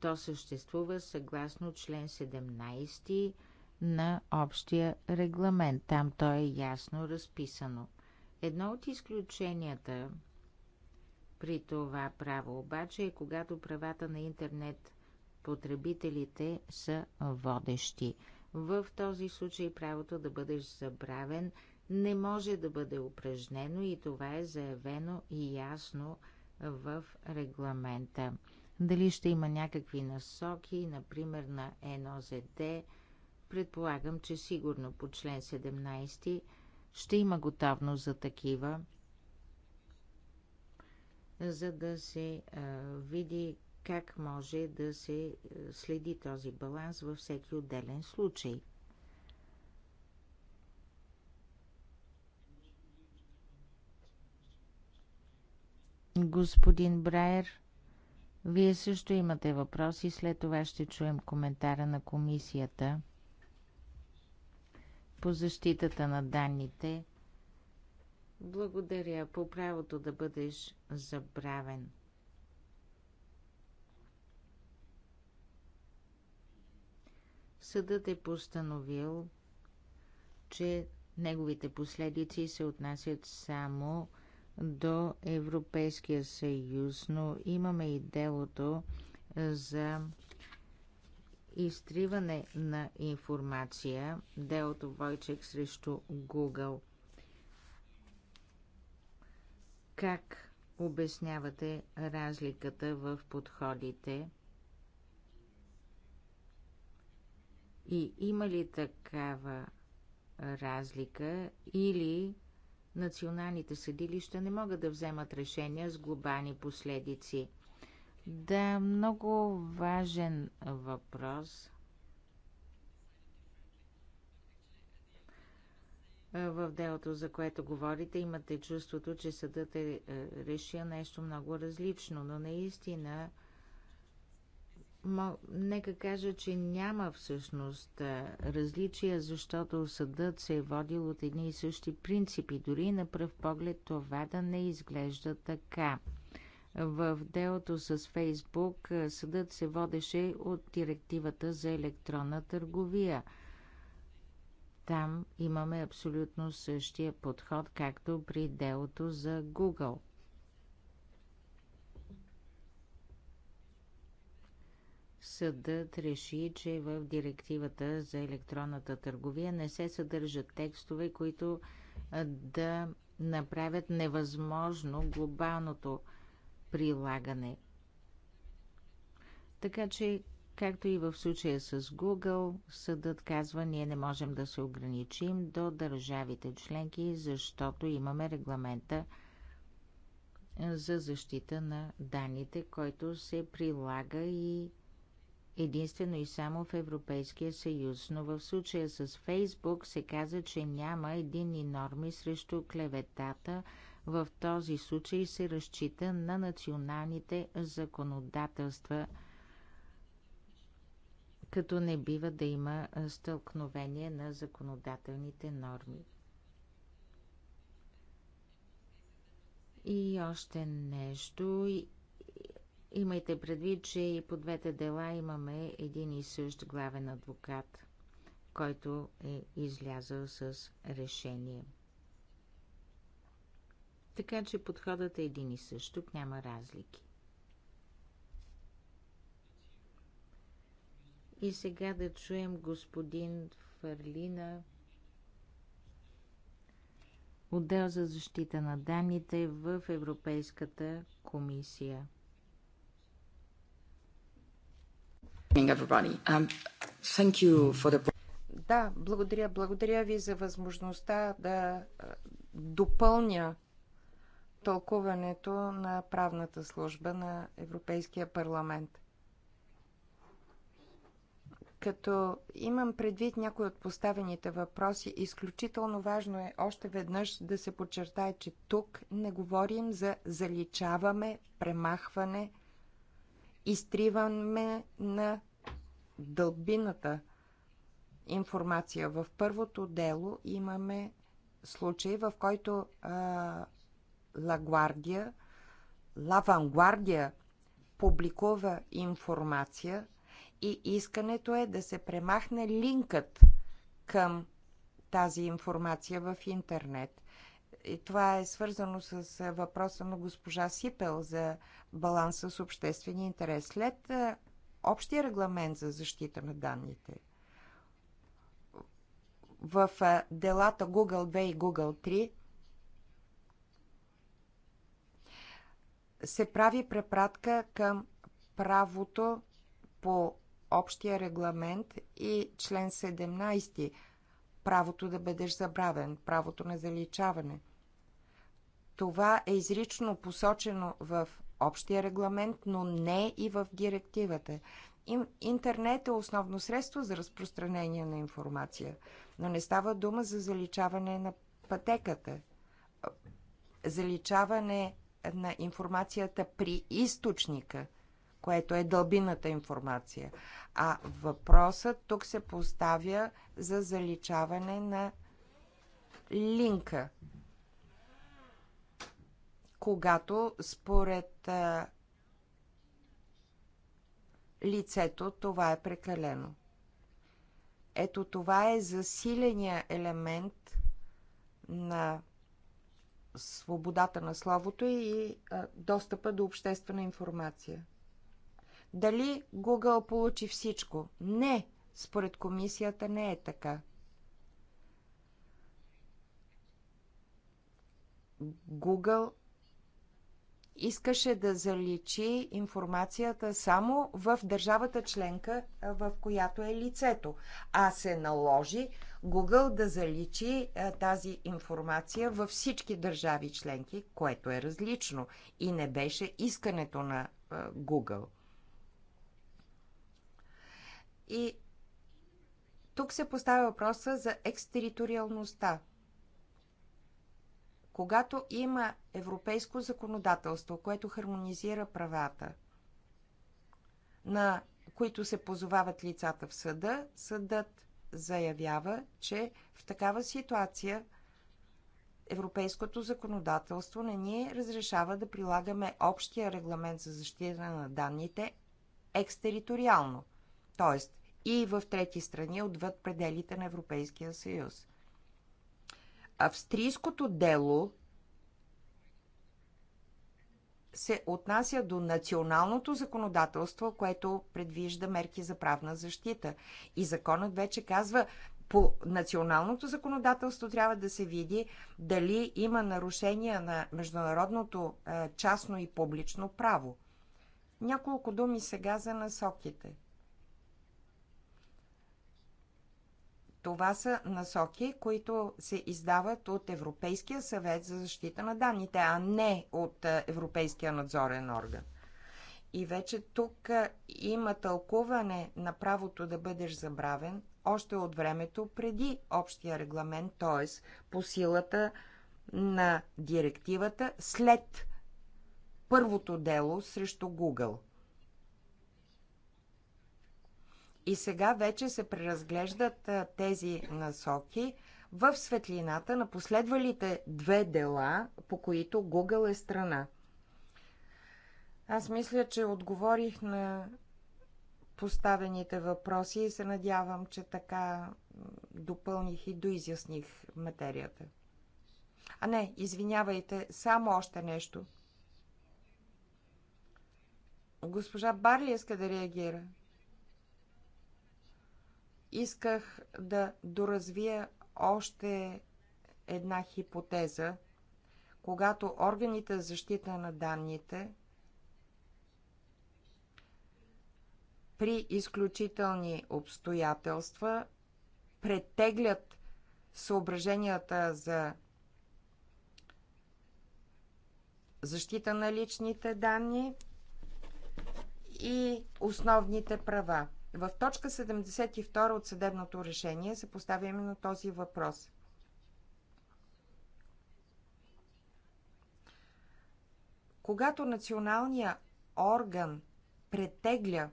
то съществува съгласно член 17 на общия регламент. Там то е ясно разписано. Едно от изключенията при това право обаче е когато правата на интернет потребителите са водещи. В този случай правото да бъдеш забравен не може да бъде упражнено и това е заявено и ясно в регламента. Дали ще има някакви насоки, например на НОЗД, предполагам, че сигурно по член 17 ще има готовност за такива, за да се а, види как може да се е, следи този баланс във всеки отделен случай. Господин Брайер, вие също имате въпроси, след това ще чуем коментара на комисията по защитата на данните. Благодаря по правото да бъдеш забравен. Съдът е постановил, че неговите последици се отнасят само до Европейския съюз, но имаме и делото за изтриване на информация, делото Войчек срещу Google. Как обяснявате разликата в подходите? И има ли такава разлика или националните съдилища не могат да вземат решения с глобални последици? Да, много важен въпрос. В делото, за което говорите, имате чувството, че съдът е, е решил нещо много различно, но наистина Нека кажа, че няма всъщност различия, защото съдът се е водил от едни и същи принципи. Дори на пръв поглед това да не изглежда така. В делото с Фейсбук съдът се водеше от директивата за електронна търговия. Там имаме абсолютно същия подход, както при делото за Google – Съдът реши, че в директивата за електронната търговия не се съдържат текстове, които да направят невъзможно глобалното прилагане. Така че, както и в случая с Google, съдът казва, ние не можем да се ограничим до държавите членки, защото имаме регламента за защита на данните, който се прилага и единствено и само в Европейския съюз, но в случая с Фейсбук се каза, че няма единни норми срещу клеветата. В този случай се разчита на националните законодателства, като не бива да има стълкновение на законодателните норми. И още нещо Имайте предвид, че и по двете дела имаме един и същ главен адвокат, който е излязъл с решение. Така че подходът е един и същ, тук няма разлики. И сега да чуем господин Фарлина. Отдел за защита на данните в Европейската комисия. Um, да, благодаря. Благодаря ви за възможността да допълня тълкуването на правната служба на Европейския парламент. Като имам предвид някои от поставените въпроси, изключително важно е още веднъж да се подчертае, че тук не говорим за заличаваме, премахване, изтриваме на дълбината информация. В първото дело имаме случай, в който Лагвардия, Лавангвардия публикува информация и искането е да се премахне линкът към тази информация в интернет. И това е свързано с въпроса на госпожа Сипел за баланса с обществения интерес. След общия регламент за защита на данните. В делата Google 2 и Google 3 се прави препратка към правото по общия регламент и член 17 правото да бъдеш забравен, правото на заличаване. Това е изрично посочено в общия регламент, но не и в директивата. Интернет е основно средство за разпространение на информация, но не става дума за заличаване на пътеката. Заличаване на информацията при източника, което е дълбината информация. А въпросът тук се поставя за заличаване на линка – когато според лицето това е прекалено. Ето това е засиления елемент на свободата на словото и достъпа до обществена информация. Дали Google получи всичко? Не, според комисията не е така. Google искаше да заличи информацията само в държавата членка, в която е лицето. А се наложи Google да заличи тази информация във всички държави членки, което е различно и не беше искането на Google. И тук се поставя въпроса за екстериториалността – когато има европейско законодателство, което хармонизира правата, на които се позовават лицата в съда, съдът заявява, че в такава ситуация европейското законодателство не ни разрешава да прилагаме общия регламент за защита на данните екстериториално, т.е. и в трети страни отвъд пределите на Европейския съюз австрийското дело се отнася до националното законодателство, което предвижда мерки за правна защита. И законът вече казва, по националното законодателство трябва да се види дали има нарушения на международното е, частно и публично право. Няколко думи сега за насоките – Това са насоки, които се издават от Европейския съвет за защита на данните, а не от Европейския надзорен орган. И вече тук има тълкуване на правото да бъдеш забравен още от времето преди общия регламент, т.е. по силата на директивата след първото дело срещу Google – И сега вече се преразглеждат тези насоки в светлината на последвалите две дела, по които Google е страна. Аз мисля, че отговорих на поставените въпроси и се надявам, че така допълних и доизясних материята. А не, извинявайте, само още нещо. Госпожа Барли иска да реагира. Исках да доразвия още една хипотеза, когато органите за защита на данните при изключителни обстоятелства претеглят съображенията за защита на личните данни и основните права. В точка 72 от съдебното решение се поставя именно този въпрос. Когато националният орган претегля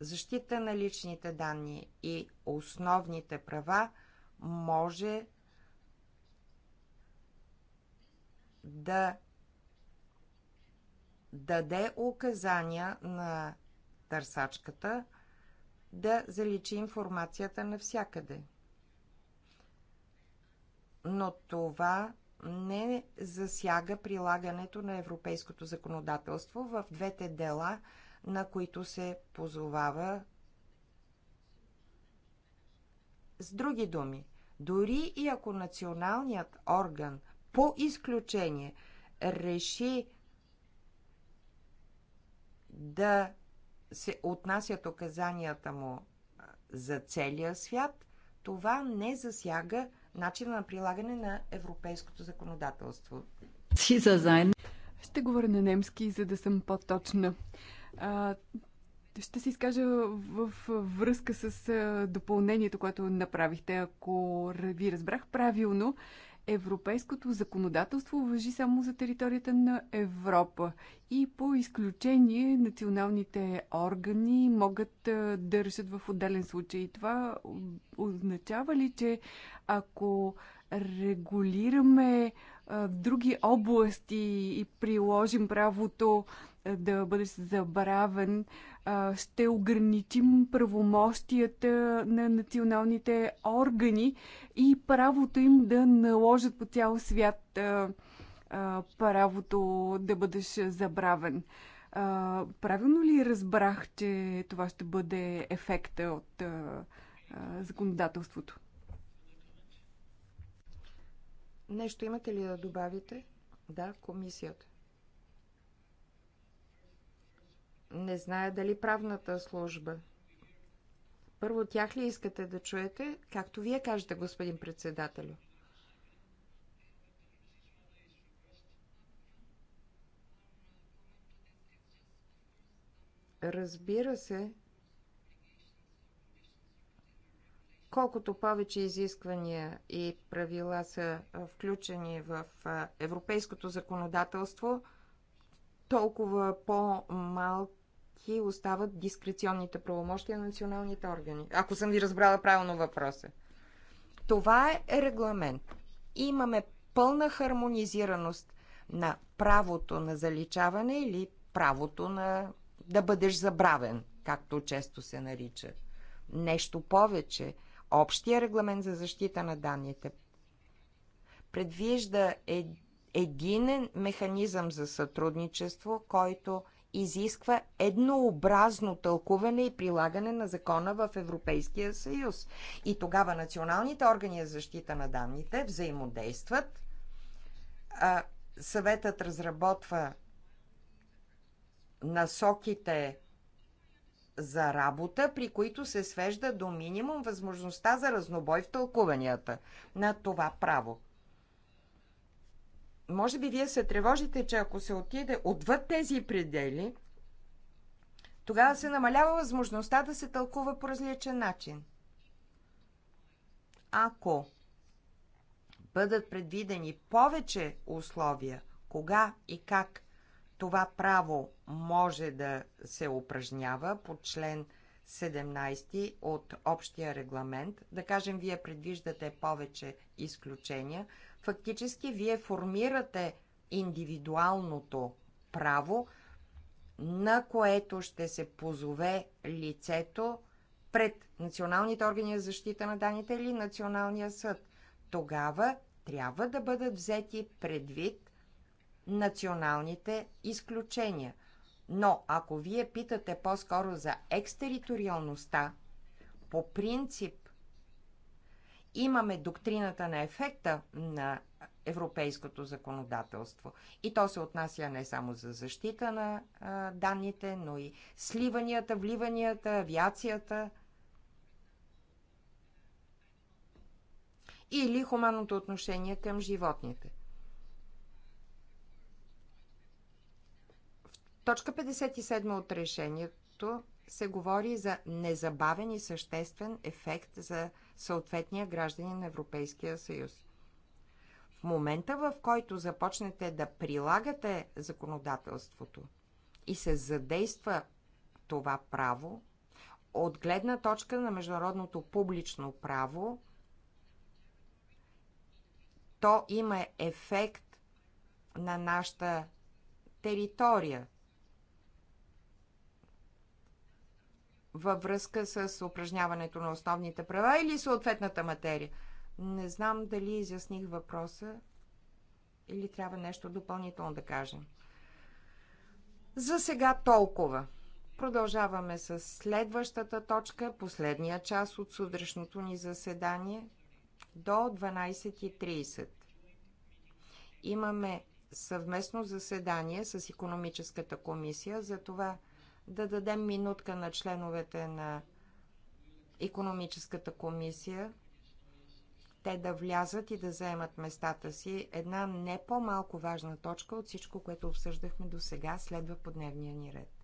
защита на личните данни и основните права, може да даде указания на търсачката – да заличи информацията навсякъде. Но това не засяга прилагането на европейското законодателство в двете дела, на които се позовава. С други думи, дори и ако националният орган по изключение реши да се отнасят оказанията му за целия свят, това не засяга начина на прилагане на европейското законодателство. Ще говоря на немски, за да съм по-точна. Ще се изкажа в връзка с допълнението, което направихте. Ако ви разбрах правилно, Европейското законодателство въжи само за територията на Европа и по изключение националните органи могат да решат в отделен случай. Това означава ли, че ако регулираме други области и приложим правото да бъдеш забравен, ще ограничим правомощията на националните органи и правото им да наложат по цял свят правото да бъдеш забравен. Правилно ли разбрах, че това ще бъде ефекта от законодателството? Нещо имате ли да добавите? Да, комисията. Не зная дали правната служба. Първо тях ли искате да чуете, както вие кажете, господин председателю? Разбира се, колкото повече изисквания и правила са включени в европейското законодателство, толкова по-малко какви остават дискреционните правомощия на националните органи? Ако съм ви разбрала правилно въпроса. Това е регламент. Имаме пълна хармонизираност на правото на заличаване или правото на да бъдеш забравен, както често се нарича. Нещо повече, общия регламент за защита на данните предвижда е, единен механизъм за сътрудничество, който – изисква еднообразно тълкуване и прилагане на закона в Европейския съюз. И тогава националните органи за защита на данните взаимодействат. А, съветът разработва насоките за работа, при които се свежда до минимум възможността за разнобой в тълкуванията на това право може би вие се тревожите, че ако се отиде отвъд тези предели, тогава се намалява възможността да се тълкува по различен начин. Ако бъдат предвидени повече условия, кога и как това право може да се упражнява по член 17 от общия регламент, да кажем, вие предвиждате повече изключения – фактически вие формирате индивидуалното право, на което ще се позове лицето пред националните органи за защита на данните или националния съд. Тогава трябва да бъдат взети предвид националните изключения. Но ако вие питате по-скоро за екстериториалността, по принцип имаме доктрината на ефекта на европейското законодателство. И то се отнася не само за защита на а, данните, но и сливанията, вливанията, авиацията или хуманното отношение към животните. В точка 57 от решението се говори за незабавен и съществен ефект за съответния гражданин на Европейския съюз. В момента, в който започнете да прилагате законодателството и се задейства това право, от гледна точка на международното публично право, то има ефект на нашата територия – във връзка с упражняването на основните права или съответната материя. Не знам дали изясних въпроса или трябва нещо допълнително да кажем. За сега толкова. Продължаваме с следващата точка, последния част от сутрешното ни заседание до 12.30. Имаме съвместно заседание с економическата комисия, за това да дадем минутка на членовете на економическата комисия, те да влязат и да заемат местата си. Една не по-малко важна точка от всичко, което обсъждахме до сега, следва по дневния ни ред.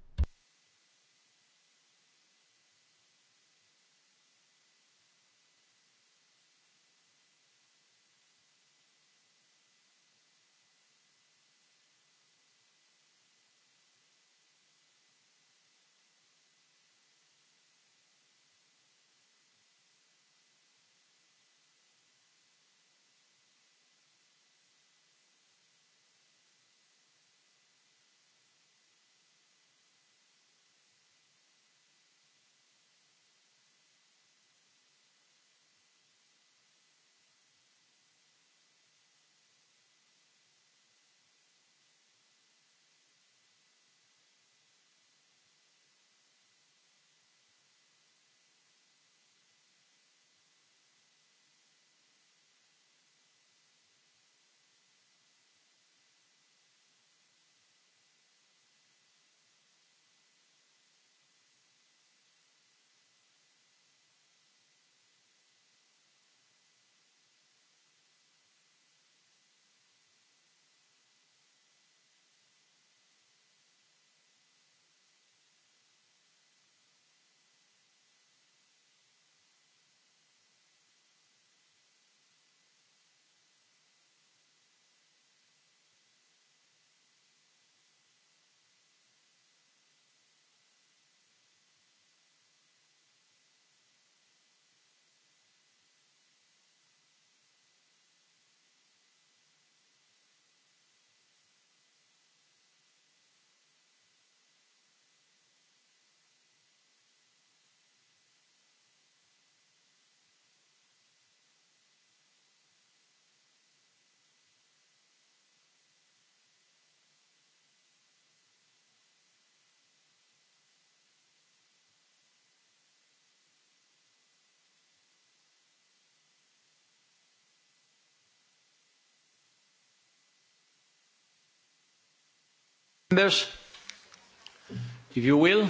Will,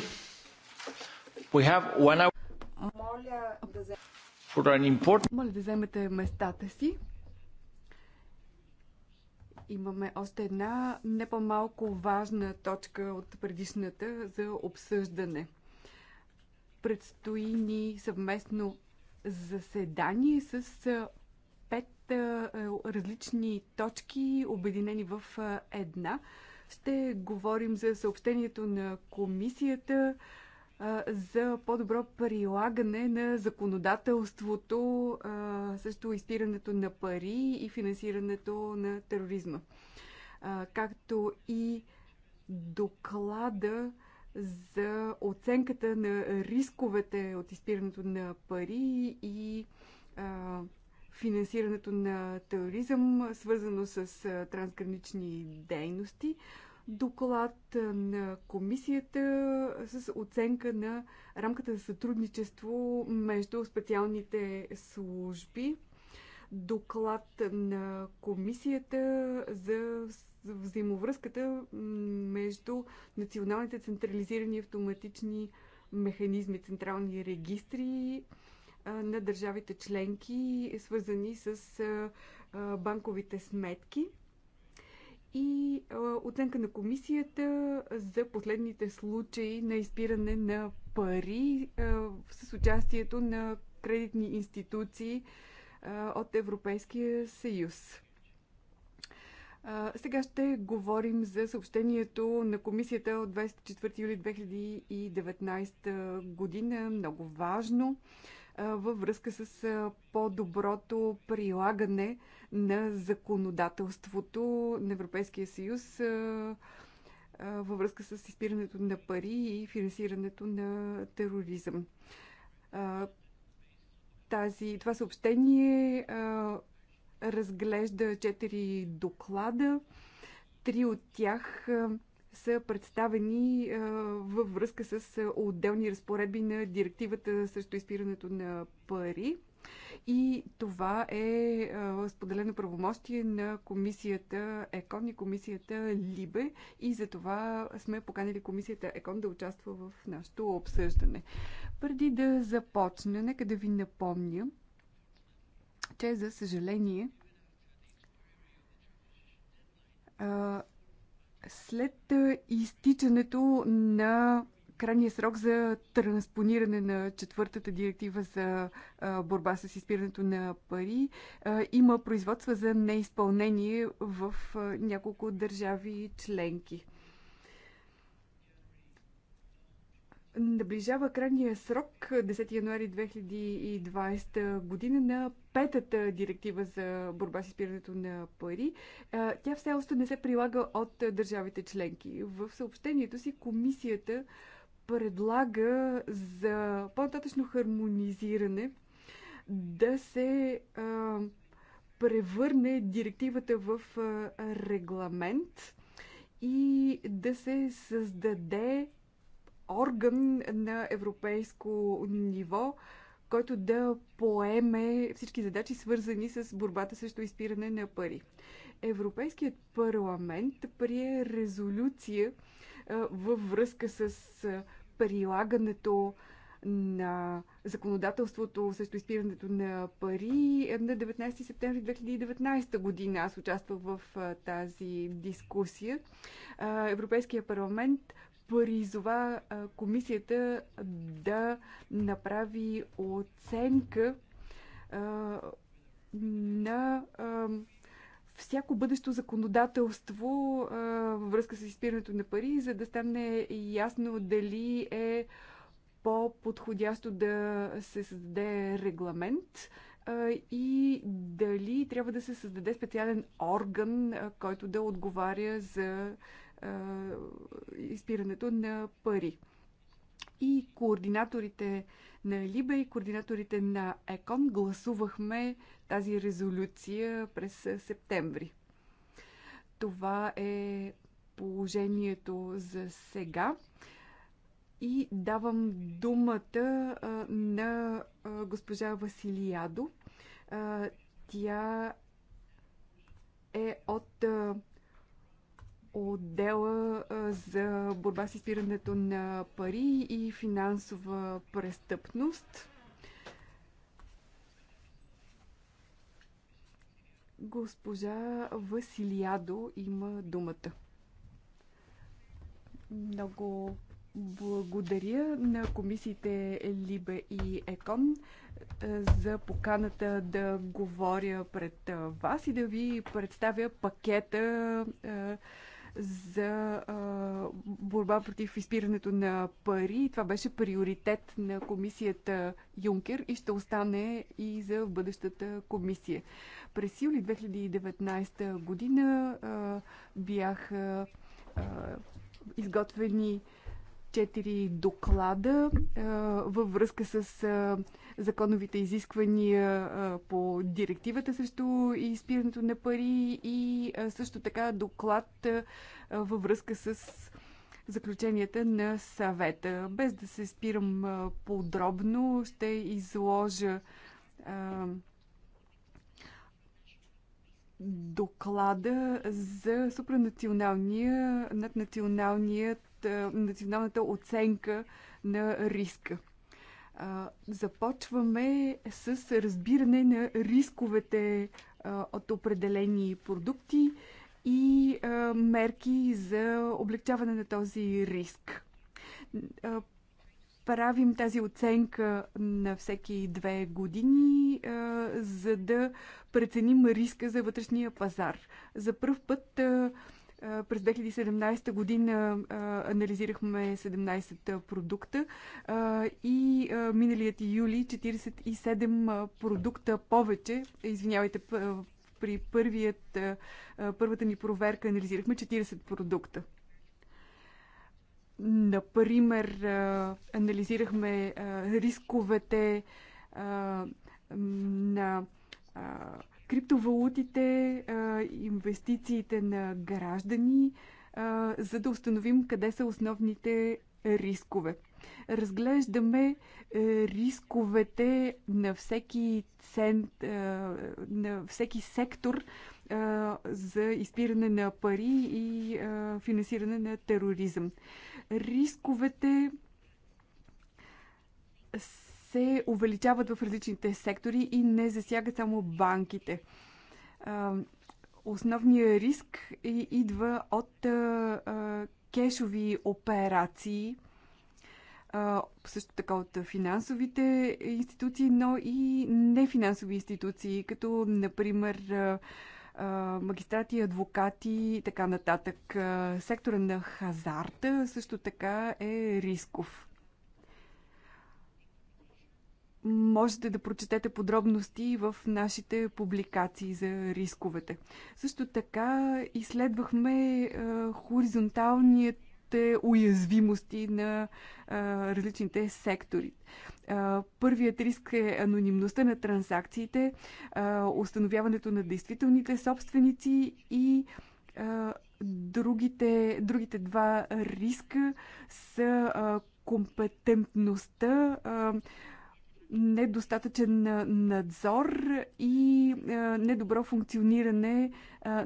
one... important... Моля да вземете местата си. Имаме още една не по-малко важна точка от предишната за обсъждане. Предстои ни съвместно заседание с пет различни точки, обединени в една ще говорим за съобщението на комисията за по-добро прилагане на законодателството срещу изпирането на пари и финансирането на тероризма. Както и доклада за оценката на рисковете от изпирането на пари и финансирането на тероризъм, свързано с трансгранични дейности. Доклад на комисията с оценка на рамката за сътрудничество между специалните служби. Доклад на комисията за взаимовръзката между националните централизирани автоматични механизми, централни регистри, на държавите членки, свързани с банковите сметки и оценка на комисията за последните случаи на изпиране на пари с участието на кредитни институции от Европейския съюз. Сега ще говорим за съобщението на комисията от 24 юли 2019 година. Много важно във връзка с по-доброто прилагане на законодателството на Европейския съюз във връзка с изпирането на пари и финансирането на тероризъм. Тази, това съобщение разглежда четири доклада. Три от тях са представени във връзка с отделни разпоредби на директивата срещу изпирането на пари. И това е споделено правомощие на комисията ЕКОН и комисията ЛИБЕ и за това сме поканили комисията ЕКОН да участва в нашето обсъждане. Преди да започна, нека да ви напомня, че за съжаление след изтичането на крайния срок за транспониране на четвъртата директива за борба с изпирането на пари, има производства за неизпълнение в няколко държави членки. наближава крайния срок 10 януари 2020 година на петата директива за борба с изпирането на пари. Тя все още не се прилага от държавите членки. В съобщението си комисията предлага за по-нататъчно хармонизиране да се а, превърне директивата в а, регламент и да се създаде орган на европейско ниво, който да поеме всички задачи, свързани с борбата срещу изпиране на пари. Европейският парламент прие резолюция във връзка с прилагането на законодателството срещу изпирането на пари на 19 септември 2019 година. Аз участвах в тази дискусия. Европейския парламент призова комисията да направи оценка на всяко бъдещо законодателство във връзка с изпирането на пари, за да стане ясно дали е по-подходящо да се създаде регламент и дали трябва да се създаде специален орган, който да отговаря за изпирането на пари. И координаторите на Либе и координаторите на ЕКОН гласувахме тази резолюция през септември. Това е положението за сега. И давам думата на госпожа Василиадо. Тя е от отдела за борба с изпирането на пари и финансова престъпност. Госпожа Василиадо има думата. Много благодаря на комисиите Либе и Екон за поканата да говоря пред вас и да ви представя пакета за а, борба против изпирането на пари. Това беше приоритет на комисията Юнкер и ще остане и за бъдещата комисия. През юли 2019 година а, бяха а, изготвени а, четири доклада във връзка с законовите изисквания по директивата срещу изпирането на пари и също така доклад във връзка с заключенията на съвета. Без да се спирам подробно, ще изложа доклада за супранационалния, наднационалният е, националната оценка на риска. Започваме с разбиране на рисковете от определени продукти и мерки за облегчаване на този риск. Правим тази оценка на всеки две години, за да преценим риска за вътрешния пазар. За първ път през 2017 година анализирахме 17 продукта и миналият юли 47 продукта повече, извинявайте, при първият, първата ни проверка анализирахме 40 продукта. Например, анализирахме рисковете на криптовалутите, инвестициите на граждани, за да установим къде са основните рискове. Разглеждаме е, рисковете на всеки цент, е, на всеки сектор е, за изпиране на пари и финансиране на тероризъм. Рисковете се увеличават в различните сектори и не засягат само банките. Основният риск идва от кешови операции, също така от финансовите институции, но и нефинансови институции, като, например, магистрати, адвокати и така нататък. Сектора на хазарта също така е рисков. Можете да прочетете подробности в нашите публикации за рисковете. Също така изследвахме хоризонталният хоризонталните уязвимости на а, различните сектори. първият риск е анонимността на транзакциите, установяването на действителните собственици и другите, другите два риска са компетентността недостатъчен надзор и недобро функциониране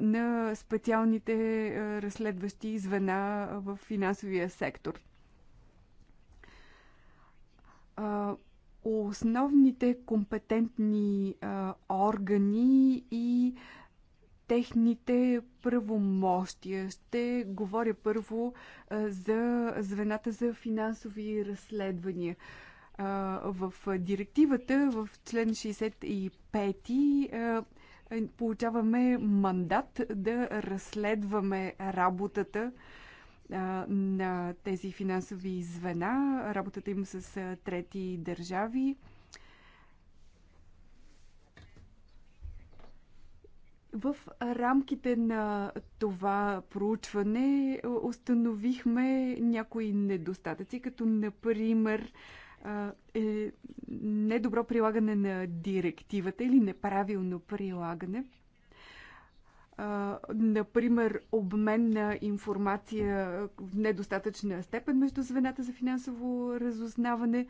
на специалните разследващи звена в финансовия сектор. Основните компетентни органи и техните правомощия. Ще говоря първо за звената за финансови разследвания в директивата, в член 65, е, получаваме мандат да разследваме работата на тези финансови звена, работата им с трети държави. В рамките на това проучване установихме някои недостатъци, като например е недобро прилагане на директивата или неправилно прилагане. Например, обмен на информация в недостатъчна степен между звената за финансово разузнаване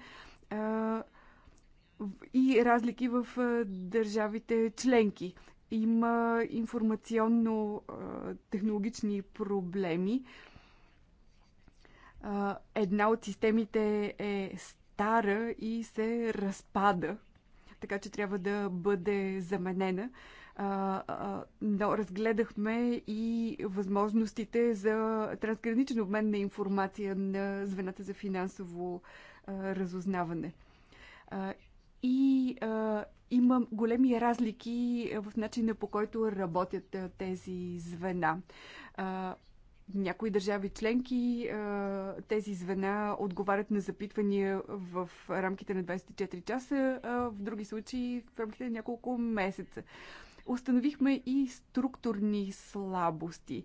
и разлики в държавите членки. Има информационно-технологични проблеми. Една от системите е стара и се разпада, така че трябва да бъде заменена. Но разгледахме и възможностите за трансграничен обмен на информация на звената за финансово разузнаване. И има големи разлики в начина по който работят тези звена някои държави членки тези звена отговарят на запитвания в рамките на 24 часа, а в други случаи в рамките на няколко месеца. Установихме и структурни слабости.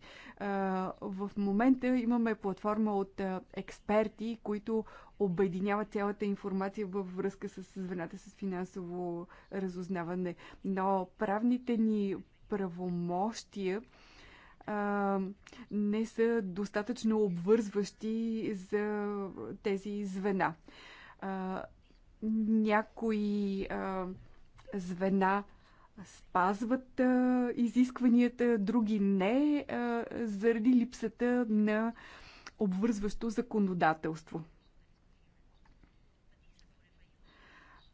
В момента имаме платформа от експерти, които обединяват цялата информация във връзка с звената с финансово разузнаване. Но правните ни правомощия а, не са достатъчно обвързващи за тези звена. А, някои а, звена спазват а, изискванията, други не, а, заради липсата на обвързващо законодателство.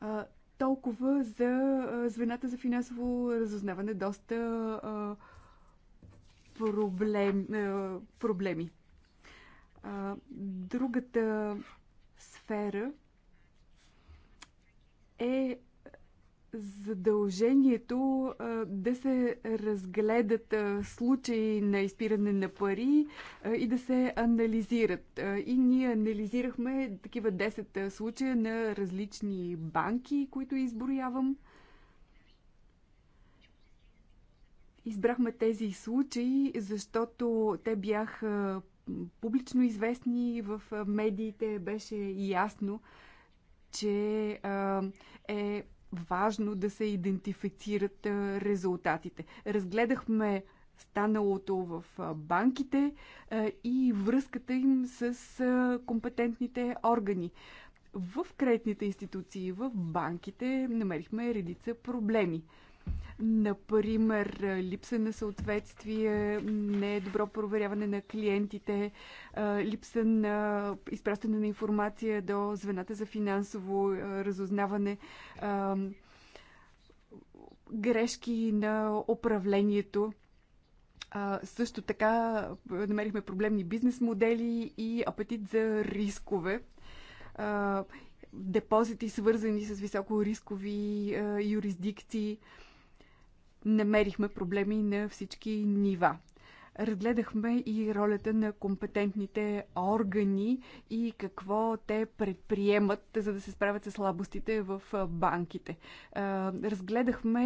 А, толкова за звената за финансово разузнаване. Доста а, проблем, е, проблеми. Другата сфера е задължението да се разгледат случаи на изпиране на пари и да се анализират. И ние анализирахме такива 10 случая на различни банки, които изброявам – Избрахме тези случаи, защото те бяха публично известни в медиите, беше ясно, че е важно да се идентифицират резултатите. Разгледахме станалото в банките и връзката им с компетентните органи. В кредитните институции, в банките намерихме редица проблеми. Например, липса на съответствие, недобро проверяване на клиентите, липса на изпращане на информация до звената за финансово разузнаване, грешки на управлението. също така намерихме проблемни бизнес модели и апетит за рискове. депозити, свързани с високо рискови юрисдикции намерихме проблеми на всички нива. Разгледахме и ролята на компетентните органи и какво те предприемат, за да се справят с слабостите в банките. Разгледахме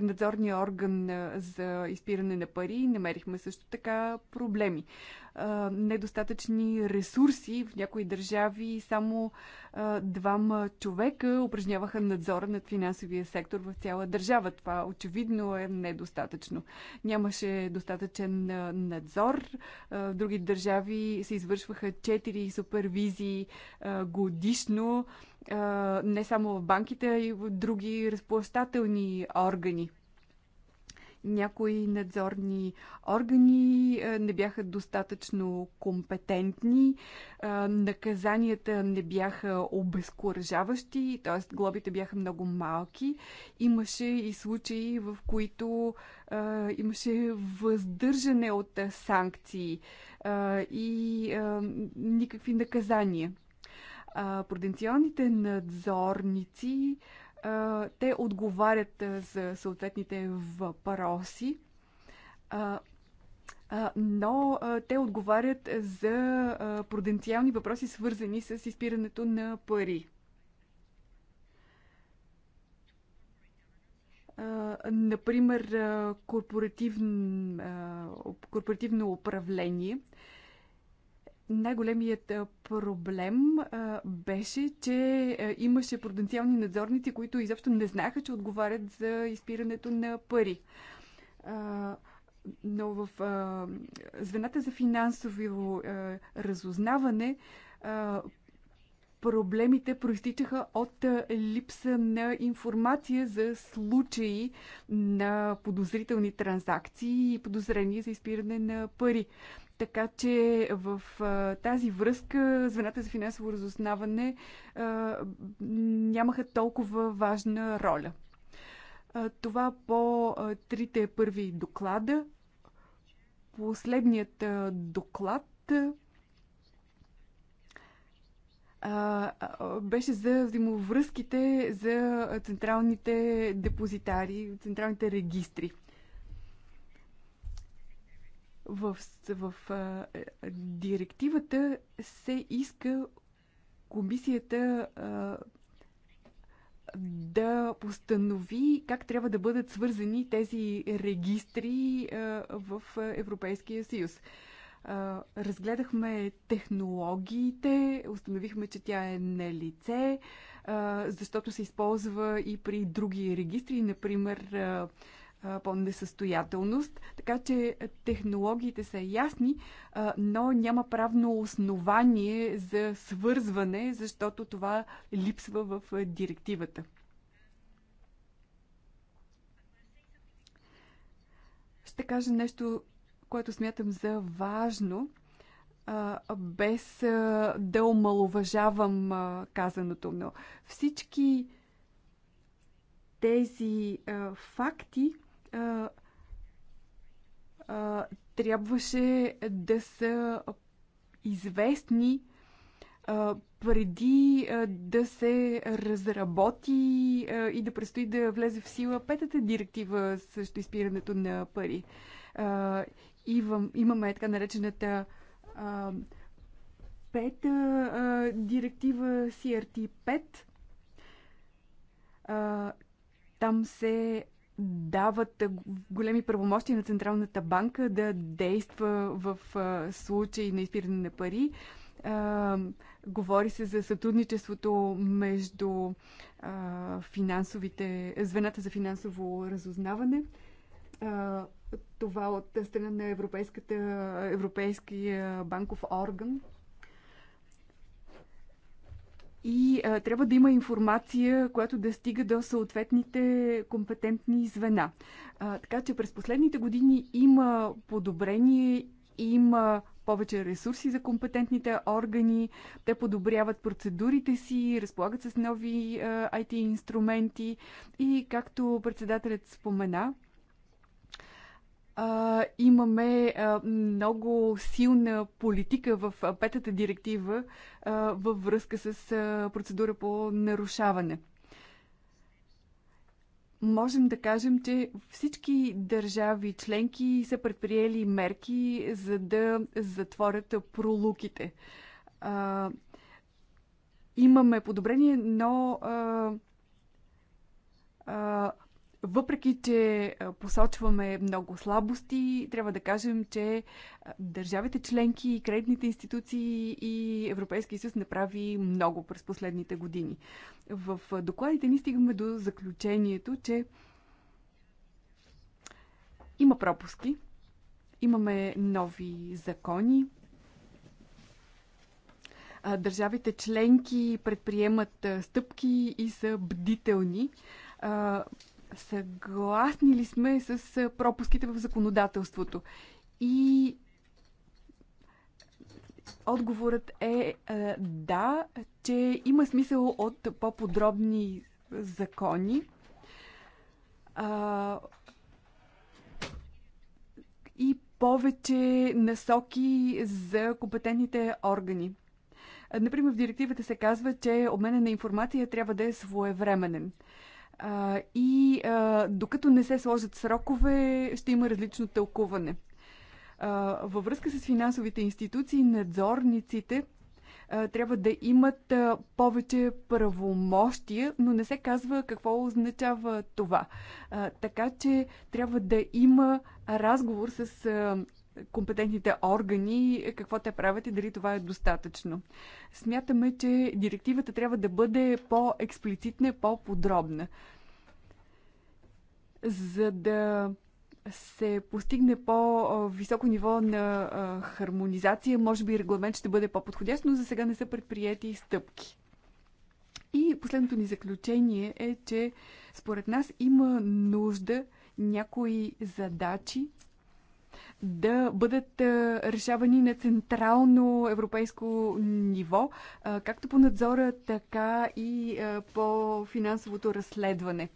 надзорния орган за изпиране на пари и намерихме също така проблеми недостатъчни ресурси. В някои държави само двама човека упражняваха надзора над финансовия сектор в цяла държава. Това очевидно е недостатъчно. Нямаше достатъчен надзор. В други държави се извършваха 4 супервизии годишно, не само в банките, а и в други разплащателни органи някои надзорни органи не бяха достатъчно компетентни, наказанията не бяха обезкуражаващи, т.е. глобите бяха много малки. Имаше и случаи, в които имаше въздържане от санкции и никакви наказания. Пруденциалните надзорници те отговарят за съответните въпроси, но те отговарят за пруденциални въпроси, свързани с изпирането на пари. Например, корпоративно управление – най-големият проблем беше, че имаше проденциални надзорници, които изобщо не знаеха, че отговарят за изпирането на пари. Но в звената за финансово разузнаване проблемите проистичаха от липса на информация за случаи на подозрителни транзакции и подозрения за изпиране на пари. Така че в а, тази връзка звената за финансово разузнаване нямаха толкова важна роля. А, това по а, трите първи доклада. Последният а, доклад а, беше за взаимовръзките за централните депозитари, централните регистри. В, в а, е, директивата се иска комисията а, да постанови как трябва да бъдат свързани тези регистри а, в Европейския съюз. А, разгледахме технологиите, установихме, че тя е на лице, а, защото се използва и при други регистри, например по несъстоятелност. Така че технологиите са ясни, но няма правно основание за свързване, защото това липсва в директивата. Ще кажа нещо, което смятам за важно, без да омалуважавам казаното, но всички тези факти а, а, трябваше да са известни а, преди а, да се разработи а, и да предстои да влезе в сила петата директива срещу изпирането на пари. А, имам, имаме така наречената а, пета а, директива CRT 5. А, там се дават големи правомощи на Централната банка да действа в случай на изпиране на пари. Говори се за сътрудничеството между финансовите, звената за финансово разузнаване. Това от страна на Европейския банков орган, и а, трябва да има информация, която да стига до съответните компетентни звена. А, така че през последните години има подобрение, има повече ресурси за компетентните органи, те подобряват процедурите си, разполагат с нови а, IT инструменти и както председателят спомена, а, имаме а, много силна политика в петата директива а, във връзка с а, процедура по нарушаване. Можем да кажем, че всички държави членки са предприели мерки, за да затворят пролуките. А, имаме подобрение, но а, а, въпреки, че посочваме много слабости, трябва да кажем, че държавите членки, кредитните институции и Европейския съюз направи много през последните години. В докладите ни стигаме до заключението, че има пропуски, имаме нови закони, държавите членки предприемат стъпки и са бдителни Съгласни ли сме с пропуските в законодателството? И отговорът е да, че има смисъл от по-подробни закони. и повече насоки за компетентните органи. Например, в директивата се казва, че обменът на информация трябва да е своевременен. А, и а, докато не се сложат срокове, ще има различно тълкуване. А, във връзка с финансовите институции, надзорниците а, трябва да имат а, повече правомощия, но не се казва какво означава това. А, така че трябва да има разговор с а, компетентните органи, какво те правят и дали това е достатъчно. Смятаме, че директивата трябва да бъде по-експлицитна, по-подробна. За да се постигне по-високо ниво на хармонизация, може би регламент ще бъде по-подходящ, но за сега не са предприяти стъпки. И последното ни заключение е, че според нас има нужда някои задачи да бъдат решавани на централно европейско ниво, както по надзора, така и по финансовото разследване.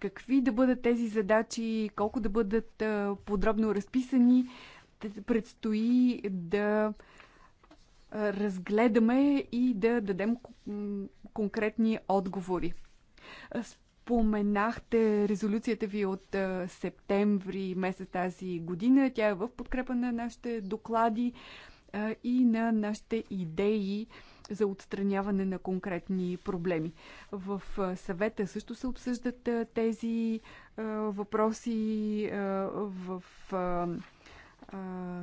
Какви да бъдат тези задачи, колко да бъдат подробно разписани, предстои да разгледаме и да дадем конкретни отговори споменахте резолюцията ви от септември месец тази година. Тя е в подкрепа на нашите доклади и на нашите идеи за отстраняване на конкретни проблеми. В съвета също се обсъждат тези въпроси в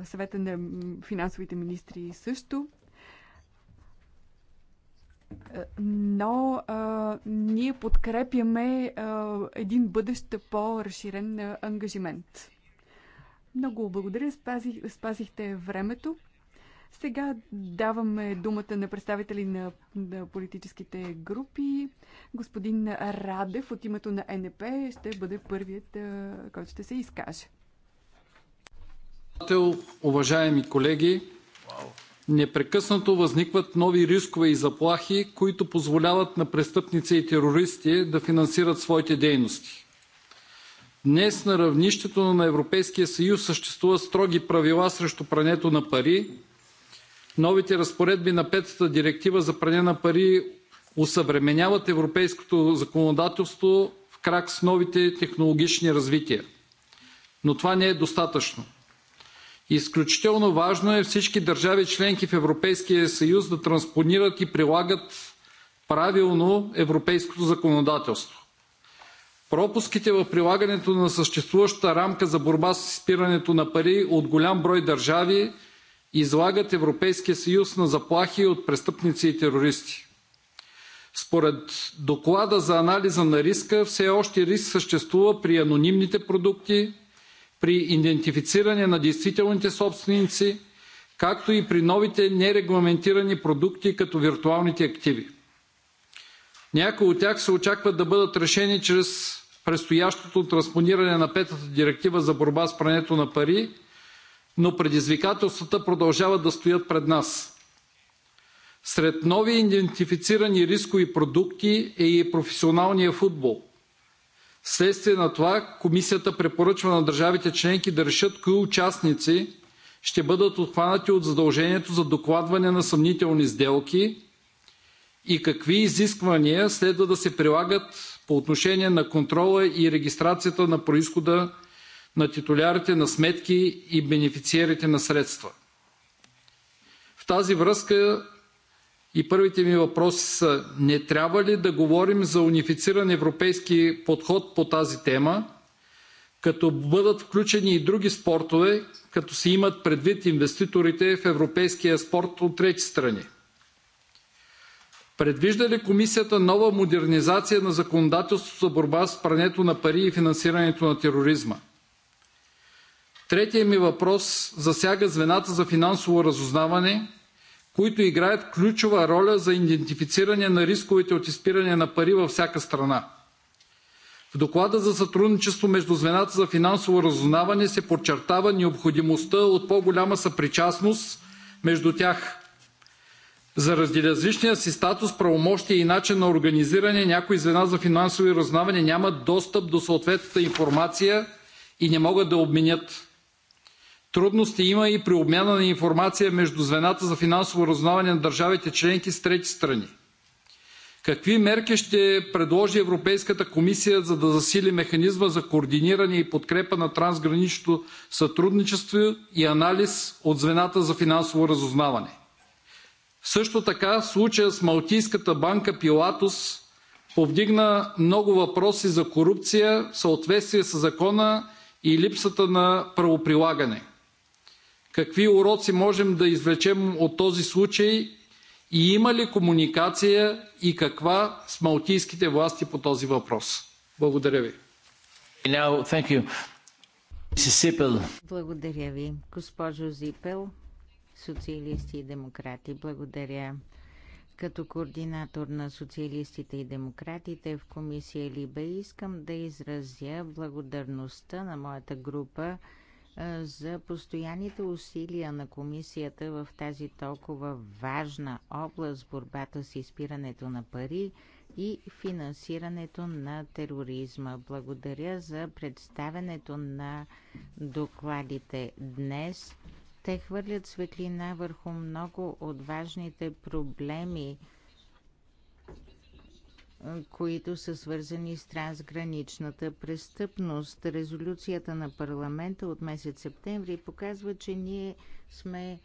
съвета на финансовите министри също но а, ние подкрепяме а, един бъдещ по-разширен ангажимент. Много благодаря, спазих, спазихте времето. Сега даваме думата на представители на, на политическите групи. Господин Радев от името на НП ще бъде първият, а, който ще се изкаже. Уважаеми колеги, Непрекъснато възникват нови рискове и заплахи, които позволяват на престъпници и терористи да финансират своите дейности. Днес на равнището на Европейския съюз съществуват строги правила срещу прането на пари. Новите разпоредби на петата директива за пране на пари усъвременяват европейското законодателство в крак с новите технологични развития. Но това не е достатъчно. Изключително важно е всички държави членки в Европейския съюз да транспонират и прилагат правилно европейското законодателство. Пропуските в прилагането на съществуващата рамка за борба с изпирането на пари от голям брой държави излагат Европейския съюз на заплахи от престъпници и терористи. Според доклада за анализа на риска, все още риск съществува при анонимните продукти, при идентифициране на действителните собственици, както и при новите нерегламентирани продукти, като виртуалните активи. Някои от тях се очакват да бъдат решени чрез предстоящото транспониране на петата директива за борба с прането на пари, но предизвикателствата продължават да стоят пред нас. Сред нови идентифицирани рискови продукти е и професионалният футбол – Вследствие на това Комисията препоръчва на държавите членки да решат кои участници ще бъдат отхванати от задължението за докладване на съмнителни сделки и какви изисквания следва да се прилагат по отношение на контрола и регистрацията на происхода на титулярите на сметки и бенефициерите на средства. В тази връзка и първите ми въпроси са: не трябва ли да говорим за унифициран европейски подход по тази тема, като бъдат включени и други спортове, като се имат предвид инвеститорите в европейския спорт от трети страни? Предвижда ли комисията нова модернизация на законодателството за борба с прането на пари и финансирането на тероризма? Третият ми въпрос засяга звената за финансово разузнаване, които играят ключова роля за идентифициране на рисковете от изпиране на пари във всяка страна. В доклада за сътрудничество между звената за финансово разузнаване се подчертава необходимостта от по-голяма съпричастност между тях. Заради различния си статус, правомощия и начин на организиране, някои звена за финансови разузнаване нямат достъп до съответната информация и не могат да обменят. Трудности има и при обмяна на информация между звената за финансово разузнаване на държавите членки с трети страни. Какви мерки ще предложи Европейската комисия, за да засили механизма за координиране и подкрепа на трансграничното сътрудничество и анализ от звената за финансово разузнаване? Също така случая с Малтийската банка Пилатус повдигна много въпроси за корупция, съответствие с закона и липсата на правоприлагане. Какви уроци можем да извлечем от този случай и има ли комуникация и каква с малтийските власти по този въпрос? Благодаря ви. Благодаря ви, госпожо Зипел, социалисти и демократи. Благодаря. Като координатор на социалистите и демократите в комисия Либе искам да изразя благодарността на моята група – е, за постоянните усилия на комисията в тази толкова важна област борбата с изпирането на пари и финансирането на тероризма. Благодаря за представенето на докладите днес. Те хвърлят светлина върху много от важните проблеми които са свързани с трансграничната престъпност. Резолюцията на парламента от месец септември показва, че ние сме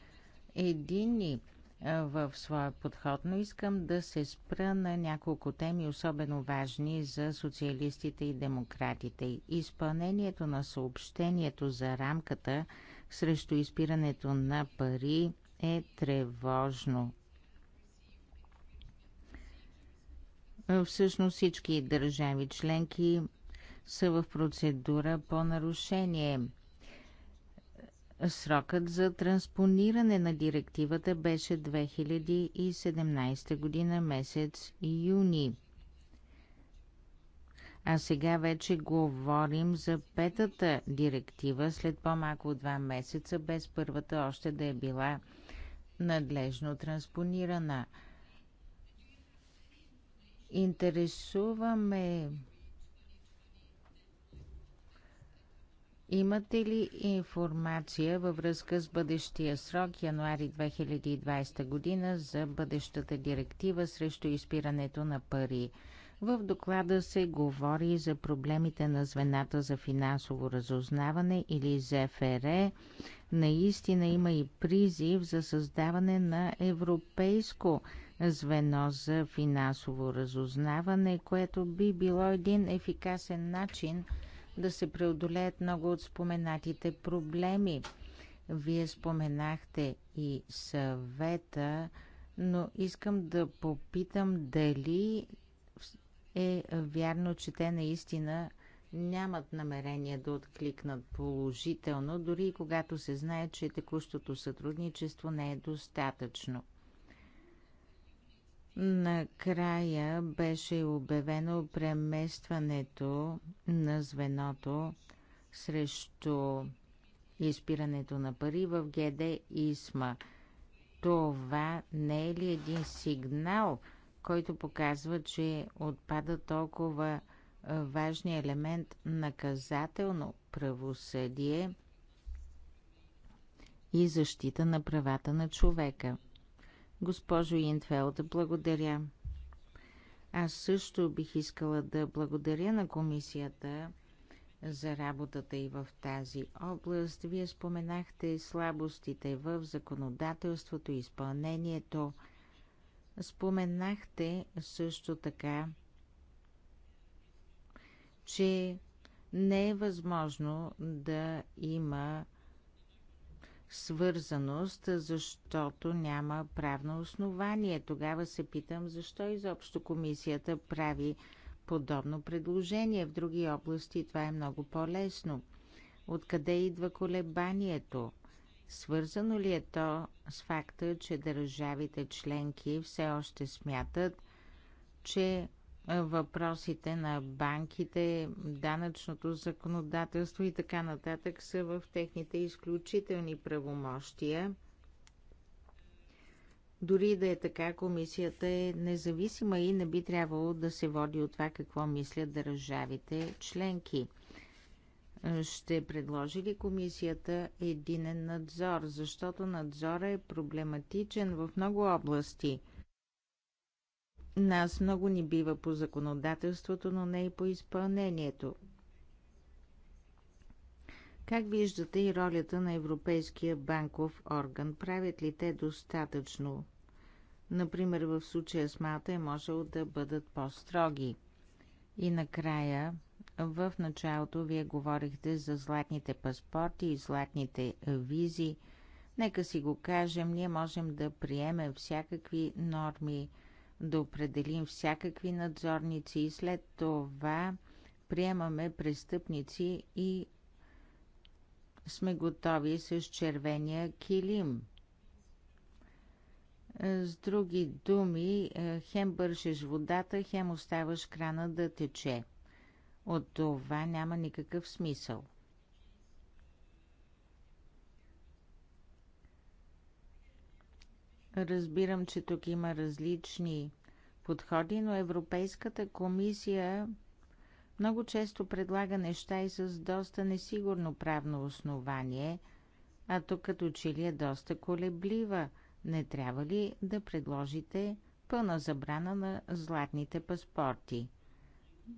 едини в своя подход, но искам да се спра на няколко теми, особено важни за социалистите и демократите. Изпълнението на съобщението за рамката срещу изпирането на пари е тревожно. Е, всъщност всички държави членки са в процедура по нарушение. Срокът за транспониране на директивата беше 2017 година, месец юни. А сега вече говорим за петата директива след по-малко от два месеца, без първата още да е била надлежно транспонирана интересуваме Имате ли информация във връзка с бъдещия срок януари 2020 година за бъдещата директива срещу изпирането на пари? В доклада се говори за проблемите на звената за финансово разузнаване или ЗФР. Наистина има и призив за създаване на европейско звено за финансово разузнаване, което би било един ефикасен начин да се преодолеят много от споменатите проблеми. Вие споменахте и съвета, но искам да попитам дали е вярно, че те наистина нямат намерение да откликнат положително, дори и когато се знае, че текущото сътрудничество не е достатъчно. Накрая беше обявено преместването на звеното срещу изпирането на пари в ГД ИСМА. Това не е ли един сигнал, който показва, че отпада толкова важния елемент наказателно правосъдие и защита на правата на човека? Госпожо Интвелд, благодаря. Аз също бих искала да благодаря на комисията за работата и в тази област. Вие споменахте слабостите в законодателството, изпълнението. Споменахте също така, че не е възможно да има свързаност, защото няма правно основание. Тогава се питам защо изобщо комисията прави подобно предложение. В други области това е много по-лесно. Откъде идва колебанието? Свързано ли е то с факта, че държавите членки все още смятат, че въпросите на банките, данъчното законодателство и така нататък са в техните изключителни правомощия. Дори да е така, комисията е независима и не би трябвало да се води от това какво мислят държавите членки. Ще предложи ли комисията единен надзор, защото надзорът е проблематичен в много области – нас много ни бива по законодателството, но не и по изпълнението. Как виждате и ролята на Европейския банков орган? Правят ли те достатъчно? Например, в случая с Малта е можело да бъдат по-строги. И накрая, в началото вие говорихте за златните паспорти и златните визи. Нека си го кажем, ние можем да приемем всякакви норми – да определим всякакви надзорници и след това приемаме престъпници и сме готови с червения килим. С други думи, е, хем бършеш водата, хем оставаш крана да тече. От това няма никакъв смисъл. Разбирам, че тук има различни подходи, но Европейската комисия много често предлага неща и с доста несигурно правно основание, а тук като че ли е доста колеблива. Не трябва ли да предложите пълна забрана на златните паспорти?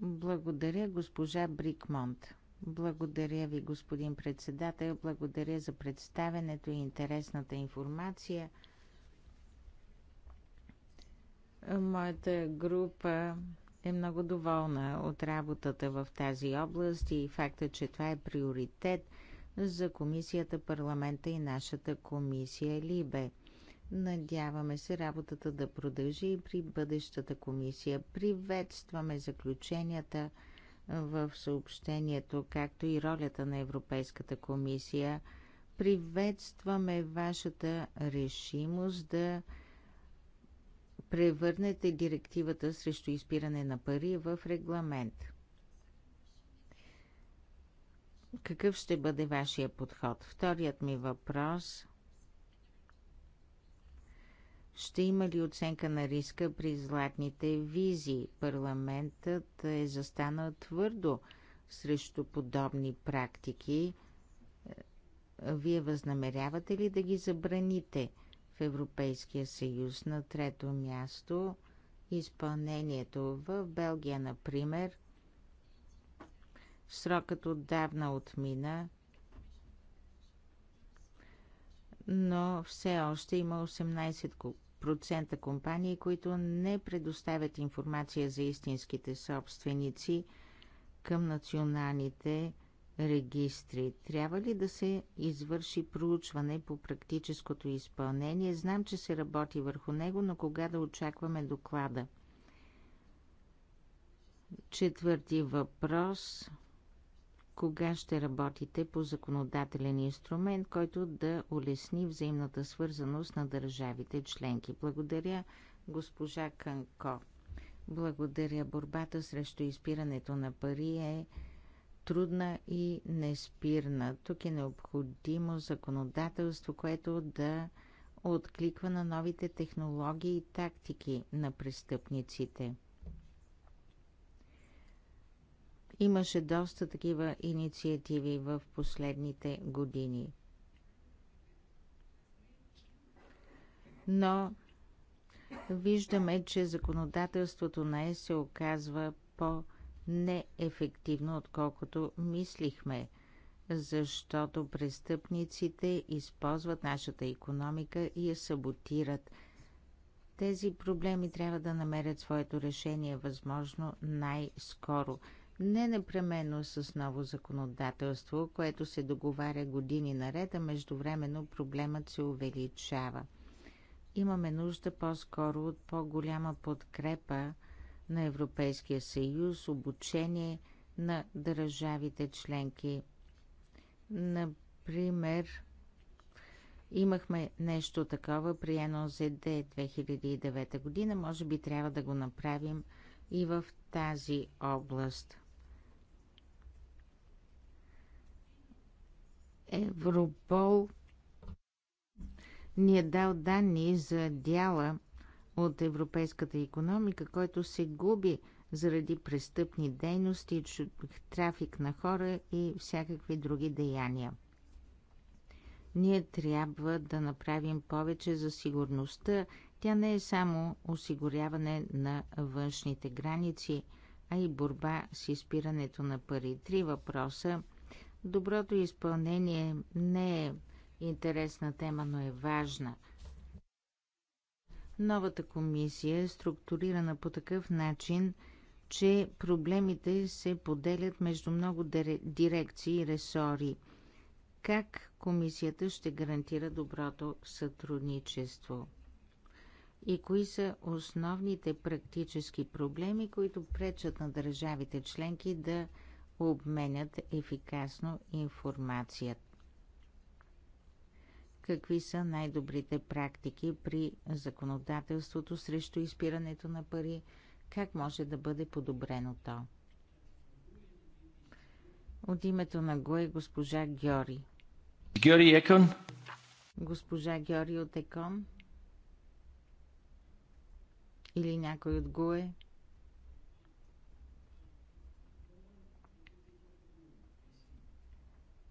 Благодаря, госпожа Брикмонт. Благодаря ви, господин председател. Благодаря за представенето и интересната информация – Моята група е много доволна от работата в тази област и факта, че това е приоритет за комисията, парламента и нашата комисия Либе. Надяваме се работата да продължи и при бъдещата комисия. Приветстваме заключенията в съобщението, както и ролята на Европейската комисия. Приветстваме вашата решимост да превърнете директивата срещу изпиране на пари в регламент. Какъв ще бъде вашия подход? Вторият ми въпрос ще има ли оценка на риска при златните визи? Парламентът е застанал твърдо срещу подобни практики. Вие възнамерявате ли да ги забраните? в Европейския съюз. На трето място изпълнението в Белгия, например, срокът отдавна отмина, но все още има 18% компании, които не предоставят информация за истинските собственици към националните компании регистри. Трябва ли да се извърши проучване по практическото изпълнение? Знам, че се работи върху него, но кога да очакваме доклада? Четвърти въпрос. Кога ще работите по законодателен инструмент, който да улесни взаимната свързаност на държавите членки? Благодаря, госпожа Канко. Благодаря. Борбата срещу изпирането на пари е трудна и неспирна. Тук е необходимо законодателство, което да откликва на новите технологии и тактики на престъпниците. Имаше доста такива инициативи в последните години. Но виждаме, че законодателството на ЕС се оказва по-добре неефективно, отколкото мислихме, защото престъпниците използват нашата економика и я саботират. Тези проблеми трябва да намерят своето решение възможно най-скоро. Не непременно с ново законодателство, което се договаря години наред, а междувременно проблемът се увеличава. Имаме нужда по-скоро от по-голяма подкрепа на Европейския съюз, обучение на държавите членки. Например, имахме нещо такова при НОЗД 2009 година. Може би трябва да го направим и в тази област. Европол ни е дал данни за дяла от европейската економика, който се губи заради престъпни дейности, трафик на хора и всякакви други деяния. Ние трябва да направим повече за сигурността. Тя не е само осигуряване на външните граници, а и борба с изпирането на пари. Три въпроса. Доброто изпълнение не е интересна тема, но е важна – Новата комисия е структурирана по такъв начин, че проблемите се поделят между много дирекции и ресори. Как комисията ще гарантира доброто сътрудничество? И кои са основните практически проблеми, които пречат на държавите членки да обменят ефикасно информацията? какви са най-добрите практики при законодателството срещу изпирането на пари, как може да бъде подобрено то. От името на ГОЕ госпожа Гьори. Гьори Екон. Госпожа Геори от Екон. Или някой от ГОЕ.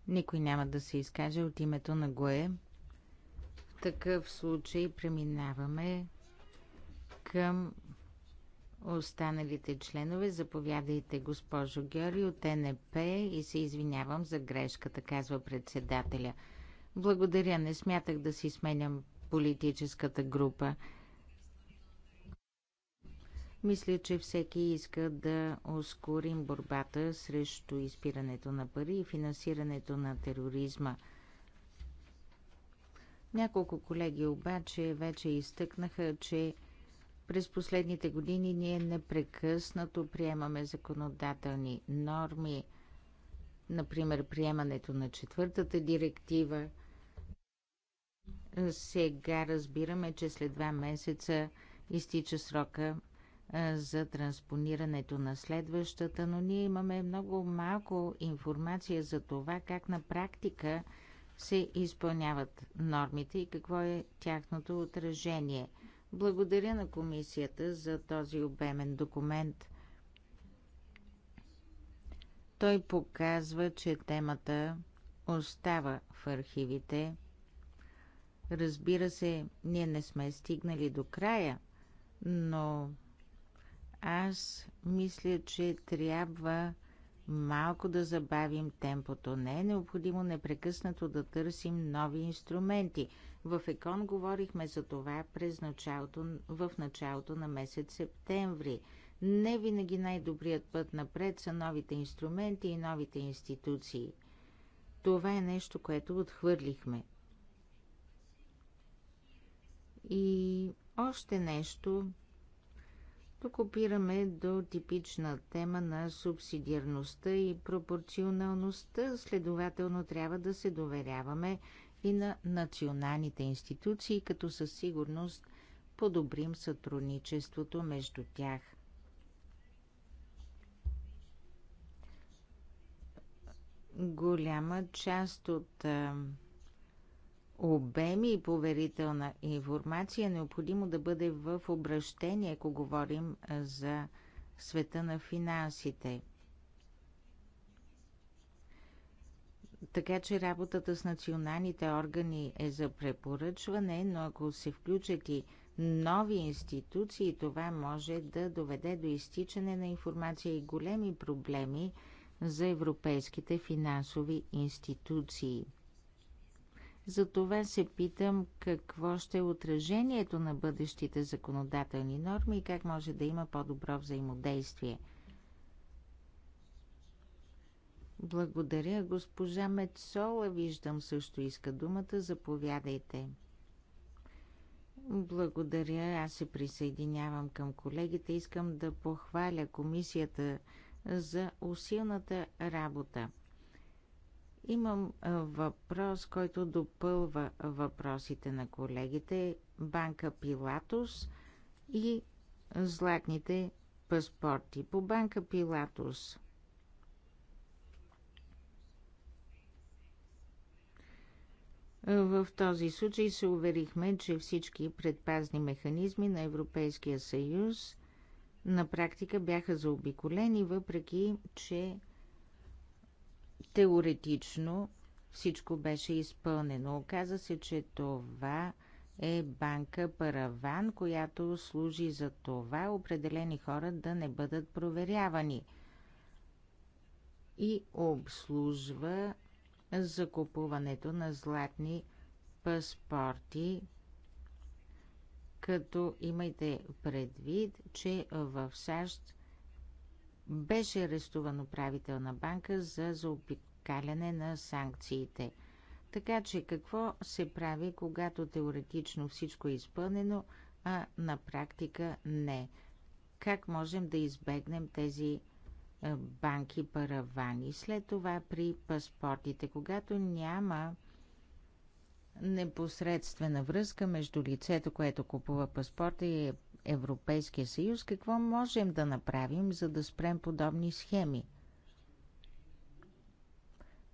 Никой няма да се изкаже от името на ГОЕ такъв случай преминаваме към останалите членове. Заповядайте, госпожо Георги от НП и се извинявам за грешката, казва председателя. Благодаря, не смятах да си сменям политическата група. Мисля, че всеки иска да ускорим борбата срещу изпирането на пари и финансирането на тероризма – няколко колеги обаче вече изтъкнаха, че през последните години ние непрекъснато приемаме законодателни норми, например приемането на четвъртата директива. Сега разбираме, че след два месеца изтича срока за транспонирането на следващата, но ние имаме много малко информация за това как на практика се изпълняват нормите и какво е тяхното отражение. Благодаря на комисията за този обемен документ. Той показва, че темата остава в архивите. Разбира се, ние не сме стигнали до края, но аз мисля, че трябва малко да забавим темпото. Не е необходимо непрекъснато да търсим нови инструменти. В ЕКОН говорихме за това през началото, в началото на месец септември. Не винаги най-добрият път напред са новите инструменти и новите институции. Това е нещо, което отхвърлихме. И още нещо, тук опираме до типична тема на субсидиарността и пропорционалността, следователно трябва да се доверяваме и на националните институции, като със сигурност подобрим сътрудничеството между тях. Голяма част от обеми и поверителна информация е необходимо да бъде в обращение, ако говорим за света на финансите. Така че работата с националните органи е за препоръчване, но ако се включат и нови институции, това може да доведе до изтичане на информация и големи проблеми за европейските финансови институции. Затова се питам какво ще е отражението на бъдещите законодателни норми и как може да има по-добро взаимодействие. Благодаря, госпожа Мецола. Виждам също иска думата. Заповядайте. Благодаря. Аз се присъединявам към колегите. Искам да похваля комисията за усилната работа. Имам въпрос, който допълва въпросите на колегите. Банка Пилатус и златните паспорти. По банка Пилатус. В този случай се уверихме, че всички предпазни механизми на Европейския съюз на практика бяха заобиколени, въпреки че Теоретично всичко беше изпълнено. Оказа се, че това е банка Параван, която служи за това определени хора да не бъдат проверявани и обслужва закупуването на златни паспорти, като имайте предвид, че в САЩ беше арестуван управител на банка за заобикаляне на санкциите. Така че какво се прави, когато теоретично всичко е изпълнено, а на практика не? Как можем да избегнем тези е, банки паравани? След това при паспортите, когато няма непосредствена връзка между лицето, което купува паспорта и е Европейския съюз, какво можем да направим, за да спрем подобни схеми?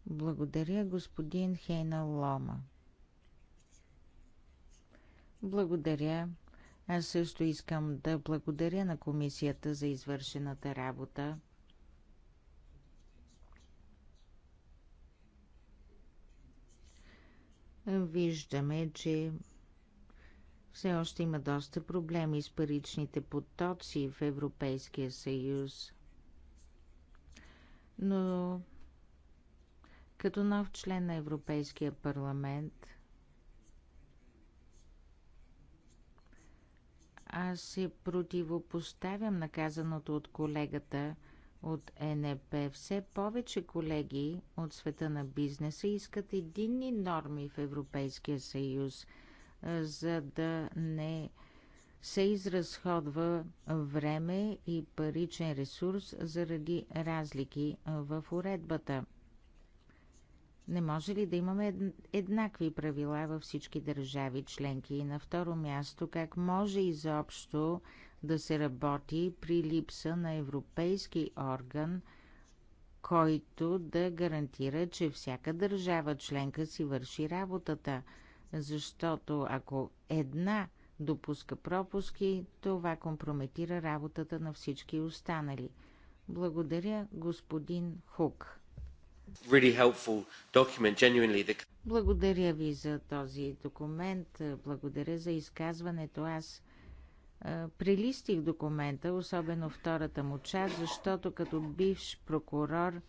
Благодаря, господин Хейна Лома. Благодаря. Аз също искам да благодаря на комисията за извършената работа. Виждаме, че все още има доста проблеми с паричните потоци в Европейския съюз. Но като нов член на Европейския парламент, аз се противопоставям наказаното от колегата от НП. Все повече колеги от света на бизнеса искат единни норми в Европейския съюз – за да не се изразходва време и паричен ресурс заради разлики в уредбата. Не може ли да имаме еднакви правила във всички държави членки? И на второ място, как може изобщо да се работи при липса на европейски орган, който да гарантира, че всяка държава членка си върши работата – защото ако една допуска пропуски, това компрометира работата на всички останали. Благодаря, господин Хук. Благодаря ви за този документ. Благодаря за изказването. Аз а, прилистих документа, особено втората му част, защото като бивш прокурор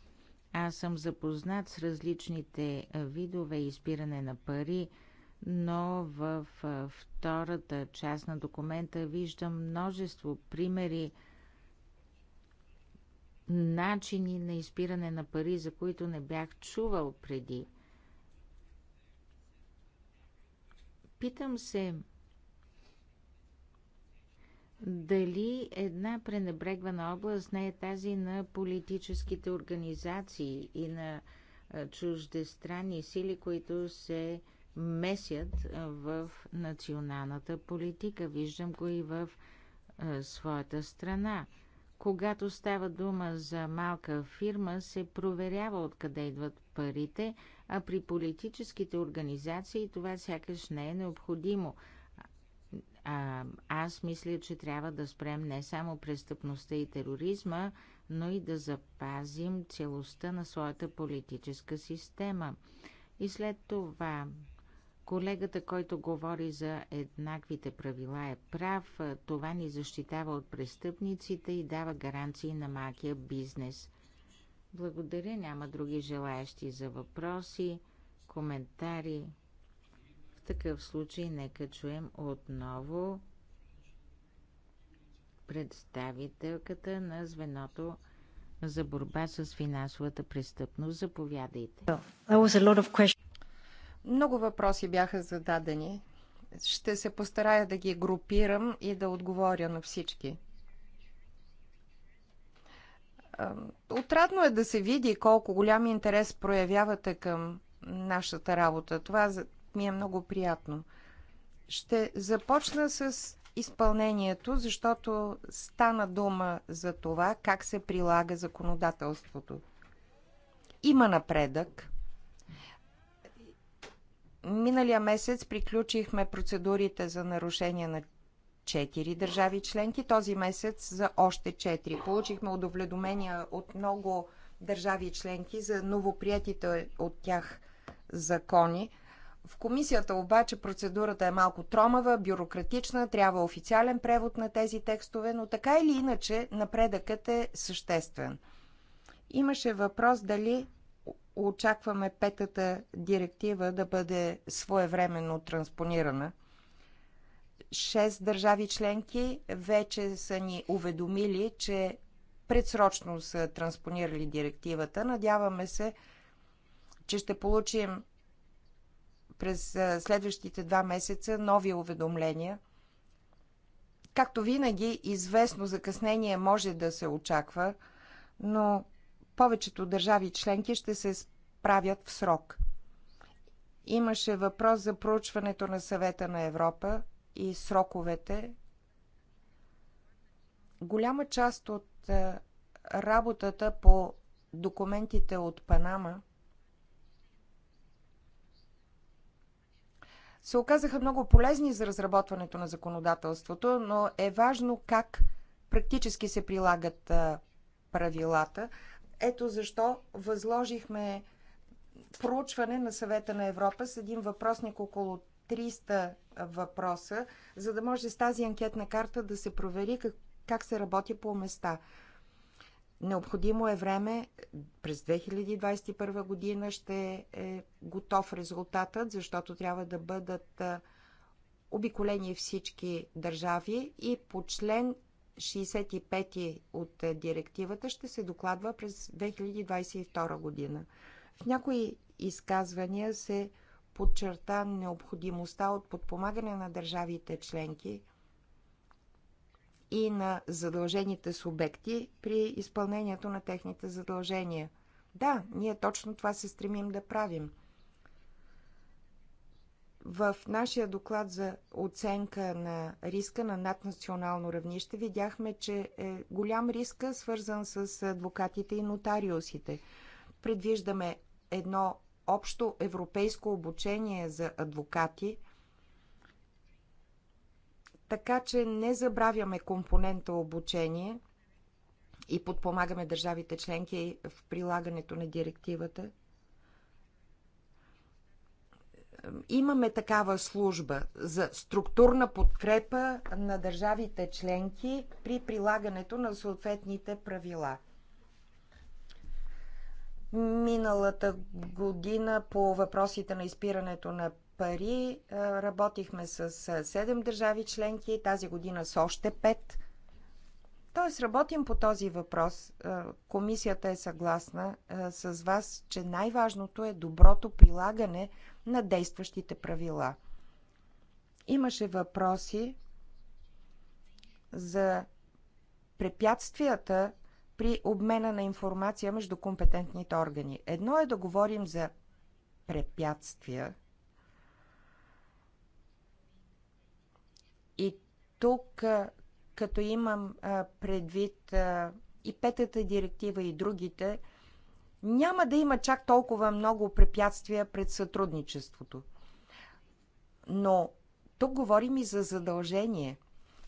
аз съм запознат с различните видове изпиране на пари, но в втората част на документа виждам множество примери, начини на изпиране на пари, за които не бях чувал преди. Питам се, дали една пренебрегвана област не е тази на политическите организации и на чуждестранни сили, които се месят в националната политика. Виждам го и в е, своята страна. Когато става дума за малка фирма, се проверява откъде идват парите, а при политическите организации това сякаш не е необходимо. А, аз мисля, че трябва да спрем не само престъпността и тероризма, но и да запазим целостта на своята политическа система. И след това Колегата, който говори за еднаквите правила е прав. Това ни защитава от престъпниците и дава гаранции на малкия бизнес. Благодаря, няма други желаящи за въпроси, коментари. В такъв случай нека чуем отново представителката на звеното за борба с финансовата престъпност. Заповядайте. Много въпроси бяха зададени. Ще се постарая да ги групирам и да отговоря на всички. Отрадно е да се види колко голям интерес проявявате към нашата работа. Това ми е много приятно. Ще започна с изпълнението, защото стана дума за това как се прилага законодателството. Има напредък. Миналия месец приключихме процедурите за нарушение на 4 държави членки, този месец за още 4. Получихме удовледомения от много държави членки за новоприятите от тях закони. В комисията обаче процедурата е малко тромава, бюрократична, трябва официален превод на тези текстове, но така или иначе напредъкът е съществен. Имаше въпрос дали очакваме петата директива да бъде своевременно транспонирана. Шест държави членки вече са ни уведомили, че предсрочно са транспонирали директивата. Надяваме се, че ще получим през следващите два месеца нови уведомления. Както винаги, известно закъснение може да се очаква, но повечето държави членки ще се справят в срок. Имаше въпрос за проучването на съвета на Европа и сроковете. Голяма част от е, работата по документите от Панама се оказаха много полезни за разработването на законодателството, но е важно как практически се прилагат е, правилата, ето защо възложихме проучване на съвета на Европа с един въпросник около 300 въпроса, за да може с тази анкетна карта да се провери как, как се работи по места. Необходимо е време. През 2021 година ще е готов резултатът, защото трябва да бъдат обиколени всички държави и по член 65 от е, директивата ще се докладва през 2022 година. В някои изказвания се подчерта необходимостта от подпомагане на държавите членки и на задължените субекти при изпълнението на техните задължения. Да, ние точно това се стремим да правим – в нашия доклад за оценка на риска на наднационално равнище видяхме, че е голям риска свързан с адвокатите и нотариусите. Предвиждаме едно общо европейско обучение за адвокати, така че не забравяме компонента обучение и подпомагаме държавите членки в прилагането на директивата – имаме такава служба за структурна подкрепа на държавите членки при прилагането на съответните правила. Миналата година по въпросите на изпирането на пари работихме с 7 държави членки, тази година с още 5. Тоест, работим по този въпрос. Е, комисията е съгласна е, с вас, че най-важното е доброто прилагане на действащите правила. Имаше въпроси за препятствията при обмена на информация между компетентните органи. Едно е да говорим за препятствия. И тук е, като имам предвид и петата директива и другите, няма да има чак толкова много препятствия пред сътрудничеството. Но тук говорим и за задължение.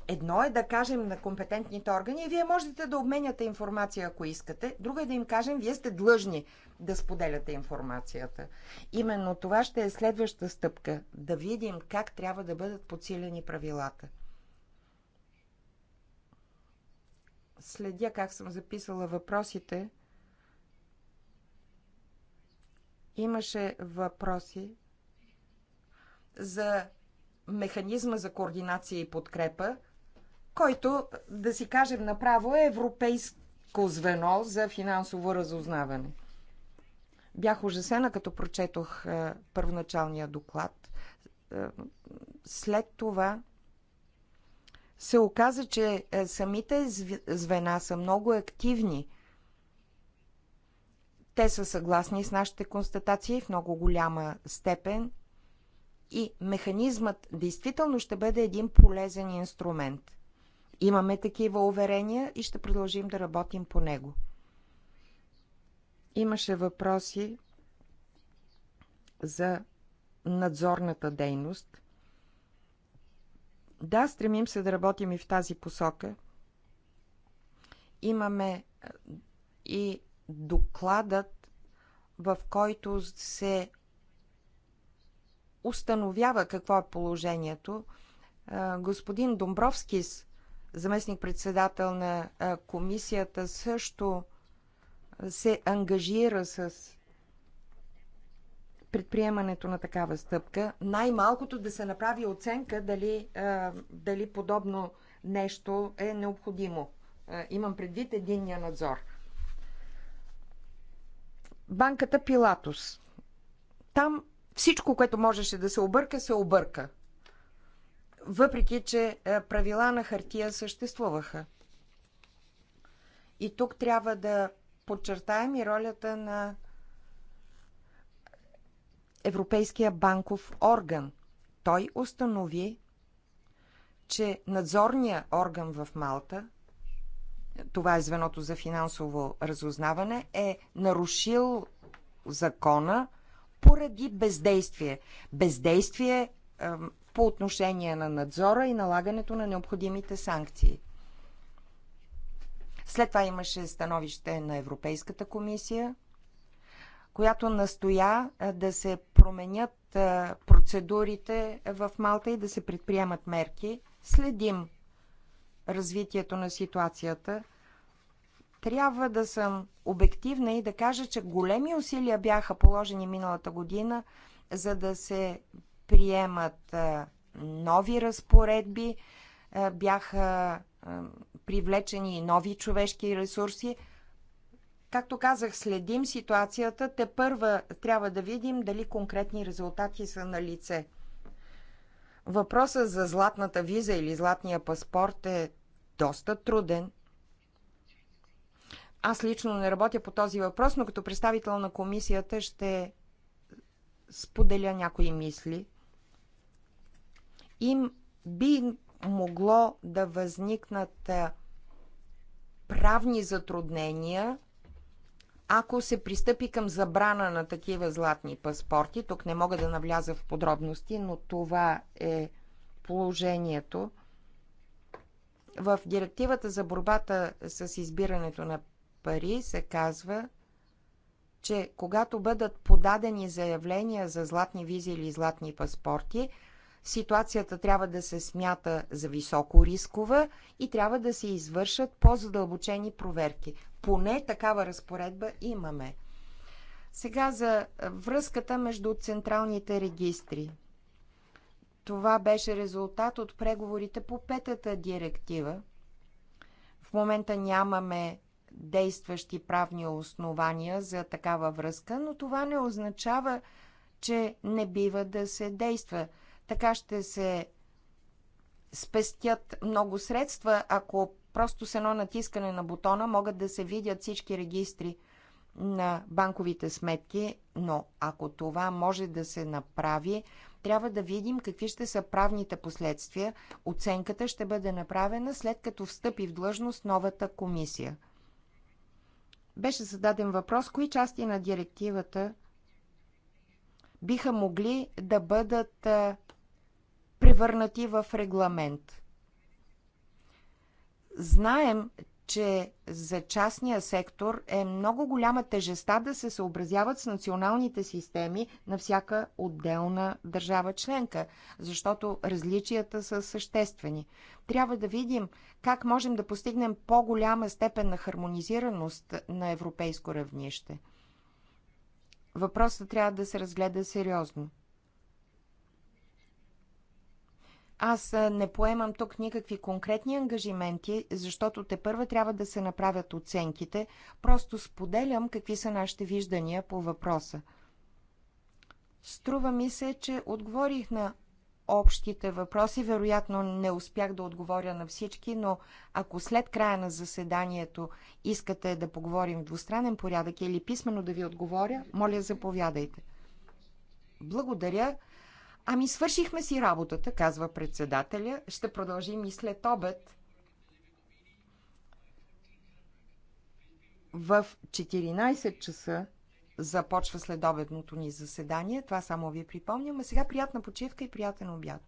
Едно е да кажем на компетентните органи, вие можете да обменяте информация, ако искате. Друго е да им кажем, вие сте длъжни да споделяте информацията. Именно това ще е следваща стъпка. Да видим как трябва да бъдат подсилени правилата. следя как съм записала въпросите. Имаше въпроси за механизма за координация и подкрепа, който, да си кажем направо, е европейско звено за финансово разузнаване. Бях ужасена, като прочетох е, първоначалния доклад. Е, след това се оказа, че е, самите звена са много активни. Те са съгласни с нашите констатации в много голяма степен и механизмът действително ще бъде един полезен инструмент. Имаме такива уверения и ще продължим да работим по него. Имаше въпроси за надзорната дейност – да, стремим се да работим и в тази посока. Имаме и докладът, в който се установява какво е положението. Господин Домбровскис, заместник-председател на комисията, също се ангажира с предприемането на такава стъпка. Най-малкото да се направи оценка дали, дали подобно нещо е необходимо. Имам предвид единния надзор. Банката Пилатус. Там всичко, което можеше да се обърка, се обърка. Въпреки, че правила на хартия съществуваха. И тук трябва да подчертаем и ролята на Европейския банков орган. Той установи, че надзорният орган в Малта, това е звеното за финансово разузнаване, е нарушил закона поради бездействие. Бездействие е, по отношение на надзора и налагането на необходимите санкции. След това имаше становище на Европейската комисия – която настоя да се променят процедурите в Малта и да се предприемат мерки. Следим развитието на ситуацията. Трябва да съм обективна и да кажа, че големи усилия бяха положени миналата година, за да се приемат нови разпоредби, бяха привлечени и нови човешки ресурси. Както казах, следим ситуацията. Те първа трябва да видим дали конкретни резултати са на лице. Въпросът за златната виза или златния паспорт е доста труден. Аз лично не работя по този въпрос, но като представител на комисията ще споделя някои мисли. Им би могло да възникнат правни затруднения ако се пристъпи към забрана на такива златни паспорти. Тук не мога да навляза в подробности, но това е положението. В директивата за борбата с избирането на пари се казва, че когато бъдат подадени заявления за златни визи или златни паспорти, ситуацията трябва да се смята за високо рискова и трябва да се извършат по-задълбочени проверки поне такава разпоредба имаме. Сега за връзката между централните регистри. Това беше резултат от преговорите по петата директива. В момента нямаме действащи правни основания за такава връзка, но това не означава, че не бива да се действа. Така ще се спестят много средства, ако Просто с едно натискане на бутона могат да се видят всички регистри на банковите сметки, но ако това може да се направи, трябва да видим какви ще са правните последствия. Оценката ще бъде направена след като встъпи в длъжност новата комисия. Беше зададен въпрос, кои части на директивата биха могли да бъдат превърнати в регламент. Знаем, че за частния сектор е много голяма тежеста да се съобразяват с националните системи на всяка отделна държава членка, защото различията са съществени. Трябва да видим как можем да постигнем по-голяма степен на хармонизираност на европейско равнище. Въпросът трябва да се разгледа сериозно. Аз не поемам тук никакви конкретни ангажименти, защото те първа трябва да се направят оценките. Просто споделям какви са нашите виждания по въпроса. Струва ми се, че отговорих на общите въпроси. Вероятно не успях да отговоря на всички, но ако след края на заседанието искате да поговорим в двустранен порядък или писменно да ви отговоря, моля заповядайте. Благодаря. Ами свършихме си работата, казва председателя. Ще продължим и след обед. В 14 часа започва следобедното ни заседание. Това само ви припомням. А сега приятна почивка и приятен обяд.